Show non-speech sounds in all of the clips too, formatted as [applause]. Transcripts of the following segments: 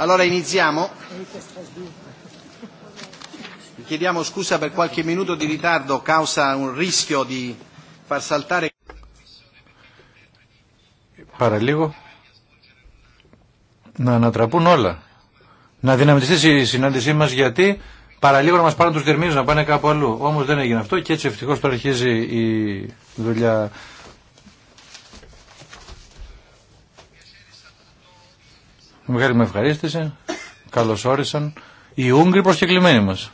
Allora iniziamo. Chiediamo scusa per qualche minuto di ritardo causa un rischio Παραλίγο να ανατραπούν όλα. Να δυναμιστεί η συνάντησή μα γιατί παραλίγο να μα πάρουν του τερμίδε να πάνε κάπου αλλού. Όμω δεν έγινε αυτό και έτσι ευτυχώ τώρα αρχίζει η δουλειά μεγάλη με ευχαρίστηση, Καλώ όρισαν οι Ούγγροι προσκεκλημένοι μας.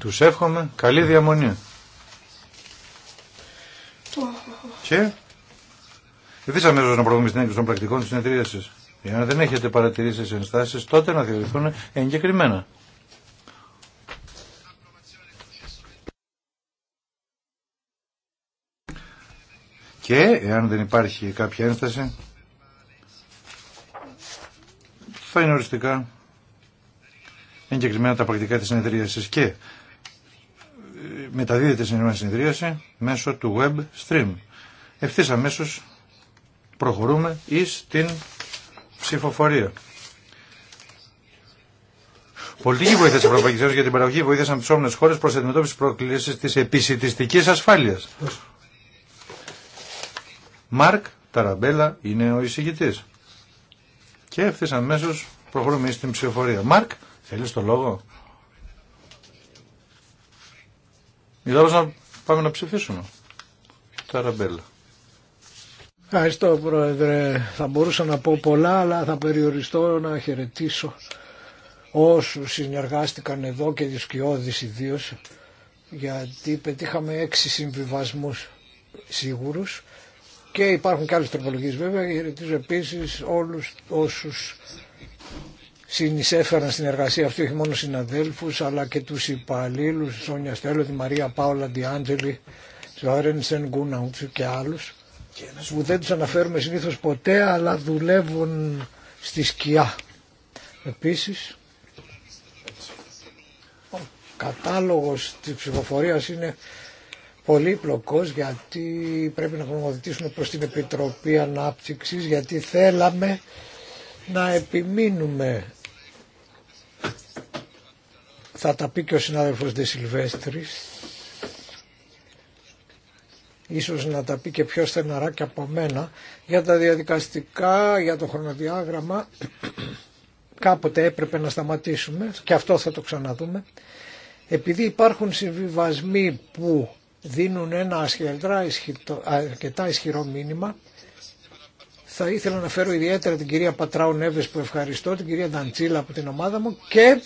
Του εύχομαι καλή διαμονή. Και ιδίως αμέσω να προβούμε στην έγκριση των πρακτικών της Για να δεν έχετε παρατηρήσεις ενστάσεις, τότε να θεωρηθούν εγκεκριμένα. Και εάν δεν υπάρχει κάποια ένσταση θα είναι οριστικά εγκεκριμένα τα πρακτικά της συνεδρίασης και ε, μεταδίδεται στην συνεδρίαση μέσω του web stream. Ευθύς αμέσως προχωρούμε εις την ψηφοφορία. Πολιτική βοήθεια τη Ευρωπαϊκή Ένωση για την παραγωγή βοήθεια από τι όμορφε χώρε προ αντιμετώπιση προκλήσει τη επισητιστική ασφάλεια. Μάρκ Ταραμπέλα είναι ο εισηγητή. Και ευθύ αμέσω προχωρούμε στην ψηφοφορία. Μάρκ, θέλεις το λόγο. Μιλάω να πάμε να ψηφίσουμε. Ταραμπέλα. Ευχαριστώ Πρόεδρε. Θα μπορούσα να πω πολλά αλλά θα περιοριστώ να χαιρετήσω όσους συνεργάστηκαν εδώ και δισκιώδης ιδίω γιατί πετύχαμε έξι συμβιβασμούς σίγουρους και υπάρχουν και άλλες τροπολογίες βέβαια. Χαιρετίζω επίσης όλους όσους συνεισέφεραν στην εργασία αυτή, όχι μόνο συναδέλφους, αλλά και τους υπαλλήλους, Σόνια Στέλλο, τη Μαρία Πάολα, Ντιάντζελη, Σόρενσεν, Γκούναουτσου και άλλους, που δεν τους αναφέρουμε συνήθως ποτέ, αλλά δουλεύουν στη σκιά. Επίσης, ο κατάλογος της ψηφοφορίας είναι πολύπλοκος γιατί πρέπει να γνωμοδοτήσουμε προς την Επιτροπή Ανάπτυξης γιατί θέλαμε να επιμείνουμε θα τα πει και ο συνάδελφος Σιλβέστρης, ίσως να τα πει και πιο στεναρά και από μένα για τα διαδικαστικά, για το χρονοδιάγραμμα κάποτε έπρεπε να σταματήσουμε και αυτό θα το ξαναδούμε επειδή υπάρχουν συμβιβασμοί που δίνουν ένα ασχελτρά αρκετά ισχυρό μήνυμα. Θα ήθελα να φέρω ιδιαίτερα την κυρία Πατράου Νέβες που ευχαριστώ, την κυρία Νταντσίλα από την ομάδα μου και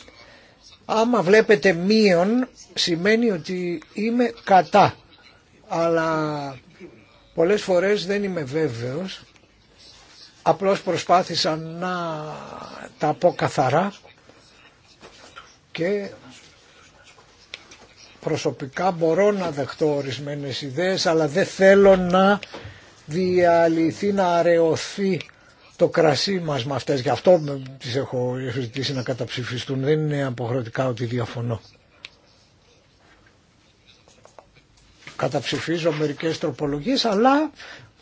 άμα βλέπετε μείον σημαίνει ότι είμαι κατά. Αλλά πολλές φορές δεν είμαι βέβαιος. Απλώς προσπάθησα να τα πω καθαρά και προσωπικά μπορώ να δεχτώ ορισμένες ιδέες αλλά δεν θέλω να διαλυθεί, να αραιωθεί το κρασί μας με αυτές. Γι' αυτό τις έχω ζητήσει να καταψηφιστούν. Δεν είναι αποχρεωτικά ότι διαφωνώ. Καταψηφίζω μερικές τροπολογίες αλλά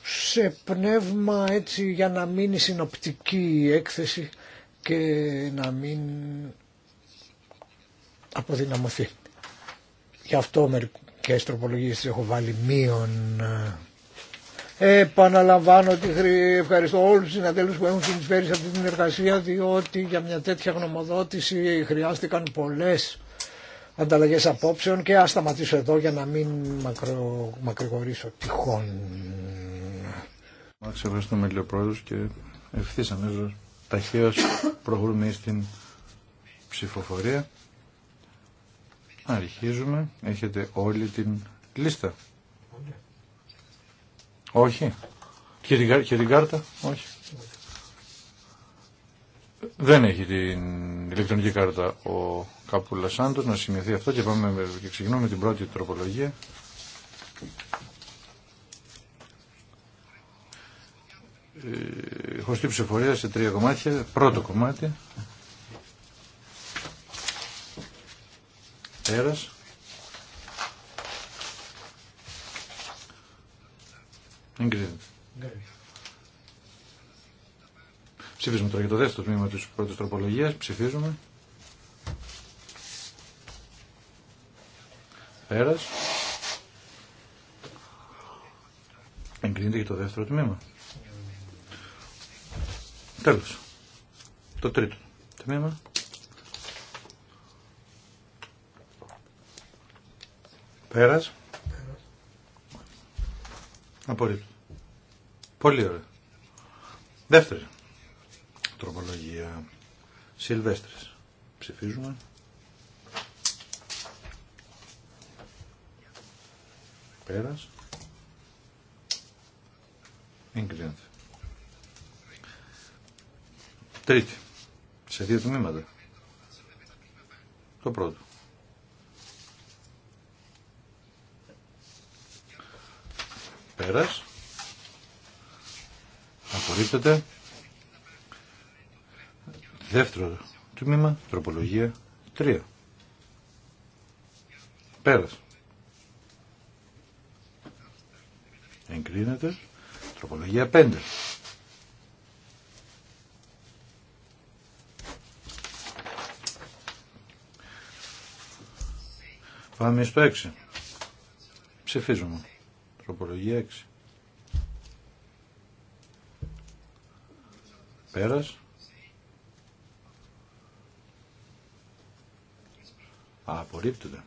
σε πνεύμα έτσι για να μείνει συνοπτική η έκθεση και να μην αποδυναμωθεί. Γι' αυτό μερικές τροπολογίε τις έχω βάλει μείον. επαναλαμβάνω ότι ευχαριστώ όλου του συναδέλφου που έχουν συνεισφέρει σε αυτή την εργασία διότι για μια τέτοια γνωμοδότηση χρειάστηκαν πολλές ανταλλαγέ απόψεων και α σταματήσω εδώ για να μην μακρο, μακρηγορήσω τυχόν. ευχαριστούμε λίγο Πρόεδρος και ευθύ αμέσω ταχαίως προχωρούμε στην ψηφοφορία. Αρχίζουμε. Έχετε όλη την λίστα. Όχι. Και την, κάρτα. Όχι. Δεν έχει την ηλεκτρονική κάρτα ο Κάπουλα Σάντο. Να σημειωθεί αυτό και, πάμε, και ξεκινούμε την πρώτη τροπολογία. Ε, Χωστή ψηφορία σε τρία κομμάτια. Πρώτο κομμάτι Πέρας. Εγκρίνεται. Ψηφίζουμε τώρα για το δεύτερο τμήμα της πρώτης τροπολογίας. Ψηφίζουμε. Πέρας. Εγκρίνεται και το δεύτερο τμήμα. Τέλος. Το τρίτο τμήμα. Πέρας. Απορρίπτω. Πολύ ωραία. Δεύτερη τροπολογία. Σιλβέστρης. Ψηφίζουμε. Πέρας. εγκλίνεται. Τρίτη. Σε δύο τμήματα. Το πρώτο. Πέρας. Απορρίπτεται. Δεύτερο τμήμα, τροπολογία 3. Πέρας. Εγκρίνεται. Τροπολογία 5. Πάμε στο 6. Ψηφίζουμε. Τροπολογία 6. Πέρας. Απορρίπτεται.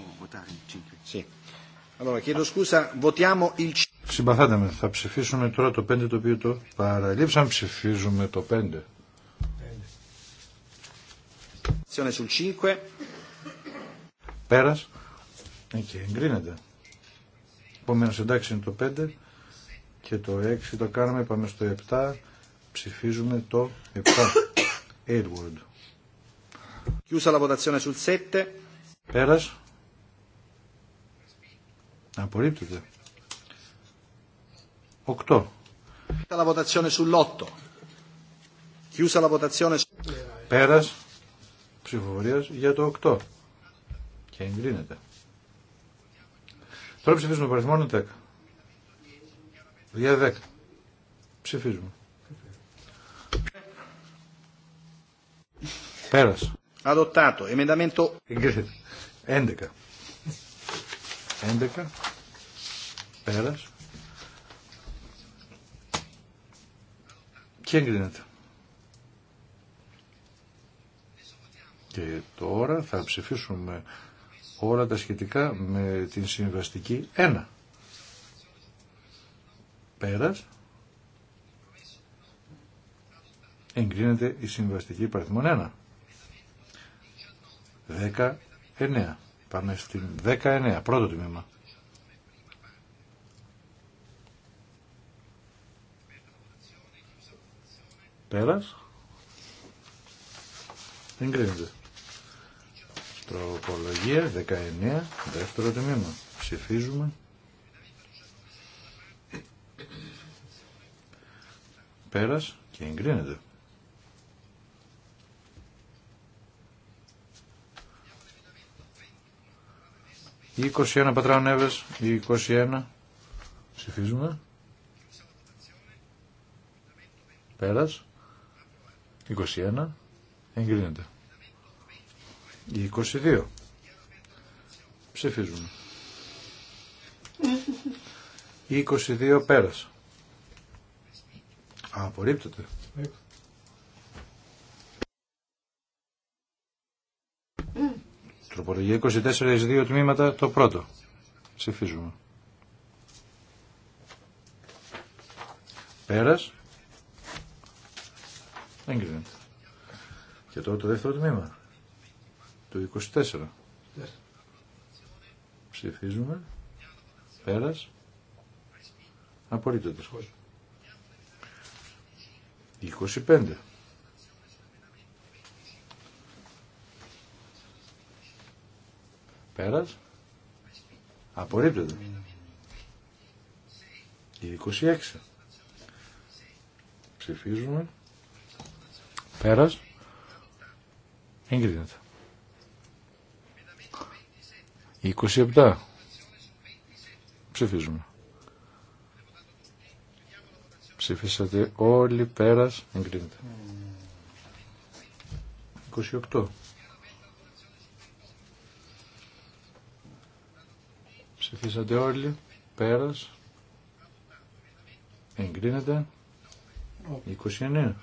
Ah allora, chiedo scusa, votiamo il συμπαθάτε με. Θα ψηφίσουμε τώρα το 5 το οποίο το παραλείψαμε. Ψηφίζουμε το 5. Πέρας Εκεί, εγκρίνεται. Επόμενο εντάξει είναι το 5 και το 6 το κάναμε. Πάμε στο 7. Ψηφίζουμε το 7. [coughs] Edward. Chiusa la votazione sul 7. Πέρας. Απορρίπτεται. 8. Πέρας ψηφοφορίας για το 8 και εγκρίνεται. Τώρα ψηφίζουμε παριθμό 10. Για 10. Ψηφίζουμε. Πέρας. Αδοτάτο. Εμενταμέντο. Εγκρίνεται. 11. 11. Πέρας. και εγκρίνεται. Και τώρα θα ψηφίσουμε όλα τα σχετικά με την συμβαστική 1. Πέρας. Εγκρίνεται η συμβαστική παριθμόν 1. 19. Πάμε στην 19. Πρώτο τμήμα. Πέρας. Εγκρίνεται. Τροπολογία 19, δεύτερο τμήμα. Ψηφίζουμε. Πέρας και εγκρίνεται. Η 21 πατράων 21 ψηφίζουμε. Πέρας. 21 εγκρίνεται. 22 ψηφίζουμε. 22 πέρασε. Α, απορρίπτεται. Τροπολογία 24 εις 2 τμήματα το πρώτο. Ψηφίζουμε. Πέρας. Έγκρινεται. Και τώρα το δεύτερο τμήμα. Το 24. Ψηφίζουμε. Πέρας. Απορρίπτεται. 25. Πέρας. Απορρίπτεται. 26. Ψηφίζουμε. Πέρας. Εγκρίνεται. 27. Ψηφίζουμε. Ψηφίσατε όλοι πέρας. Εγκρίνεται. 28. Ψηφίσατε όλοι. Πέρας. Εγκρίνεται. 29.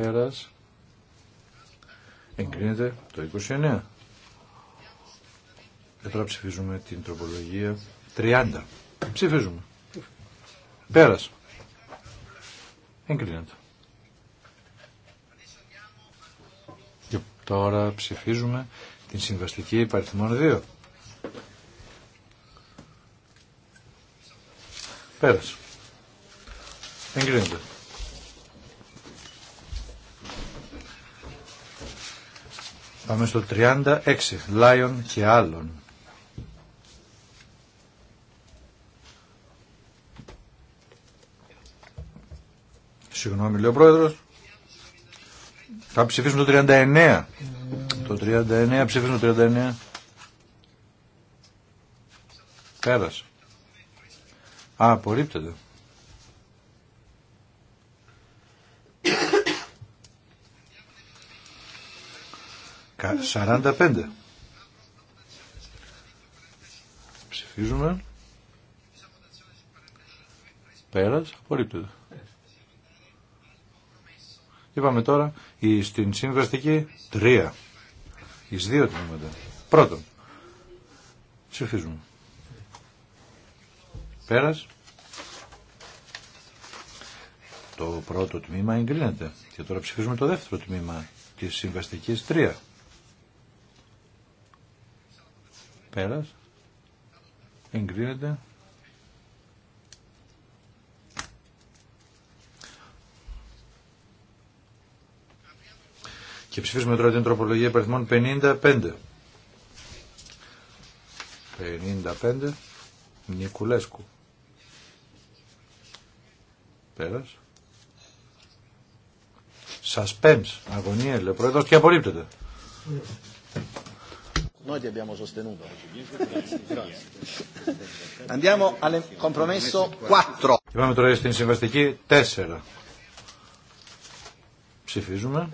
Πέρας. Εγκρίνεται το 29. Και τώρα ψηφίζουμε την τροπολογία 30. Ψηφίζουμε. Πέρας. Εγκρίνεται. Και τώρα ψηφίζουμε την συμβαστική υπαριθμών 2. Πέρας. Εγκρίνεται. Πάμε στο 36. Λάιον και άλλων. Συγγνώμη, λέει ο πρόεδρος. Θα ψηφίσουμε το 39. Το 39, ψηφίσουμε το 39. Πέρασε. Α, απορρίπτεται. 45. Ψηφίζουμε. Πέρας, απορρίπτεται. Είπαμε τώρα στην συμβαστική 3. Εις δύο τμήματα. Πρώτον, ψηφίζουμε. Πέρας. Το πρώτο τμήμα εγκρίνεται. Και τώρα ψηφίζουμε το δεύτερο τμήμα της συμβαστικής 3. Πέρας. Εγκρίνεται. Και ψηφίζουμε τώρα την τροπολογία περιθμών 55. 55. Νικουλέσκου. Πέρας. Σας πέμψ. Αγωνία λέει πρόεδρος και απορρίπτεται. Noi ti abbiamo sostenuto. Andiamo al compromesso 4. parametro τώρα στην συμβαστική 4. Ψηφίζουμε.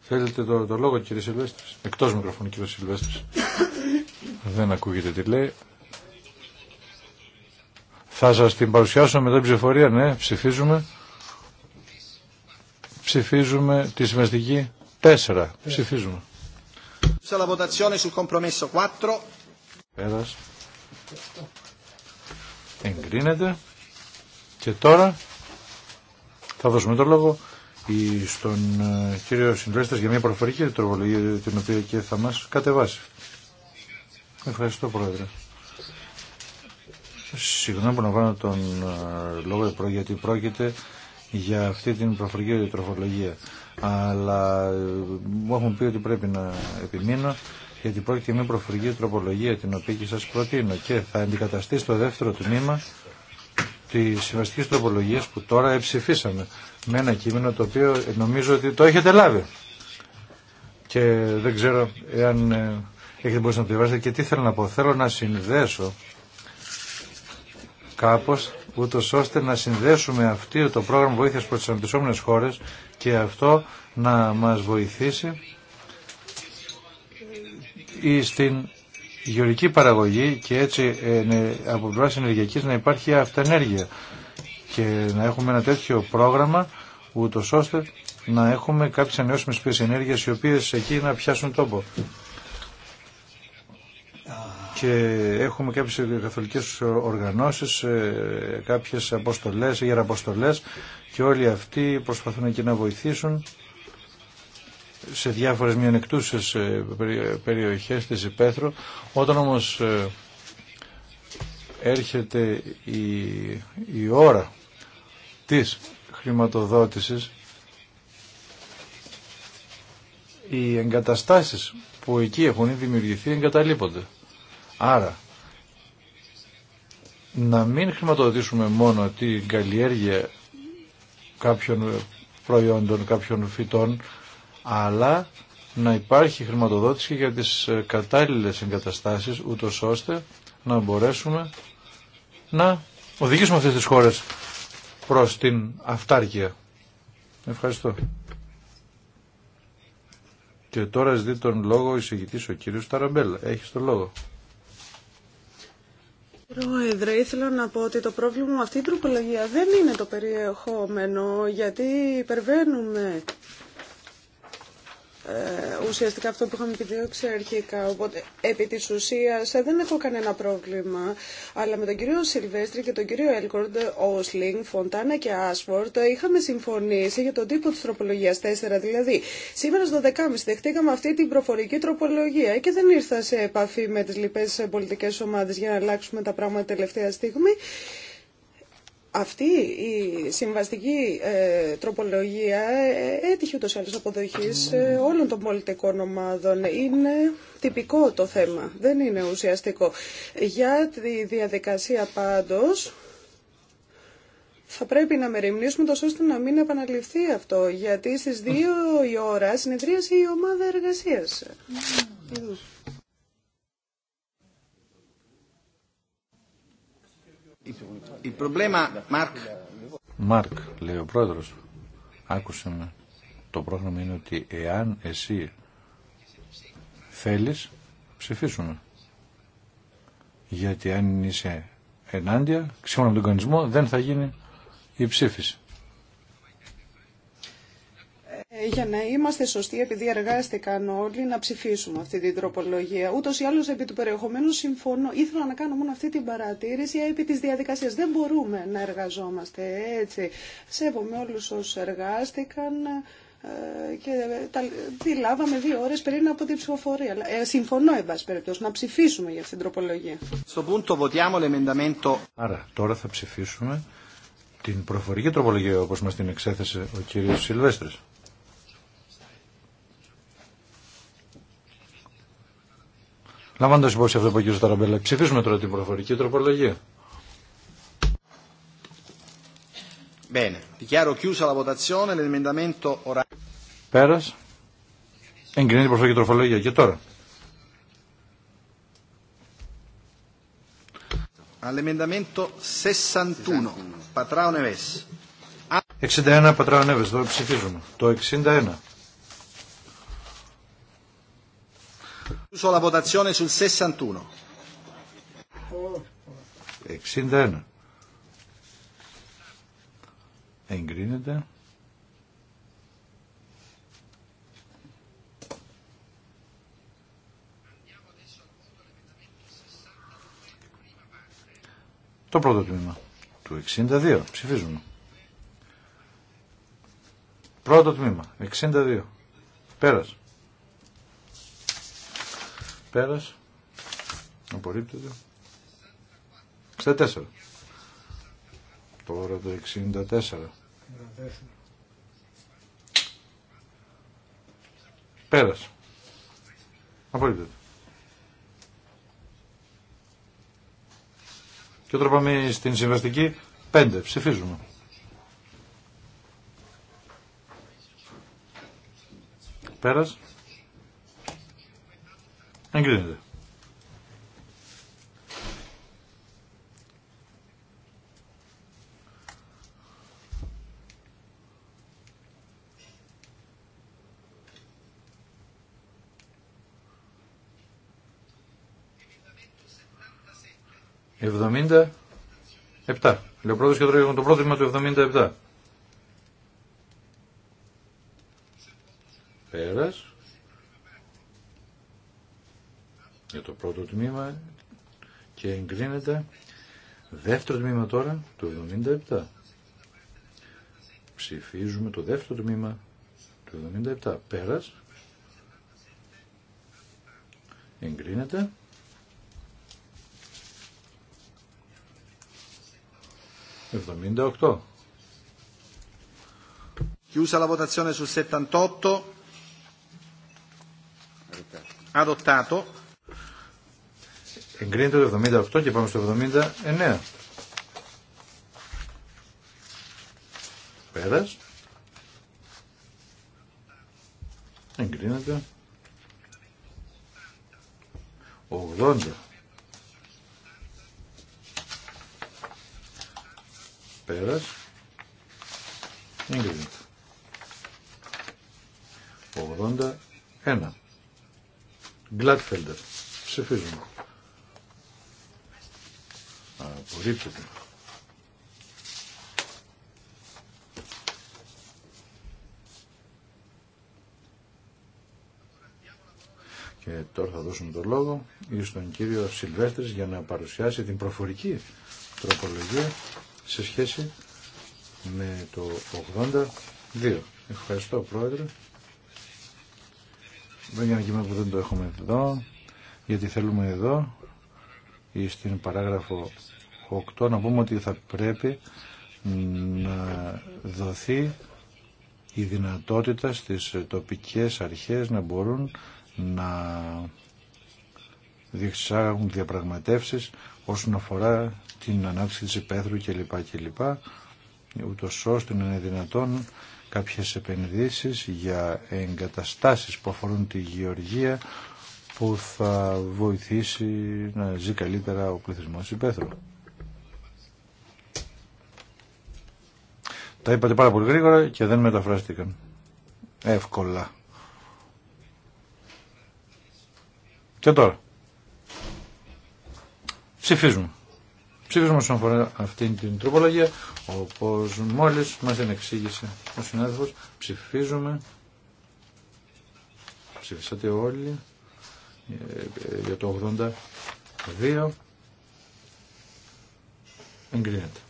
Θέλετε το, το λόγο κύριε Σιλβέστρη. Εκτό μικροφώνου κύριε Σιλβέστρη. Δεν ακούγεται τι λέει. Θα σα την παρουσιάσω μετά την ψηφορία. Ναι, ψηφίζουμε. Ψηφίζουμε τη συμβαστική Τέσσερα. Ψηφίζουμε. Σε la votazione sul 4. Πέρας. Εγκρίνεται. Και τώρα θα δώσουμε το λόγο στον ε, κύριο Συντλέστας για μια προφορική τροπολογία την οποία και θα μα κατεβάσει. Ευχαριστώ Πρόεδρε. Συγγνώμη που να βάλω τον ε, λόγο γιατί πρόκειται για αυτή την προφορική τροφολογία αλλά ε, μου έχουν πει ότι πρέπει να επιμείνω γιατί πρόκειται μια προφορική τροπολογία την οποία και σας προτείνω και θα αντικαταστεί στο δεύτερο τμήμα τη συμβαστική τροπολογία που τώρα εψηφίσαμε με ένα κείμενο το οποίο νομίζω ότι το έχετε λάβει. Και δεν ξέρω εάν ε, έχετε μπορέσει να το διαβάσετε και τι θέλω να πω. Θέλω να συνδέσω κάπως ούτω ώστε να συνδέσουμε αυτό το πρόγραμμα βοήθειας προς τις αναπτυσσόμενες χώρες και αυτό να μας βοηθήσει στην γεωρική παραγωγή και έτσι ε, από πλευρά ενεργειακής να υπάρχει αυτενέργεια και να έχουμε ένα τέτοιο πρόγραμμα ούτω ώστε να έχουμε κάποιες ανεώσιμες ποιε ενέργειας οι οποίες εκεί να πιάσουν τόπο και έχουμε κάποιες καθολικέ οργανώσεις, ε, κάποιε αποστολέ, ιεραποστολέ και όλοι αυτοί προσπαθούν εκεί να βοηθήσουν σε διάφορες μειονεκτούσες ε, περιοχές της Υπέθρου. Όταν όμως ε, έρχεται η, η ώρα της χρηματοδότησης, οι εγκαταστάσεις που εκεί έχουν δημιουργηθεί εγκαταλείπονται. Άρα, να μην χρηματοδοτήσουμε μόνο την καλλιέργεια κάποιων προϊόντων, κάποιων φυτών, αλλά να υπάρχει χρηματοδότηση για τις ε, κατάλληλες εγκαταστάσεις, ούτω ώστε να μπορέσουμε να οδηγήσουμε αυτές τις χώρες προς την αυτάρκεια. Ευχαριστώ. Και τώρα ζητεί τον λόγο ο εισηγητής ο κύριος Ταραμπέλα. Έχεις τον λόγο. Πρόεδρε, ήθελα να πω ότι το πρόβλημα με αυτή την τροπολογία δεν είναι το περιεχόμενο, γιατί υπερβαίνουμε ε, ουσιαστικά αυτό που είχαμε επιδιώξει αρχικά. Οπότε, επί της ουσίας, ε, δεν έχω κανένα πρόβλημα. Αλλά με τον κύριο Σιλβέστρη και τον κύριο Έλκορντ, Όσλινγκ, Φοντάνα και Άσφορντ, ε, είχαμε συμφωνήσει για τον τύπο της τροπολογίας 4. Δηλαδή, σήμερα στο 12.30 δεχτήκαμε αυτή την προφορική τροπολογία και δεν ήρθα σε επαφή με τις λοιπές πολιτικές ομάδες για να αλλάξουμε τα πράγματα τελευταία στιγμή. Αυτή η συμβαστική ε, τροπολογία ε, έτυχε ούτως άλλως αποδοχής ε, όλων των πολιτικών ομάδων. Είναι τυπικό το θέμα, δεν είναι ουσιαστικό. Για τη διαδικασία πάντως θα πρέπει να μεριμνήσουμε τόσο ώστε να μην επαναληφθεί αυτό, γιατί στις 2 η ώρα συνεδρίασε η ομάδα εργασίας. Η προβλήμα, Μάρκ. Μάρκ, λέει ο πρόεδρο, άκουσε με. Το πρόγραμμα είναι ότι εάν εσύ θέλει ψηφίσουμε. Γιατί αν είσαι ενάντια, ξέρω με τον κανονισμό, δεν θα γίνει η ψήφιση. Ε, για να είμαστε σωστοί, επειδή εργάστηκαν όλοι, να ψηφίσουμε αυτή την τροπολογία. Ούτω ή άλλω, επί του περιεχομένου συμφωνώ. Ήθελα να κάνω μόνο αυτή την παρατήρηση επί τη διαδικασία. Δεν μπορούμε να εργαζόμαστε έτσι. Σέβομαι όλου όσου εργάστηκαν ε, και τα, τη λάβαμε δύο ώρε πριν από την ψηφοφορία. Ε, συμφωνώ, εν πάση να ψηφίσουμε για αυτή την τροπολογία. Άρα, τώρα θα ψηφίσουμε την προφορική τροπολογία όπω μα την εξέθεσε ο κύριος Σιλβέστρη. Λαμβάνοντας υπόψη αυτό που ο κ. Ταραμπέλα, ψηφίζουμε τώρα την προφορική τροπολογία. Bene, dichiaro chiusa Πέρας. προφορική τροφολογία και τώρα. 61, Πατράο Νεβές. 61 ψηφίζουμε. Το 61. Sulla votazione sul 61. 61. Εγκρίνεται. Το πρώτο τμήμα του 62. Ψηφίζουμε. Πρώτο τμήμα. 62. Πέρασε. Πέρας. Απορρίπτεται. 64. Τώρα το 64. Πέρας. Απορρίπτεται. Και τώρα πάμε στην συμβαστική 5. Ψηφίζουμε. Πέρας. Εγκρίνεται. Εβδομήντα επτά. Λέω πρώτος και τώρα το πρόθυμα του εβδομήντα επτά. Δεύτερο τμήμα τώρα του 77. Ψηφίζουμε το δεύτερο τμήμα του 77. Πέρας. Εγκρίνεται. Chiusa la votazione sul 78. Adottato. Εγκρίνεται το 78 και πάμε στο 79. Πέρας. Εγκρίνεται. 80. Πέρας. Εγκρίνεται. 81. Γκλάτφελντερ. Ψηφίζουμε. Απορρίπτεται. Και τώρα θα δώσουμε το λόγο στον κύριο Σιλβέστρης για να παρουσιάσει την προφορική τροπολογία σε σχέση με το 82. Ευχαριστώ πρόεδρε. Δεν είναι κείμενο που δεν το έχουμε εδώ, γιατί θέλουμε εδώ ή στην παράγραφο 8 να πούμε ότι θα πρέπει να δοθεί η δυνατότητα στις τοπικές αρχές να μπορούν να διεξάγουν διαπραγματεύσεις όσον αφορά την ανάπτυξη της υπαίθρου κλπ. κλπ ούτως ώστε να είναι δυνατόν κάποιες επενδύσεις για εγκαταστάσεις που αφορούν τη γεωργία που θα βοηθήσει να ζει καλύτερα ο πληθυσμός υπαίθρου. Τα είπατε πάρα πολύ γρήγορα και δεν μεταφράστηκαν. Εύκολα. Και τώρα. Ψηφίζουμε. Ψηφίζουμε όσον αφορά αυτήν την τροπολογία. Όπως μόλις μας την εξήγησε ο συνάδελφος, ψηφίζουμε. Ψηφίσατε όλοι ε, για το 82. Εγκρίνεται.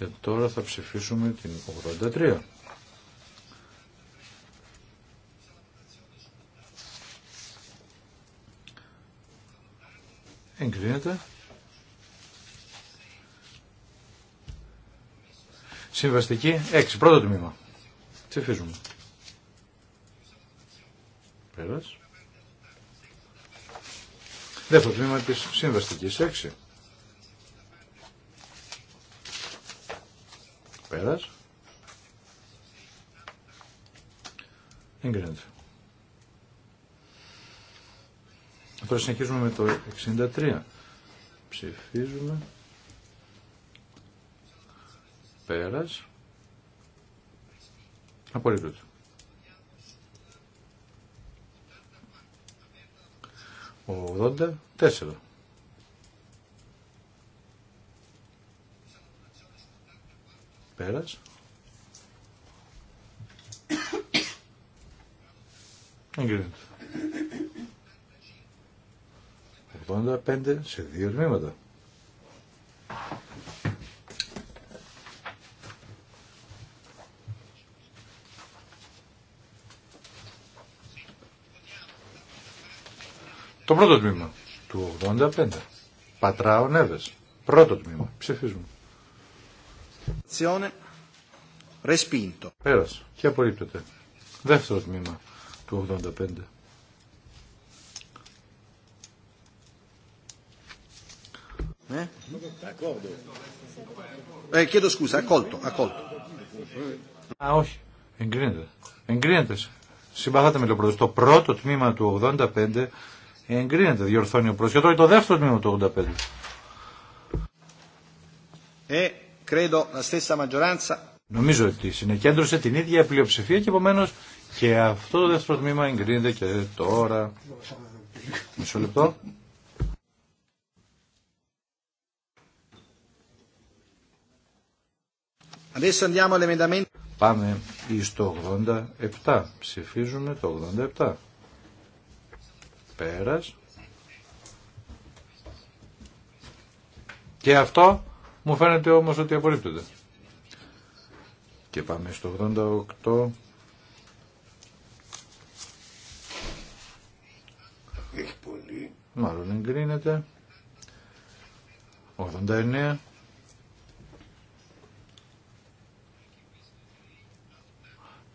Και τώρα θα ψηφίσουμε την 83. Εγκρίνεται. Συμβαστική 6. Πρώτο τμήμα. Ψηφίζουμε. Πέρας. Δεύτερο τμήμα της συμβαστικής 6. Πέρας. Εγκρίνεται. Τώρα συνεχίζουμε με το 63. Ψηφίζουμε. Πέρας. Ο 84. Πέρας. Εγκρίνεται. 85 σε δύο τμήματα. Το πρώτο τμήμα του 85. Πατράω νεύες. Πρώτο τμήμα. Ψηφίζουμε. Azione. Respinto. Πέρασε. Και απορρίπτεται. Δεύτερο τμήμα του 85. Ε? ε, και το σκούσα. Ακόλτο. Ακόλτο. Α, όχι. Εγκρίνεται. Εγκρίνεται. Συμπαθάτε με το πρώτο. Το πρώτο τμήμα του 85 εγκρίνεται, διορθώνει ο πρόεδρο. Και τώρα το δεύτερο τμήμα του 85. Ε, Credo la stessa maggioranza. Νομίζω ότι συνεκέντρωσε την ίδια πλειοψηφία και επομένω και αυτό το δεύτερο τμήμα εγκρίνεται και τώρα. Μισό λεπτό. Πάμε στο 87. Ψηφίζουμε το 87. Πέρας. Και αυτό μου φαίνεται όμως ότι απορρίπτονται. Και πάμε στο 88. Μάλλον εγκρίνεται. 89.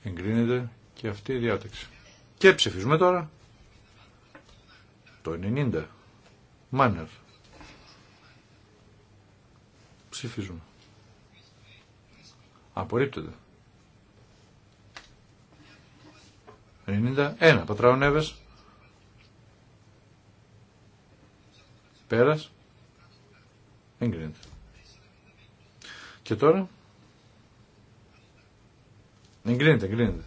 Εγκρίνεται και αυτή η διάταξη. Και ψηφίζουμε τώρα το 90. Μάνερ. Ψηφίζουμε. Απορρίπτεται. 91. Πατράων Εύες. Πέρας. Εγκρίνεται. Και τώρα. Εγκρίνεται, εγκρίνεται.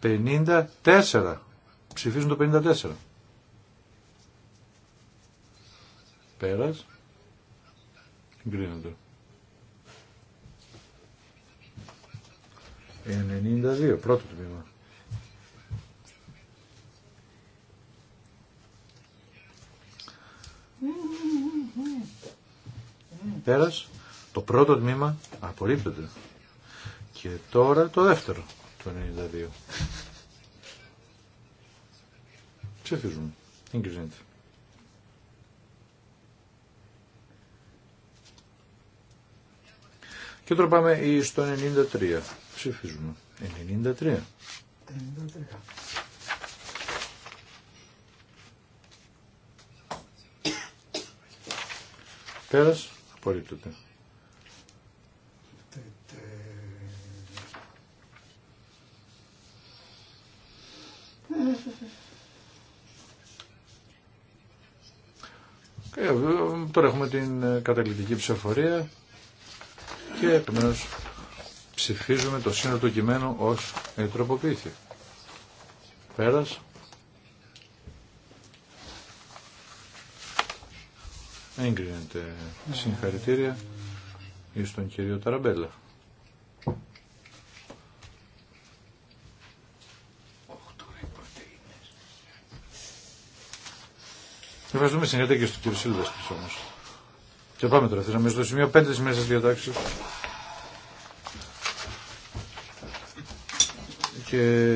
54. Ψηφίζουν το 54. Πέρας. Εγκρίνονται. 92. Πρώτο τμήμα. Πέρας. Το πρώτο τμήμα απορρίπτεται. Και τώρα το δεύτερο. Το 92. Ψηφίζουμε. Εγκρίνεται. Και τώρα πάμε στο 93. Ψηφίζουμε. 93. 93. Πέρας, απορρίπτωται. Τώρα έχουμε την καταληκτική ψηφοφορία και επομένω ψηφίζουμε το σύνολο του κειμένου ω τροποποιήθηκε. Πέρα. Έγκρινεται ναι. συγχαρητήρια ει τον κύριο Ταραμπέλα. Ευχαριστούμε συνεργατικά και στον κύριο όμως. Και πάμε τώρα, μιλήσω στο σημείο 5 της μέσας και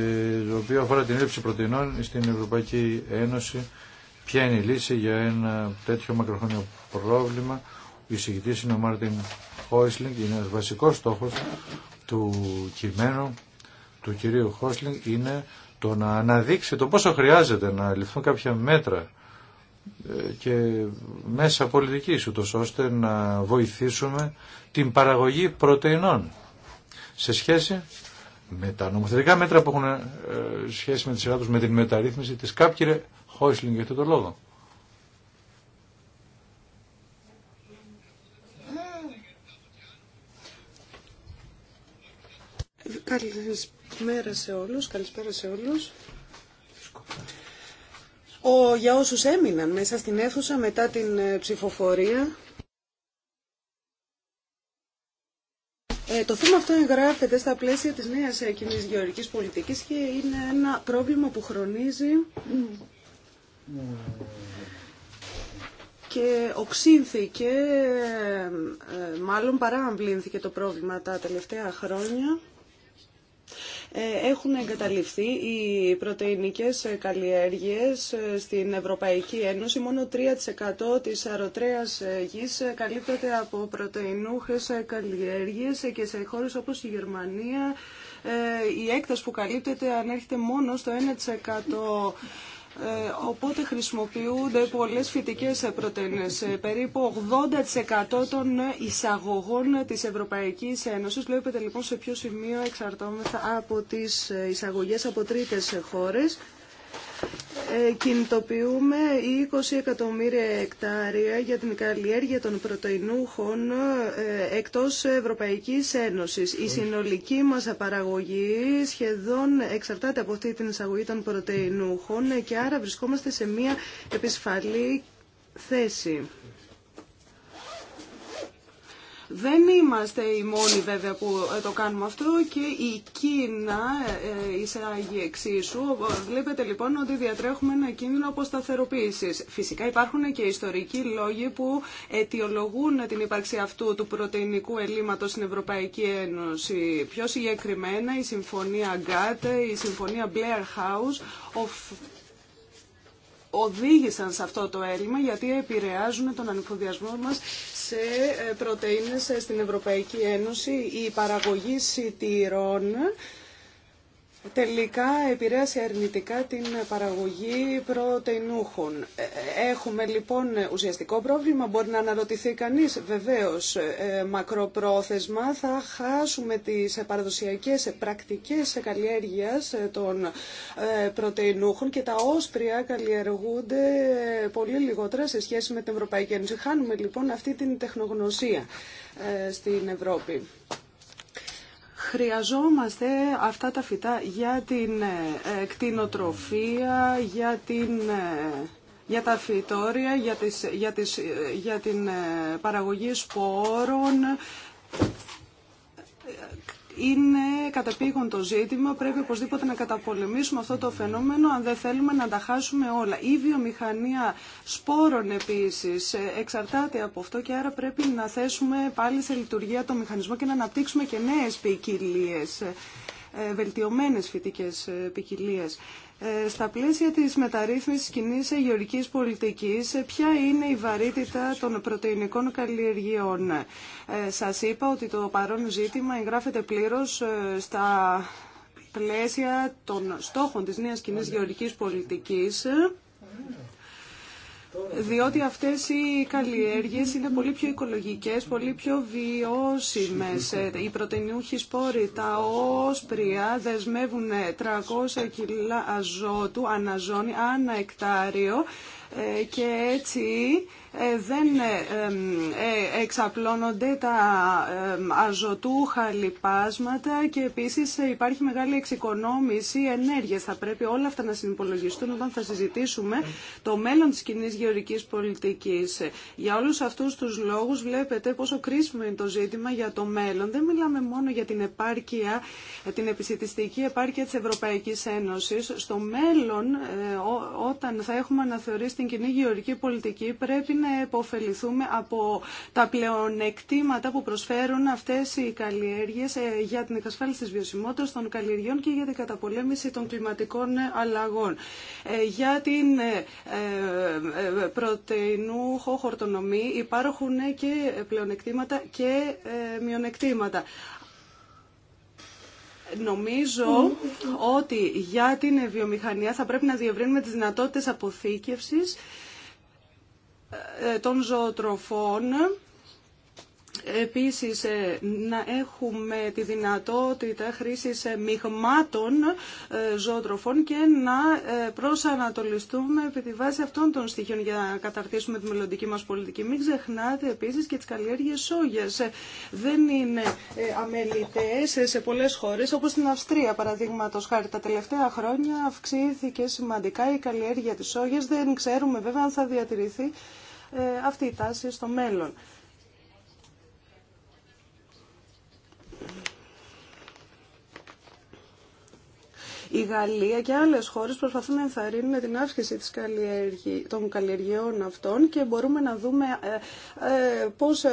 το οποίο αφορά την έλλειψη πρωτεϊνών στην Ευρωπαϊκή Ένωση. Ποια είναι η λύση για ένα τέτοιο μακροχρόνιο πρόβλημα. Ο εισηγητής είναι ο Μάρτιν Χόισλινγκ, είναι ένας βασικός στόχος του κειμένου του κυρίου Χόισλινγκ είναι το να αναδείξει το πόσο χρειάζεται να ληφθούν κάποια μέτρα και μέσα πολιτικής ούτως ώστε να βοηθήσουμε την παραγωγή πρωτεϊνών σε σχέση με τα νομοθετικά μέτρα που έχουν ε, σχέση με τη σειρά με την μεταρρύθμιση της Κάπκυρε Χόισλινγκ για το λόγο. Καλησπέρα σε όλους, καλησπέρα σε όλους. Ο, για όσους έμειναν μέσα στην αίθουσα μετά την ε, ψηφοφορία, Ε, το θέμα αυτό εγγράφεται στα πλαίσια της νέας ε, κοινή γεωργικής πολιτικής και είναι ένα πρόβλημα που χρονίζει και οξύνθηκε, ε, μάλλον παρά το πρόβλημα τα τελευταία χρόνια. Ε, έχουν εγκαταλειφθεί οι πρωτεϊνικές ε, καλλιέργειες ε, στην Ευρωπαϊκή Ένωση. Μόνο 3% της αρωτρέας γης καλύπτεται από πρωτεϊνούχες καλλιέργειες και σε χώρες όπως η Γερμανία η έκταση που καλύπτεται ανέρχεται μόνο στο 1%. Ε, οπότε χρησιμοποιούνται πολλές φυτικές πρωτεΐνες. Ε, περίπου 80% των εισαγωγών της Ευρωπαϊκής Ένωσης βλέπετε λοιπόν σε ποιο σημείο εξαρτώμεθα από τις εισαγωγές από τρίτες χώρες. Ε, κινητοποιούμε 20 εκατομμύρια εκτάρια για την καλλιέργεια των πρωτεϊνούχων ε, εκτός Ευρωπαϊκής Ένωσης. Η συνολική μας παραγωγή σχεδόν εξαρτάται από αυτή την εισαγωγή των πρωτεϊνούχων και άρα βρισκόμαστε σε μια επισφαλή θέση. Δεν είμαστε οι μόνοι βέβαια που ε, το κάνουμε αυτό και η Κίνα ε, ε, εισάγει εξίσου. Βλέπετε λοιπόν ότι διατρέχουμε ένα κίνδυνο αποσταθεροποίησης. Φυσικά υπάρχουν και ιστορικοί λόγοι που αιτιολογούν την ύπαρξη αυτού του πρωτεϊνικού ελλείμματος στην Ευρωπαϊκή Ένωση. Πιο συγκεκριμένα η Συμφωνία Γκάτε, η Συμφωνία Blair House, οδήγησαν σε αυτό το έλλειμμα γιατί επηρεάζουν τον ανεφοδιασμό μας σε ε, πρωτεΐνες ε, στην Ευρωπαϊκή Ένωση. Η παραγωγή σιτηρών τελικά επηρέασε αρνητικά την παραγωγή πρωτεϊνούχων. Ε, έχουμε λοιπόν ουσιαστικό πρόβλημα, μπορεί να αναρωτηθεί κανείς. Βεβαίως, ε, ε, μακροπρόθεσμα θα χάσουμε τις παραδοσιακές πρακτικές καλλιέργειας των πρωτεϊνούχων και τα όσπρια καλλιεργούνται πολύ λιγότερα σε σχέση με την Ευρωπαϊκή Ένωση. Χάνουμε λοιπόν αυτή την τεχνογνωσία στην Ευρώπη. Χρειαζόμαστε αυτά τα φυτά για την ε, κτηνοτροφία, για, την, ε, για τα φυτόρια, για, τις, για, τις, ε, για την παραγωγή σπόρων, είναι καταπήγον το ζήτημα, πρέπει οπωσδήποτε να καταπολεμήσουμε αυτό το φαινόμενο αν δεν θέλουμε να τα χάσουμε όλα. Η βιομηχανία σπόρων επίσης εξαρτάται από αυτό και άρα πρέπει να θέσουμε πάλι σε λειτουργία το μηχανισμό και να αναπτύξουμε και νέες ποικιλίε ε, βελτιωμένες φυτικές ε, ποικιλίε. Ε, στα πλαίσια της μεταρρύθμισης κοινή γεωρικής πολιτικής, ε, ποια είναι η βαρύτητα των πρωτεϊνικών καλλιεργειών. Ε, σας είπα ότι το παρόν ζήτημα εγγράφεται πλήρως στα πλαίσια των στόχων της νέας κοινής γεωρικής πολιτικής διότι αυτές οι καλλιέργειες είναι πολύ πιο οικολογικές, πολύ πιο βιώσιμες. Οι πρωτενιούχοι σπόροι, τα όσπρια δεσμεύουν 300 κιλά αζότου αναζώνη ανά εκτάριο ε, και έτσι ε, δεν ε, ε, εξαπλώνονται τα αζωτούχα λιπάσματα και επίσης υπάρχει μεγάλη εξοικονόμηση ενέργειας. Θα πρέπει όλα αυτά να συνυπολογιστούν όταν θα συζητήσουμε το μέλλον της κοινή γεωρικής πολιτικής. Για όλους αυτούς τους λόγους βλέπετε πόσο κρίσιμο είναι το ζήτημα για το μέλλον. Δεν μιλάμε μόνο για την επάρκεια, την επισητιστική επάρκεια της Ευρωπαϊκής Ένωσης. Στο μέλλον, όταν θα έχουμε αναθεωρήσει την κοινή γεωρική πολιτική, πρέπει να επωφεληθούμε από τα πλεονεκτήματα που προσφέρουν αυτές οι καλλιέργειες ε, για την εξασφάλιση της βιωσιμότητας των καλλιεργειών και για την καταπολέμηση των κλιματικών αλλαγών. Ε, για την ε, πρωτεϊνούχο χορτονομή υπάρχουν και πλεονεκτήματα και μειονεκτήματα. Νομίζω ότι για την βιομηχανία θα πρέπει να διευρύνουμε τις δυνατότητες αποθήκευσης ε, των ζωοτροφών. Επίσης, ε, να έχουμε τη δυνατότητα χρήσης ε, μειγμάτων ζωοτροφών και να προσανατολιστούμε επί τη βάση αυτών των στοιχείων για να καταρτήσουμε τη μελλοντική μας πολιτική. Μην ξεχνάτε επίσης και τις καλλιέργειες σόγιας. Δεν είναι αμελητές σε πολλές χώρες, όπως στην Αυστρία παραδείγματο χάρη. Τα τελευταία χρόνια αυξήθηκε σημαντικά η καλλιέργεια της σόγιας. Δεν ξέρουμε βέβαια αν θα διατηρηθεί ε, αυτή η τάση στο μέλλον. Η Γαλλία και άλλες χώρες προσπαθούν να ενθαρρύνουν την άσκηση της των καλλιεργειών αυτών και μπορούμε να δούμε ε, ε, πώς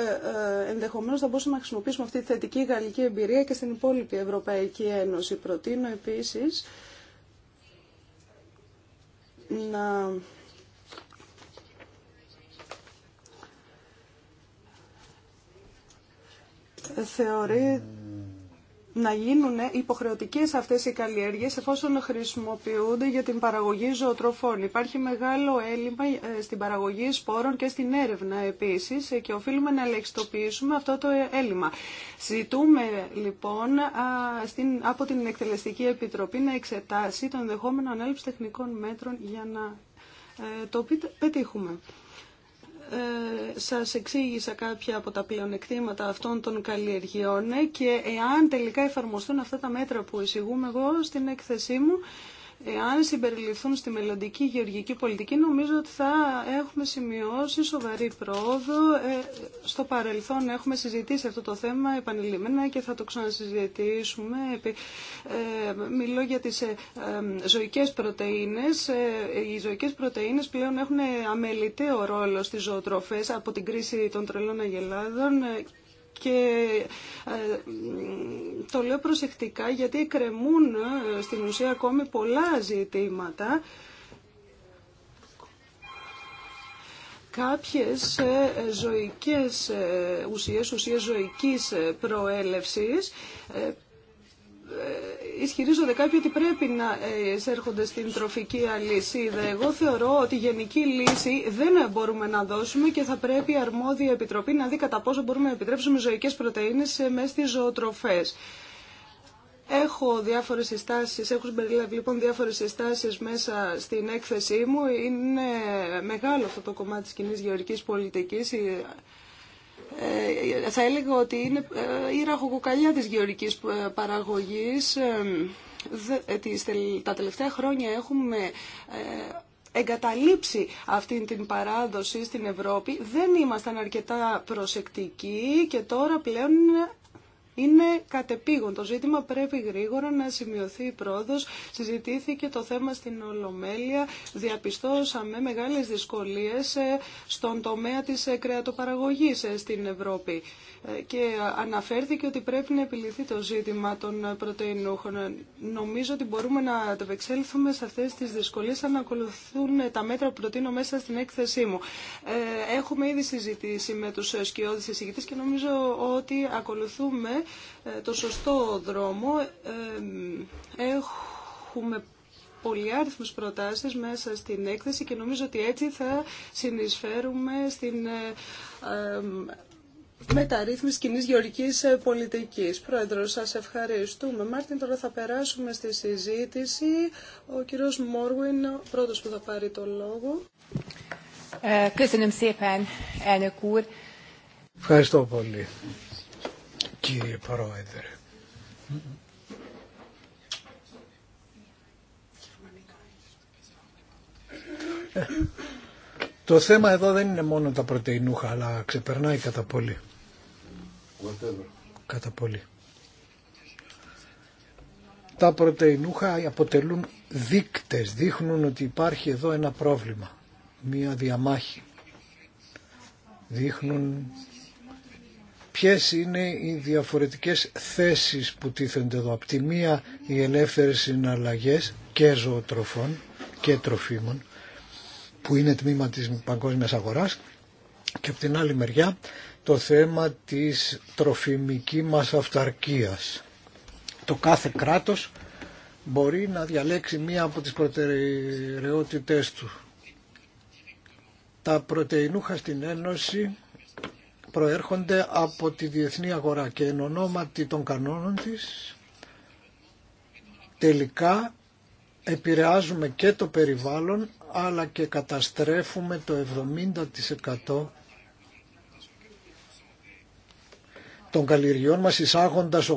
ενδεχομένως θα μπορούσαμε να χρησιμοποιήσουμε αυτή τη θετική γαλλική εμπειρία και στην υπόλοιπη Ευρωπαϊκή Ένωση. Προτείνω επίσης να θεωρεί να γίνουν υποχρεωτικές αυτές οι καλλιέργειες εφόσον χρησιμοποιούνται για την παραγωγή ζωοτροφών. Υπάρχει μεγάλο έλλειμμα ε, στην παραγωγή σπόρων και στην έρευνα επίσης ε, και οφείλουμε να ελεξιτοποιήσουμε αυτό το έλλειμμα. Ζητούμε λοιπόν στην από την Εκτελεστική Επιτροπή να εξετάσει τον ενδεχόμενο ανάληψη τεχνικών μέτρων για να ε, το πετύχουμε. Ε, σας εξήγησα κάποια από τα πλεονεκτήματα αυτών των καλλιεργειών και εάν τελικά εφαρμοστούν αυτά τα μέτρα που εισηγούμε εγώ στην έκθεσή μου, Εάν συμπεριληφθούν στη μελλοντική γεωργική πολιτική, νομίζω ότι θα έχουμε σημειώσει σοβαρή πρόοδο. Ε, στο παρελθόν έχουμε συζητήσει αυτό το θέμα επανειλημμένα και θα το ξανασυζητήσουμε. Ε, μιλώ για τις ε, ζωικές πρωτεΐνες. Ε, οι ζωικές πρωτεΐνες πλέον έχουν αμεληταίο ρόλο στις ζωοτροφές από την κρίση των τρελών αγελάδων και ε, το λέω προσεκτικά γιατί κρεμούν ε, στην ουσία ακόμη πολλά ζητήματα. Κάποιες ε, ζωικές ουσίες, ουσίες ζωικής προέλευσης ε, ισχυρίζονται κάποιοι ότι πρέπει να ε, εισέρχονται στην τροφική αλυσίδα. Εγώ θεωρώ ότι γενική λύση δεν μπορούμε να δώσουμε και θα πρέπει η αρμόδια επιτροπή να δει κατά πόσο μπορούμε να επιτρέψουμε ζωικές πρωτεΐνες ε, μέσα στις ζωοτροφές. Έχω διάφορες συστάσεις, έχω συμπεριλάβει λοιπόν διάφορες συστάσεις μέσα στην έκθεσή μου. Είναι μεγάλο αυτό το κομμάτι της κοινή γεωργικής πολιτικής. Ε, θα έλεγα ότι είναι η ε, ραχοκοκαλιά της γεωρικής ε, παραγωγής. Τα τελευταία χρόνια έχουμε εγκαταλείψει αυτή την παράδοση στην Ευρώπη. Δεν ήμασταν αρκετά προσεκτικοί και τώρα πλέον είναι κατεπήγον το ζήτημα, πρέπει γρήγορα να σημειωθεί η πρόοδος. Συζητήθηκε το θέμα στην Ολομέλεια, διαπιστώσαμε μεγάλε δυσκολίε ε, στον τομέα τη ε, κρεατοπαραγωγή ε, στην Ευρώπη και αναφέρθηκε ότι πρέπει να επιληθεί το ζήτημα των πρωτεϊνούχων. Νομίζω ότι μπορούμε να επεξέλθουμε σε αυτέ τι δυσκολίε αν ακολουθούν τα μέτρα που προτείνω μέσα στην έκθεσή μου. Έχουμε ήδη συζητήσει με του σκιώδει εισηγητέ και νομίζω ότι ακολουθούμε ε, το σωστό δρόμο. Ε, ε, έχουμε πολυάριθμες προτάσεις μέσα στην έκθεση και νομίζω ότι έτσι θα συνεισφέρουμε στην μεταρρύθμιση κοινή γεωργική πολιτική. Πρόεδρο, σα ευχαριστούμε. Μάρτιν, τώρα θα περάσουμε στη συζήτηση. Ο κύριο είναι ο πρώτο που θα πάρει το λόγο. Ευχαριστώ πολύ κύριε Πρόεδρε. Το θέμα εδώ δεν είναι μόνο τα πρωτεϊνούχα, αλλά ξεπερνάει κατά πολύ. Κατά πολύ. Τα πρωτεϊνούχα αποτελούν δείκτες, δείχνουν ότι υπάρχει εδώ ένα πρόβλημα, μία διαμάχη. Δείχνουν ποιες είναι οι διαφορετικές θέσεις που τίθενται εδώ. Απ' τη μία οι ελεύθερες συναλλαγές και ζωοτροφών και τροφίμων που είναι τμήμα της παγκόσμιας αγοράς και από την άλλη μεριά το θέμα της τροφιμική μας αυταρκίας. Το κάθε κράτος μπορεί να διαλέξει μία από τις προτεραιότητές του. Τα πρωτεϊνούχα στην Ένωση προέρχονται από τη διεθνή αγορά και εν ονόματι των κανόνων της τελικά επηρεάζουμε και το περιβάλλον αλλά και καταστρέφουμε το 70% των καλλιεργειών μας εισάγοντας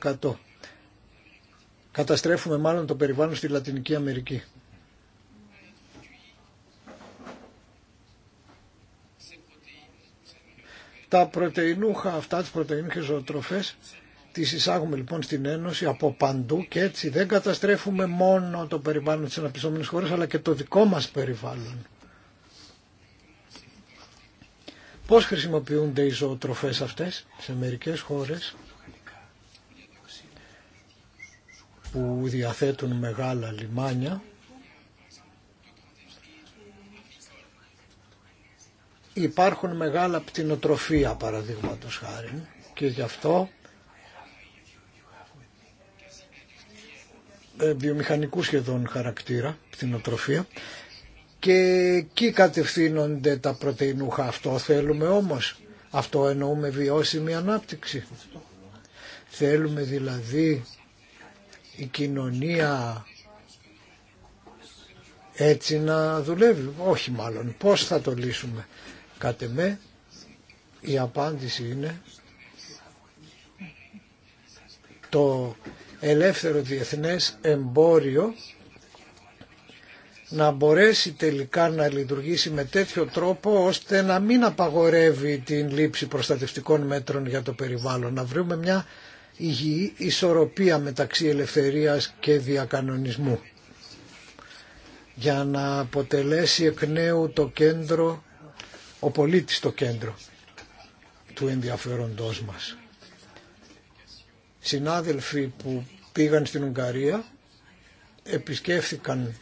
80%. Καταστρέφουμε μάλλον το περιβάλλον στη Λατινική Αμερική. Τα πρωτεϊνούχα αυτά, τις πρωτεϊνούχες ζωοτροφές, τις εισάγουμε λοιπόν στην Ένωση από παντού και έτσι δεν καταστρέφουμε μόνο το περιβάλλον της αναπτυσσόμενης χώρας αλλά και το δικό μας περιβάλλον. Πώς χρησιμοποιούνται οι ζωοτροφές αυτές σε μερικές χώρες που διαθέτουν μεγάλα λιμάνια υπάρχουν μεγάλα πτηνοτροφία παραδείγματος χάρη και γι' αυτό ε, βιομηχανικού σχεδόν χαρακτήρα, πτηνοτροφία και εκεί κατευθύνονται τα πρωτεϊνούχα. Αυτό θέλουμε όμως. Αυτό εννοούμε βιώσιμη ανάπτυξη. Θέλουμε δηλαδή η κοινωνία έτσι να δουλεύει. Όχι μάλλον. Πώς θα το λύσουμε. Κάτε με, η απάντηση είναι το ελεύθερο διεθνές εμπόριο να μπορέσει τελικά να λειτουργήσει με τέτοιο τρόπο ώστε να μην απαγορεύει την λήψη προστατευτικών μέτρων για το περιβάλλον. Να βρούμε μια υγιή ισορροπία μεταξύ ελευθερίας και διακανονισμού για να αποτελέσει εκ νέου το κέντρο ο πολίτης στο κέντρο του ενδιαφέροντός μας. Συνάδελφοι που πήγαν στην Ουγγαρία επισκέφθηκαν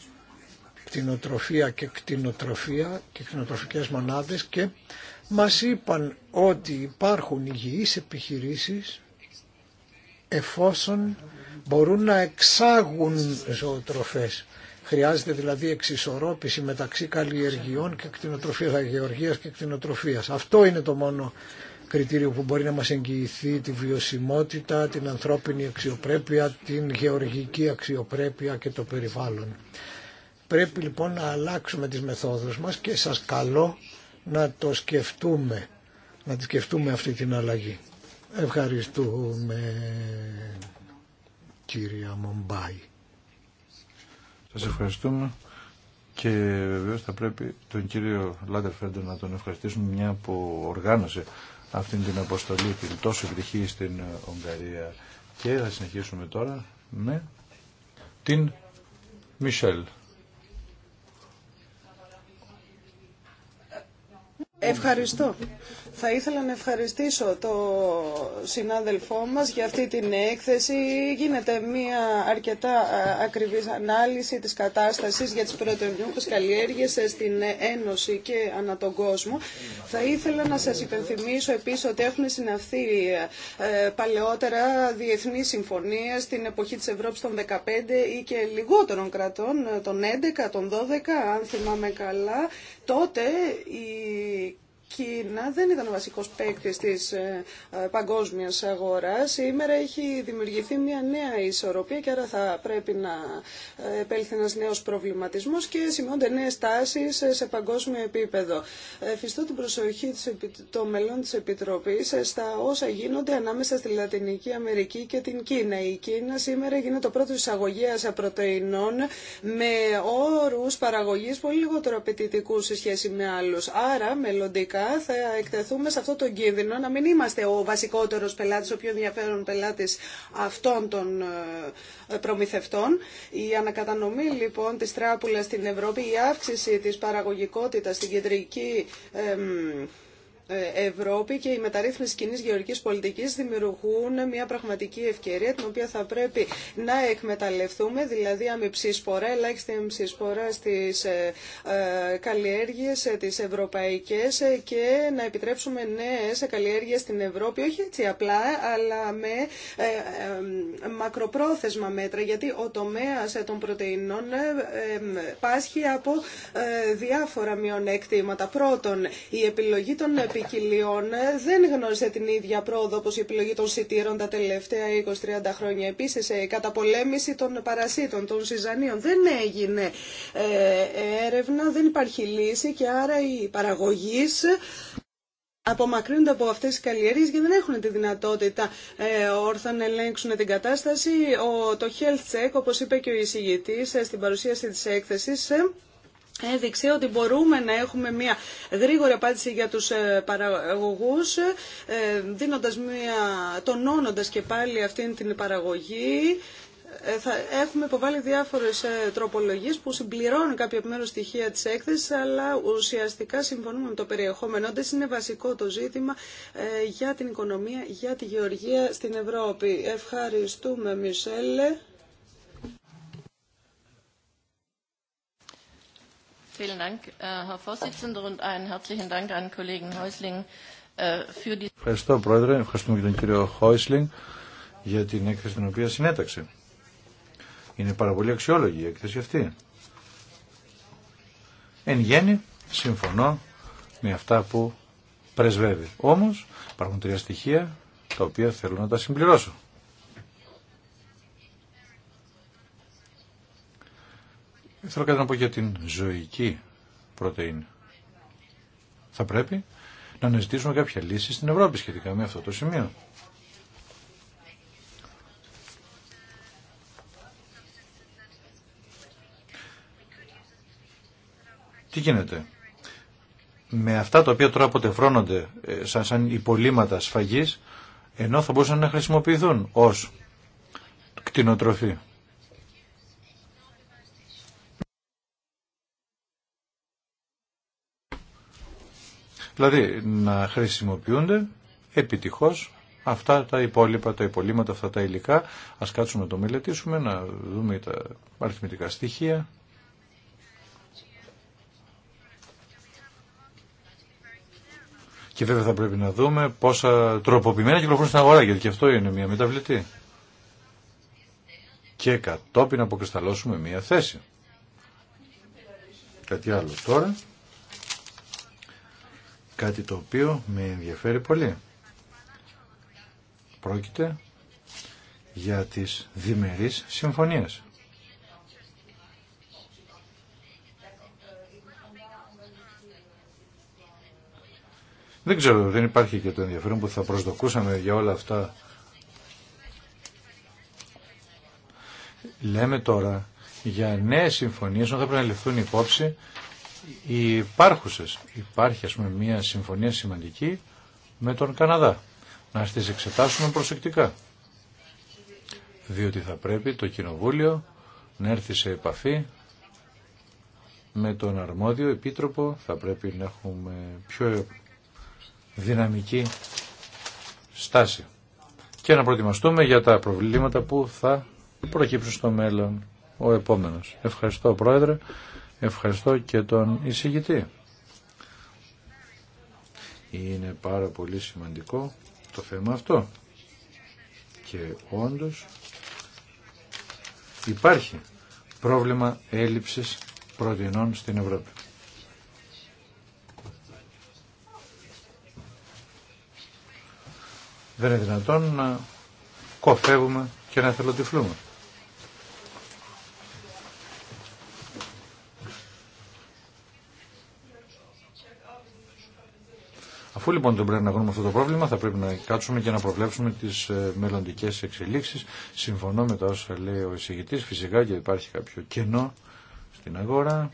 κτηνοτροφία και κτηνοτροφία και κτηνοτροφικές μονάδες και μας είπαν ότι υπάρχουν υγιείς επιχειρήσεις εφόσον μπορούν να εξάγουν ζωοτροφές Χρειάζεται δηλαδή εξισορρόπηση μεταξύ καλλιεργειών και κτηνοτροφίας, αγεωργίας και κτηνοτροφίας. Αυτό είναι το μόνο κριτήριο που μπορεί να μας εγγυηθεί τη βιωσιμότητα, την ανθρώπινη αξιοπρέπεια, την γεωργική αξιοπρέπεια και το περιβάλλον. Πρέπει λοιπόν να αλλάξουμε τις μεθόδους μας και σας καλώ να το σκεφτούμε, να τη σκεφτούμε αυτή την αλλαγή. Ευχαριστούμε κυρία Μομπάη. Σας ευχαριστούμε και βεβαίως θα πρέπει τον κύριο Λάντερφέντερ να τον ευχαριστήσουμε μια που οργάνωσε αυτήν την αποστολή, την τόσο επιτυχή στην Ουγγαρία. Και θα συνεχίσουμε τώρα με την Μισελ. Ευχαριστώ. Θα ήθελα να ευχαριστήσω το συνάδελφό μας για αυτή την έκθεση. Γίνεται μια αρκετά ακριβής ανάλυση της κατάστασης για τις πρωτεονιούχες καλλιέργειες στην Ένωση και ανά τον κόσμο. Θα ήθελα να σας υπενθυμίσω επίσης ότι έχουν συναυθεί ε, παλαιότερα διεθνείς συμφωνίες στην εποχή της Ευρώπης των 15 ή και λιγότερων κρατών, ε, των 11, των 12, αν θυμάμαι καλά. Τότε η Κίνα δεν ήταν ο βασικός παίκτη τη ε, ε, παγκόσμια αγορά. Σήμερα έχει δημιουργηθεί μια νέα ισορροπία και άρα θα πρέπει να ε, επέλθει ένα νέο προβληματισμό και σημειώνται νέε τάσεις σε παγκόσμιο επίπεδο. Φυστού την προσοχή των μελών της Επιτροπής στα όσα γίνονται ανάμεσα στη Λατινική Αμερική και την Κίνα. Η Κίνα σήμερα γίνεται το πρώτο εισαγωγέα πρωτεϊνών με όρου παραγωγή πολύ λιγότερο απαιτητικού σε σχέση με άλλου. Άρα μελλοντικά θα εκτεθούμε σε αυτό τον κίνδυνο να μην είμαστε ο βασικότερος πελάτης, ο πιο ενδιαφέρον πελάτης αυτών των ε, προμηθευτών. Η ανακατανομή λοιπόν της τράπουλας στην Ευρώπη, η αύξηση της παραγωγικότητας στην κεντρική ε, Ευρώπη και η μεταρρύθμιση κοινή γεωργική πολιτική δημιουργούν μια πραγματική ευκαιρία την οποία θα πρέπει να εκμεταλλευτούμε, δηλαδή αμυψίσπορα, ελάχιστη αμυψίσπορα στι ε, ε, καλλιέργειε τι ευρωπαϊκέ και να επιτρέψουμε νέε καλλιέργειε στην Ευρώπη, όχι έτσι απλά, αλλά με μακροπρόθεσμα μέτρα, γιατί ο τομέα των πρωτεϊνών πάσχει από διάφορα μειονέκτηματα. Πρώτον, η επιλογή των ποικιλιών ε, δεν γνώρισε την ίδια πρόοδο όπως η επιλογή των σιτήρων τα τελευταία 20-30 χρόνια. Επίσης, ε, η καταπολέμηση των παρασίτων, των συζανίων δεν έγινε ε, έρευνα, δεν υπάρχει λύση και άρα οι παραγωγείς απομακρύνονται από αυτές τις καλλιέργειες και δεν έχουν τη δυνατότητα ε, όρθα να ελέγξουν την κατάσταση. το health check, όπως είπε και ο εισηγητής στην παρουσίαση της έκθεσης, έδειξε ότι μπορούμε να έχουμε μια γρήγορη απάντηση για τους ε, παραγωγούς ε, δίνοντας μια, τονώνοντας και πάλι αυτήν την παραγωγή ε, θα έχουμε υποβάλει διάφορες τροπολογίες που συμπληρώνουν κάποια μέρο στοιχεία της έκθεσης αλλά ουσιαστικά συμφωνούμε με το περιεχόμενο δεν είναι βασικό το ζήτημα για την οικονομία, για τη γεωργία στην Ευρώπη. Ευχαριστούμε Μισελ. Ευχαριστώ, Πρόεδρε. Ευχαριστούμε και τον κύριο Χόισλινγκ για την έκθεση την οποία συνέταξε. Είναι πάρα πολύ αξιόλογη η έκθεση αυτή. Εν γέννη, συμφωνώ με αυτά που πρεσβεύει. Όμως, υπάρχουν τρία στοιχεία τα οποία θέλω να τα συμπληρώσω. Θέλω κάτι να πω για την ζωική πρωτεΐνη. Θα πρέπει να αναζητήσουμε κάποια λύση στην Ευρώπη σχετικά με αυτό το σημείο. Τι γίνεται. Με αυτά τα οποία τώρα αποτεφρώνονται ε, σαν, σαν υπολείμματα σφαγής, ενώ θα μπορούσαν να χρησιμοποιηθούν ως κτηνοτροφή. Δηλαδή να χρησιμοποιούνται επιτυχώς αυτά τα υπόλοιπα, τα υπολείμματα, αυτά τα υλικά. Ας κάτσουμε να το μελετήσουμε, να δούμε τα αριθμητικά στοιχεία. Και βέβαια θα πρέπει να δούμε πόσα τροποποιημένα κυκλοφορούν στην αγορά, γιατί και αυτό είναι μια μεταβλητή. Και κατόπιν αποκρισταλώσουμε μια θέση. Κάτι άλλο τώρα κάτι το οποίο με ενδιαφέρει πολύ. Πρόκειται για τις διμερείς συμφωνίες. Δεν ξέρω, δεν υπάρχει και το ενδιαφέρον που θα προσδοκούσαμε για όλα αυτά. Λέμε τώρα για νέες συμφωνίες όταν θα πρέπει να ληφθούν υπόψη οι υπάρχουσες. Υπάρχει ας πούμε μια συμφωνία σημαντική με τον Καναδά. Να τις εξετάσουμε προσεκτικά. Διότι θα πρέπει το Κοινοβούλιο να έρθει σε επαφή με τον αρμόδιο επίτροπο. Θα πρέπει να έχουμε πιο δυναμική στάση και να προετοιμαστούμε για τα προβλήματα που θα προκύψουν στο μέλλον ο επόμενος. Ευχαριστώ Πρόεδρε. Ευχαριστώ και τον εισηγητή. Είναι πάρα πολύ σημαντικό το θέμα αυτό. Και όντως υπάρχει πρόβλημα έλλειψης πρωτεινών στην Ευρώπη. Δεν είναι δυνατόν να κοφεύουμε και να θελοτυφλούμε. Αφού λοιπόν δεν πρέπει να γνωρίζουμε αυτό το πρόβλημα, θα πρέπει να κάτσουμε και να προβλέψουμε τι ε, μελλοντικέ εξελίξει. Συμφωνώ με τα όσα λέει ο εισηγητή. Φυσικά και υπάρχει κάποιο κενό στην αγορά.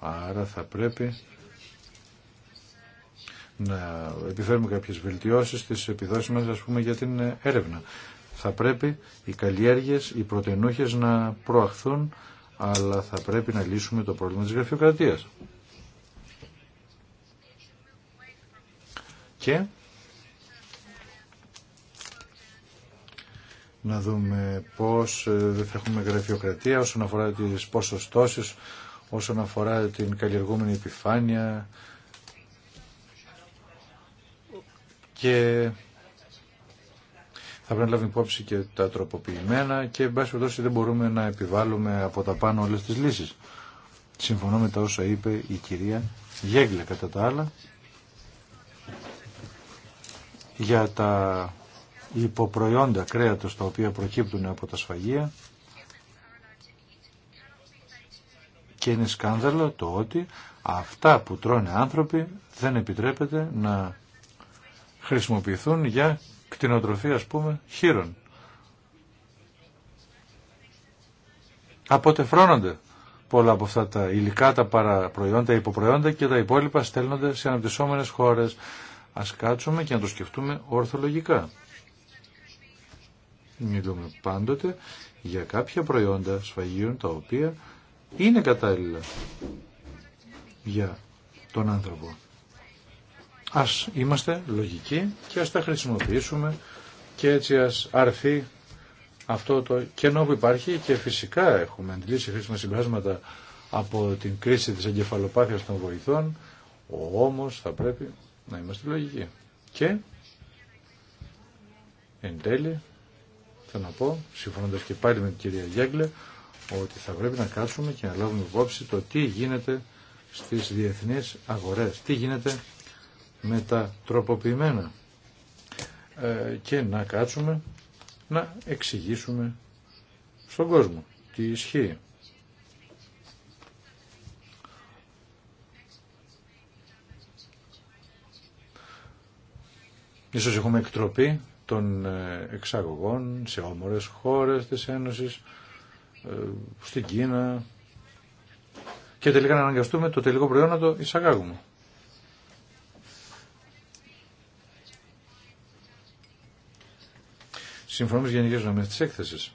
Άρα θα πρέπει να επιφέρουμε κάποιες βελτιώσεις στις επιδόσεις μας ας πούμε για την ε, έρευνα. Θα πρέπει οι καλλιέργειες, οι πρωτενούχες να προαχθούν αλλά θα πρέπει να λύσουμε το πρόβλημα της γραφειοκρατίας. και να δούμε πώς ε, δεν θα έχουμε γραφειοκρατία όσον αφορά τις ποσοστώσεις, όσον αφορά την καλλιεργούμενη επιφάνεια και θα πρέπει να λάβουμε υπόψη και τα τροποποιημένα και εν πάση δεν μπορούμε να επιβάλλουμε από τα πάνω όλες τις λύσεις. Συμφωνώ με τα όσα είπε η κυρία Γέγκλε κατά τα άλλα για τα υποπροϊόντα κρέατος τα οποία προκύπτουν από τα σφαγεία και είναι σκάνδαλο το ότι αυτά που τρώνε άνθρωποι δεν επιτρέπεται να χρησιμοποιηθούν για κτηνοτροφή ας πούμε χείρων. Αποτεφρώνονται πολλά από αυτά τα υλικά, τα παραπροϊόντα, τα υποπροϊόντα και τα υπόλοιπα στέλνονται σε αναπτυσσόμενες χώρες. Ας κάτσουμε και να το σκεφτούμε ορθολογικά. Μιλούμε πάντοτε για κάποια προϊόντα σφαγίων τα οποία είναι κατάλληλα για τον άνθρωπο. Ας είμαστε λογικοί και ας τα χρησιμοποιήσουμε και έτσι ας αρθεί αυτό το κενό που υπάρχει και φυσικά έχουμε αντιλήσει χρήσιμα συμπράσματα από την κρίση της εγκεφαλοπάθειας των βοηθών, όμως θα πρέπει να είμαστε λογικοί. Και εν τέλει θα να πω, συμφωνώντα και πάλι με την κυρία Γέγκλε, ότι θα πρέπει να κάτσουμε και να λάβουμε υπόψη το τι γίνεται στις διεθνείς αγορές, τι γίνεται με τα τροποποιημένα ε, και να κάτσουμε να εξηγήσουμε στον κόσμο τι ισχύει. Ίσως έχουμε εκτροπή των ε, εξαγωγών σε όμορες χώρες της Ένωσης, ε, στην Κίνα και τελικά να αναγκαστούμε το τελικό προϊόν να το εισαγάγουμε. Συμφωνούμε στις γενικές νομές της έκθεσης.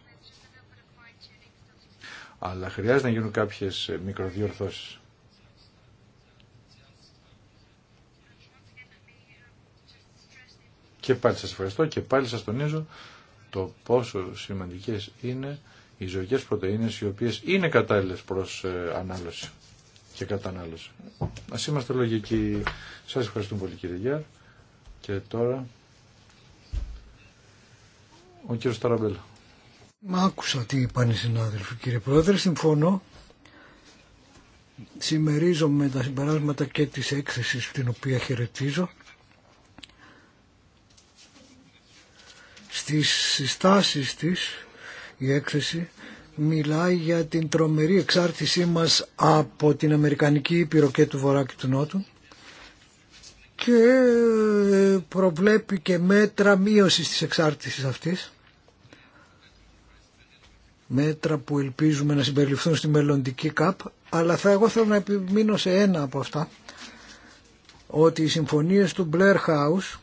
Αλλά χρειάζεται να γίνουν κάποιες ε, μικροδιορθώσεις. Και πάλι σας ευχαριστώ και πάλι σας τονίζω το πόσο σημαντικές είναι οι ζωικές πρωτεΐνες οι οποίες είναι κατάλληλες προς ε, ανάλωση και κατανάλωση. Ας είμαστε λογικοί. Σας ευχαριστούμε πολύ κύριε Γιάρ. Και τώρα ο κύριος Ταραμπέλα. Μα άκουσα τι είπαν οι συνάδελφοι κύριε Πρόεδρε. Συμφωνώ. Συμμερίζομαι τα συμπεράσματα και της έκθεσης την οποία χαιρετίζω στις συστάσεις της η έκθεση μιλάει για την τρομερή εξάρτησή μας από την Αμερικανική Ήπειρο και του Βορρά και του Νότου και ε, προβλέπει και μέτρα μείωσης της εξάρτησης αυτής μέτρα που ελπίζουμε να συμπεριληφθούν στη μελλοντική ΚΑΠ αλλά θα εγώ θέλω να επιμείνω σε ένα από αυτά ότι οι συμφωνίες του Blair House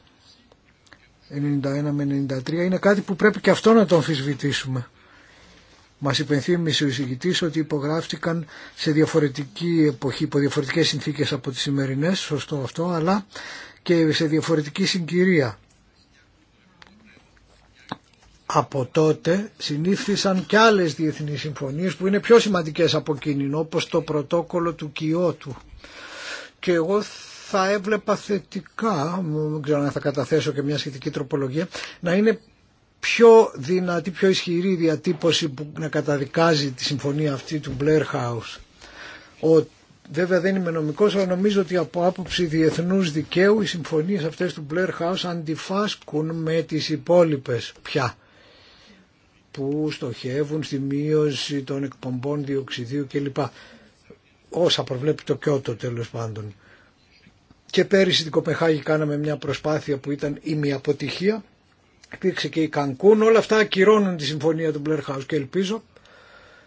91 με 93 είναι κάτι που πρέπει και αυτό να το αμφισβητήσουμε. Μας υπενθύμισε ο εισηγητή ότι υπογράφτηκαν σε διαφορετική εποχή, υπό διαφορετικές συνθήκες από τις σημερινές, σωστό αυτό, αλλά και σε διαφορετική συγκυρία. Από τότε συνήθισαν και άλλες διεθνείς συμφωνίες που είναι πιο σημαντικές από εκείνη, όπως το πρωτόκολλο του Κιώτου. Και εγώ θα έβλεπα θετικά, δεν ξέρω αν θα καταθέσω και μια σχετική τροπολογία, να είναι πιο δυνατή, πιο ισχυρή διατύπωση που να καταδικάζει τη συμφωνία αυτή του Blair House. Ο, βέβαια δεν είμαι νομικός, αλλά νομίζω ότι από άποψη διεθνούς δικαίου οι συμφωνίες αυτές του Blair House αντιφάσκουν με τις υπόλοιπες πια που στοχεύουν στη μείωση των εκπομπών διοξιδίου κλπ. Όσα προβλέπει το Κιώτο τέλος πάντων. Και πέρυσι την Κοπεχάγη κάναμε μια προσπάθεια που ήταν η μια αποτυχία. Υπήρξε και η Κανκούν. Όλα αυτά ακυρώνουν τη συμφωνία του Blair House και ελπίζω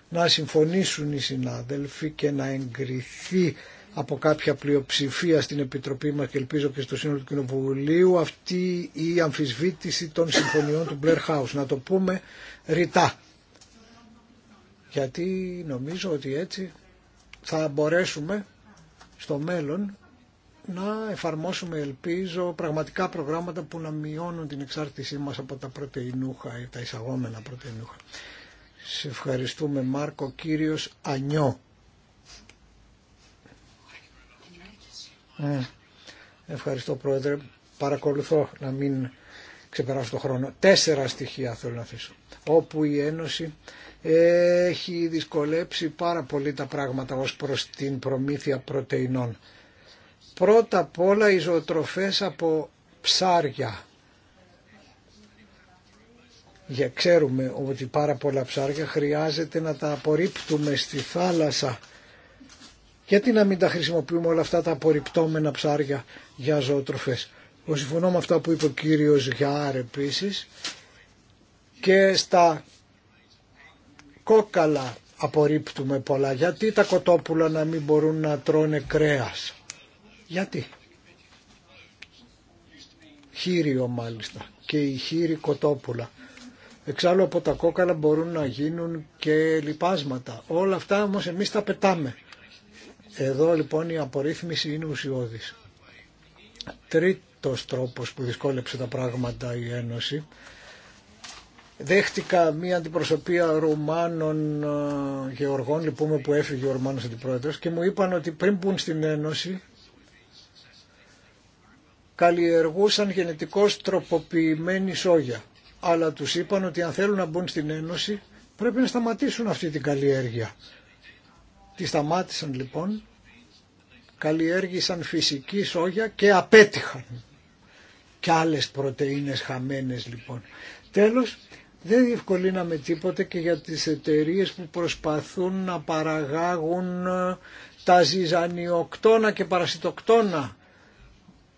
να συμφωνήσουν οι συνάδελφοι και να εγκριθεί από κάποια πλειοψηφία στην Επιτροπή μας και ελπίζω και στο σύνολο του Κοινοβουλίου αυτή η αμφισβήτηση των συμφωνιών του Blair House. Να το πούμε ρητά. Γιατί νομίζω ότι έτσι θα μπορέσουμε στο μέλλον να εφαρμόσουμε ελπίζω πραγματικά προγράμματα που να μειώνουν την εξάρτησή μας από τα πρωτεϊνούχα ή τα εισαγόμενα πρωτεϊνούχα. Σε ευχαριστούμε Μάρκο κύριος Ανιό. Ε, ευχαριστώ πρόεδρε. Παρακολουθώ να μην ξεπεράσω το χρόνο. Τέσσερα στοιχεία θέλω να αφήσω Όπου η Ένωση έχει δυσκολέψει πάρα πολύ τα πράγματα ως προς την προμήθεια πρωτεϊνών. Πρώτα απ' όλα οι από ψάρια. Για ξέρουμε ότι πάρα πολλά ψάρια χρειάζεται να τα απορρίπτουμε στη θάλασσα. Γιατί να μην τα χρησιμοποιούμε όλα αυτά τα απορριπτόμενα ψάρια για ζωοτροφές. Εγώ συμφωνώ με αυτά που είπε ο κύριος Γιάρ επίσης και στα κόκαλα απορρίπτουμε πολλά. Γιατί τα κοτόπουλα να μην μπορούν να τρώνε κρέας. Γιατί. Χείριο μάλιστα και η χείρη κοτόπουλα. Εξάλλου από τα κόκαλα μπορούν να γίνουν και λιπάσματα. Όλα αυτά όμως εμείς τα πετάμε. Εδώ λοιπόν η απορρίθμιση είναι ουσιώδης. Τρίτος τρόπος που δυσκόλεψε τα πράγματα η Ένωση. Δέχτηκα μία αντιπροσωπεία Ρουμάνων Γεωργών, λοιπόν, που έφυγε ο Ρουμάνος αντιπρόεδρος, και μου είπαν ότι πριν πουν στην Ένωση καλλιεργούσαν γενετικώς τροποποιημένη σόγια. Αλλά τους είπαν ότι αν θέλουν να μπουν στην Ένωση πρέπει να σταματήσουν αυτή την καλλιέργεια. Τη σταμάτησαν λοιπόν, καλλιέργησαν φυσική σόγια και απέτυχαν. Και άλλες πρωτεΐνες χαμένες λοιπόν. Τέλος, δεν διευκολύναμε τίποτε και για τις εταιρείε που προσπαθούν να παραγάγουν ε, τα ζυζανιοκτώνα και παρασιτοκτώνα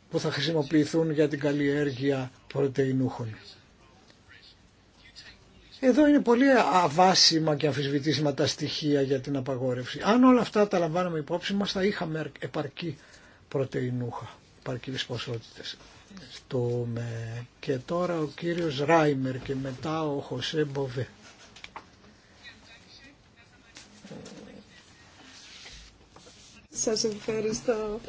που θα χρησιμοποιηθούν για την καλλιέργεια πρωτεϊνούχων. Εδώ είναι πολύ αβάσιμα και αμφισβητήσιμα τα στοιχεία για την απαγόρευση. Αν όλα αυτά τα λαμβάνουμε υπόψη μας θα είχαμε επαρκή πρωτεϊνούχα, επαρκείς ποσότητες. Στο με... Και τώρα ο κύριος Ράιμερ και μετά ο Χωσέ Μποβέ. Σας ευχαριστώ.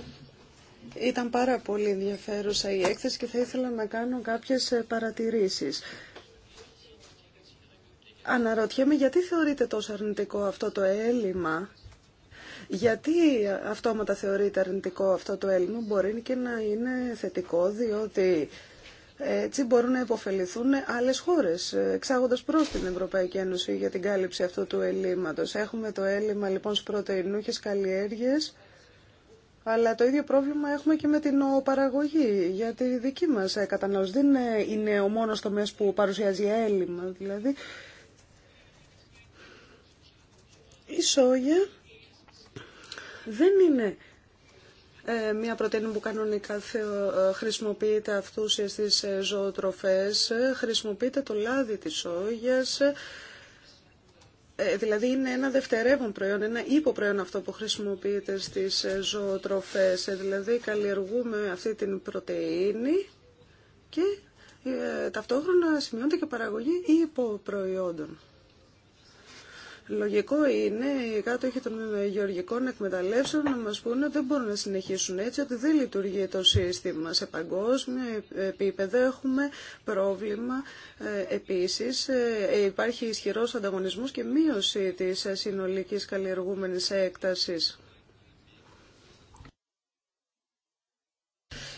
Ήταν πάρα πολύ ενδιαφέρουσα η έκθεση και θα ήθελα να κάνω κάποιες ε, παρατηρήσεις. Αναρωτιέμαι γιατί θεωρείται τόσο αρνητικό αυτό το έλλειμμα γιατί αυτόματα θεωρείται αρνητικό αυτό το έλλειμμα, μπορεί και να είναι θετικό, διότι έτσι μπορούν να υποφεληθούν άλλες χώρες, ε, εξάγοντας προς την Ευρωπαϊκή Ένωση για την κάλυψη αυτού του ελλείμματος. Έχουμε το έλλειμμα λοιπόν στις πρωτεϊνούχες καλλιέργειες, αλλά το ίδιο πρόβλημα έχουμε και με την παραγωγή γιατί η δική μας ε, κατανάλωση. Δεν είναι ο μόνος τομέας που παρουσιάζει έλλειμμα. Δηλαδή, η σόγια δεν είναι ε, μια πρωτεΐνη που κανονικά ε, χρησιμοποιείται αυτούς στις ζωοτροφές, χρησιμοποιείται το λάδι της σόγιας, ε, δηλαδή είναι ένα δευτερεύον προϊόν, ένα υποπροϊόν αυτό που χρησιμοποιείται στις ε, ζωοτροφές. Ε, δηλαδή καλλιεργούμε αυτή την πρωτεΐνη και ταυτόχρονα σημειώνεται και παραγωγή υποπροϊόντων. Λογικό είναι οι κάτοχοι των γεωργικών εκμεταλλεύσεων να μας πούνε ότι δεν μπορούν να συνεχίσουν έτσι, ότι δεν λειτουργεί το σύστημα. Σε παγκόσμιο επίπεδο έχουμε πρόβλημα. Ε, επίσης ε, υπάρχει ισχυρός ανταγωνισμός και μείωση της συνολικής καλλιεργούμενης έκτασης.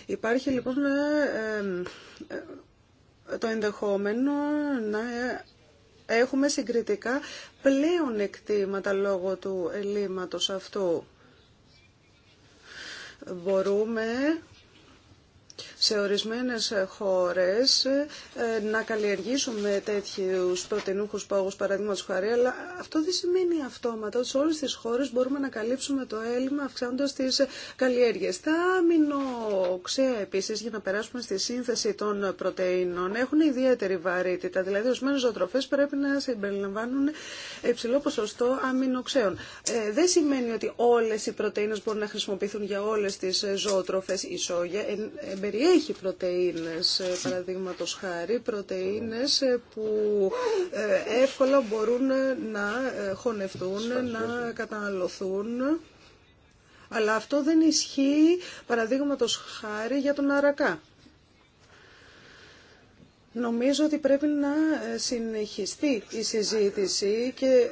Υπάρχει λοιπόν ε, το ενδεχόμενο να έχουμε συγκριτικά πλέον εκτίματα λόγω του ελλείμματος αυτού. Μπορούμε σε ορισμένες χώρες ε, να καλλιεργήσουμε τέτοιους πρωτενούχους πόγους παραδείγματο χάρη, αλλά αυτό δεν σημαίνει αυτόματα ότι σε όλες τις χώρες μπορούμε να καλύψουμε το έλλειμμα αυξάνοντας τις καλλιέργειες. Τα αμινοξέα επίσης για να περάσουμε στη σύνθεση των πρωτεΐνων έχουν ιδιαίτερη βαρύτητα, δηλαδή ορισμένε ζωοτροφές πρέπει να συμπεριλαμβάνουν υψηλό ποσοστό αμινοξέων. Ε, δεν σημαίνει ότι όλες οι πρωτεΐνες μπορούν να χρησιμοποιηθούν για όλες τις ζωοτροφές. Η σόγια ε, περιέχει πρωτεΐνες, ε, παραδείγματο χάρη, πρωτεΐνες ε, που ε, εύκολα μπορούν να χωνευτούν, να καταναλωθούν. Αλλά αυτό δεν ισχύει, παραδείγματο χάρη, για τον αρακά. Νομίζω ότι πρέπει να συνεχιστεί η συζήτηση και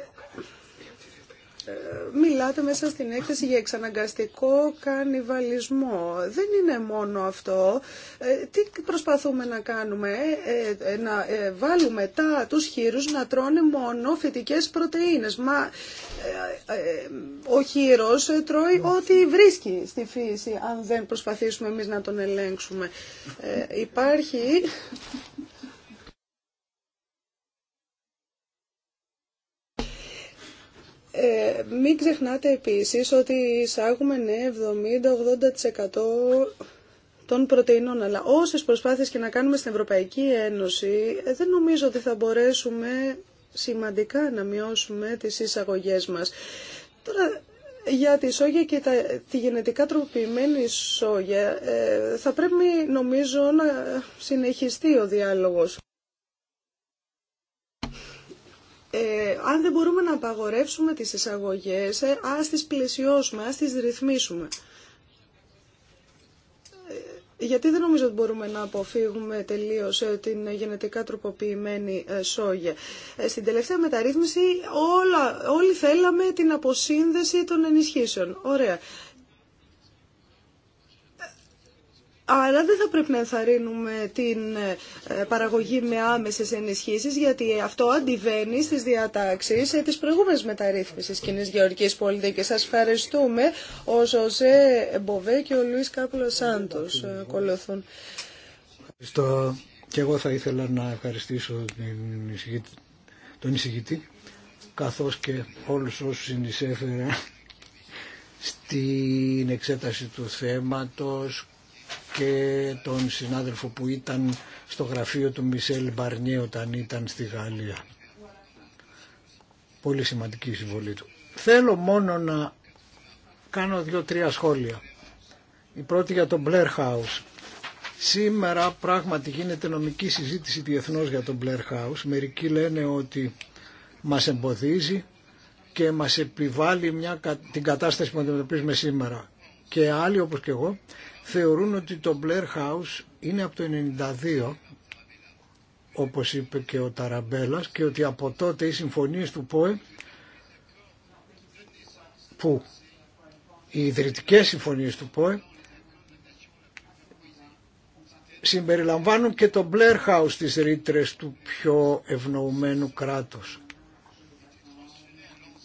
μιλάτε μέσα στην έκθεση για εξαναγκαστικό κανιβαλισμό. Δεν είναι μόνο αυτό. Ε, τι προσπαθούμε να κάνουμε, ε, ε, να βάλουμε τα, τους χείρους να τρώνε μόνο φυτικές πρωτεΐνες. Μα ο χείρος τρώει ό,τι βρίσκει στη φύση, αν δεν προσπαθήσουμε εμείς να τον ελέγξουμε. Υπάρχει Ε, μην ξεχνάτε επίσης ότι εισάγουμε ναι 70-80% των πρωτεϊνών, αλλά όσες προσπάθειες και να κάνουμε στην Ευρωπαϊκή Ένωση, ε, δεν νομίζω ότι θα μπορέσουμε σημαντικά να μειώσουμε τις εισαγωγές μας. Τώρα, για τη σόγια και τα, τη γενετικά τροποποιημένη σόγια, ε, θα πρέπει νομίζω να συνεχιστεί ο διάλογος ε, αν δεν μπορούμε να απαγορεύσουμε τις εισαγωγές, ε, ας τις πλαισιώσουμε, ας τις ρυθμίσουμε. Ε, γιατί δεν νομίζω ότι μπορούμε να αποφύγουμε τελείως ε, την γενετικά τροποποιημένη σόγια. Στην τελευταία μεταρρύθμιση όλα, όλοι θέλαμε την αποσύνδεση των ενισχύσεων. Ωραία. Άρα δεν θα πρέπει να ενθαρρύνουμε την ε, παραγωγή με άμεσε ενισχύσει, γιατί αυτό αντιβαίνει στις διατάξεις ε, της προηγούμενης μεταρρύθμισης κοινή γεωργική πολιτική. σα ευχαριστούμε. Ο Ζωζέ Μποβέ και ο Λουίς Κάπουλο Σάντος ε, ακολουθούν. Ευχαριστώ. Και εγώ θα ήθελα να ευχαριστήσω τον εισηγητή καθώς και όλους όσους συνεισέφεραν στην εξέταση του θέματος και τον συνάδελφο που ήταν στο γραφείο του Μισελ Μπαρνιέ όταν ήταν στη Γαλλία. Πολύ σημαντική η συμβολή του. Θέλω μόνο να κάνω δύο-τρία σχόλια. Η πρώτη για τον Blair House. Σήμερα πράγματι γίνεται νομική συζήτηση διεθνώς για τον Blair House. Μερικοί λένε ότι μας εμποδίζει και μας επιβάλλει μια, την κατάσταση που αντιμετωπίζουμε σήμερα. Και άλλοι όπως και εγώ θεωρούν ότι το Blair House είναι από το 92 όπως είπε και ο Ταραμπέλας και ότι από τότε οι συμφωνίες του ΠΟΕ που οι ιδρυτικές συμφωνίες του ΠΟΕ συμπεριλαμβάνουν και το Blair House της ρήτρε του πιο ευνοουμένου κράτους.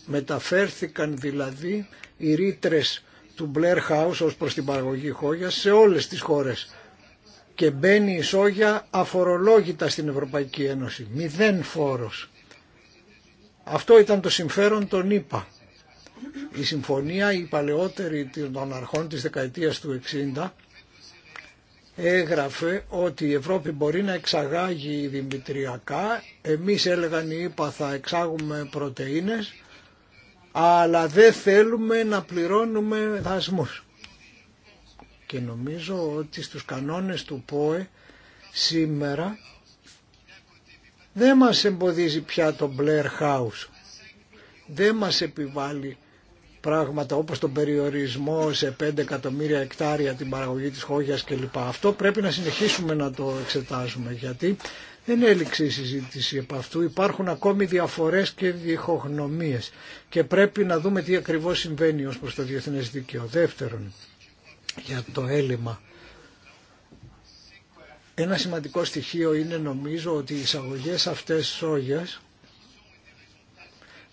Μεταφέρθηκαν δηλαδή οι ρήτρε του Blair House ως προς την παραγωγή χόγιας σε όλες τις χώρες και μπαίνει η σόγια αφορολόγητα στην Ευρωπαϊκή Ένωση. Μηδέν φόρος. Αυτό ήταν το συμφέρον των ΗΠΑ. Η συμφωνία, η παλαιότερη των αρχών της δεκαετίας του 60, έγραφε ότι η Ευρώπη μπορεί να εξαγάγει δημητριακά, εμείς έλεγαν οι ΗΠΑ θα εξάγουμε πρωτεΐνες αλλά δεν θέλουμε να πληρώνουμε δασμούς. Και νομίζω ότι στους κανόνες του ΠΟΕ σήμερα δεν μας εμποδίζει πια το Blair House. Δεν μας επιβάλλει πράγματα όπως τον περιορισμό σε 5 εκατομμύρια εκτάρια την παραγωγή της χώγιας κλπ. Αυτό πρέπει να συνεχίσουμε να το εξετάζουμε γιατί δεν έληξε η συζήτηση επ' αυτού. Υπάρχουν ακόμη διαφορές και διχογνωμίες και πρέπει να δούμε τι ακριβώς συμβαίνει ως προς το διεθνές δίκαιο. Δεύτερον, για το έλλειμμα. Ένα σημαντικό στοιχείο είναι νομίζω ότι οι εισαγωγέ αυτές σόγιας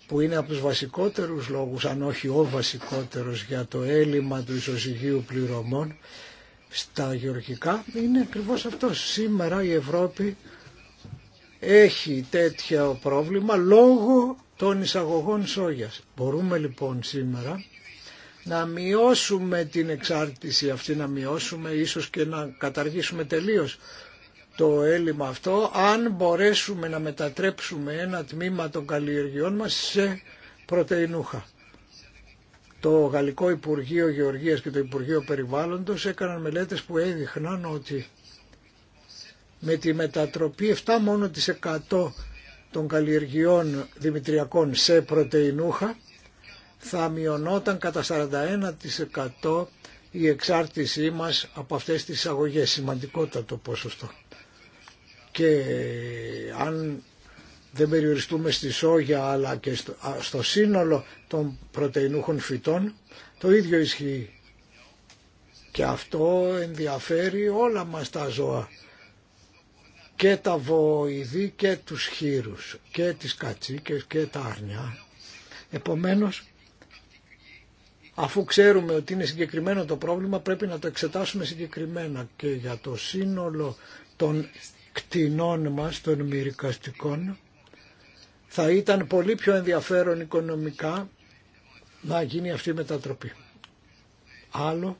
που είναι από τους βασικότερους λόγους, αν όχι ο βασικότερος για το έλλειμμα του ισοζυγίου πληρωμών στα γεωργικά, είναι ακριβώς αυτός. Σήμερα η Ευρώπη έχει τέτοιο πρόβλημα λόγω των εισαγωγών σόγιας. Μπορούμε λοιπόν σήμερα να μειώσουμε την εξάρτηση αυτή, να μειώσουμε ίσως και να καταργήσουμε τελείως το έλλειμμα αυτό, αν μπορέσουμε να μετατρέψουμε ένα τμήμα των καλλιεργειών μας σε πρωτεϊνούχα. Το Γαλλικό Υπουργείο Γεωργίας και το Υπουργείο Περιβάλλοντος έκαναν μελέτες που έδειχναν ότι με τη μετατροπή 7 μόνο της 100 των καλλιεργιών δημητριακών σε πρωτεϊνούχα θα μειωνόταν κατά 41% η εξάρτησή μας από αυτές τις αγωγές, σημαντικότατο ποσοστό. Και αν δεν περιοριστούμε στη σόγια αλλά και στο, στο σύνολο των πρωτεϊνούχων φυτών, το ίδιο ισχύει. Και αυτό ενδιαφέρει όλα μας τα ζώα και τα βοηδή και τους χείρους και τις κατσίκες και τα αρνιά. Επομένως, αφού ξέρουμε ότι είναι συγκεκριμένο το πρόβλημα πρέπει να το εξετάσουμε συγκεκριμένα και για το σύνολο των κτηνών μας, των μυρικαστικών, θα ήταν πολύ πιο ενδιαφέρον οικονομικά να γίνει αυτή η μετατροπή. Άλλο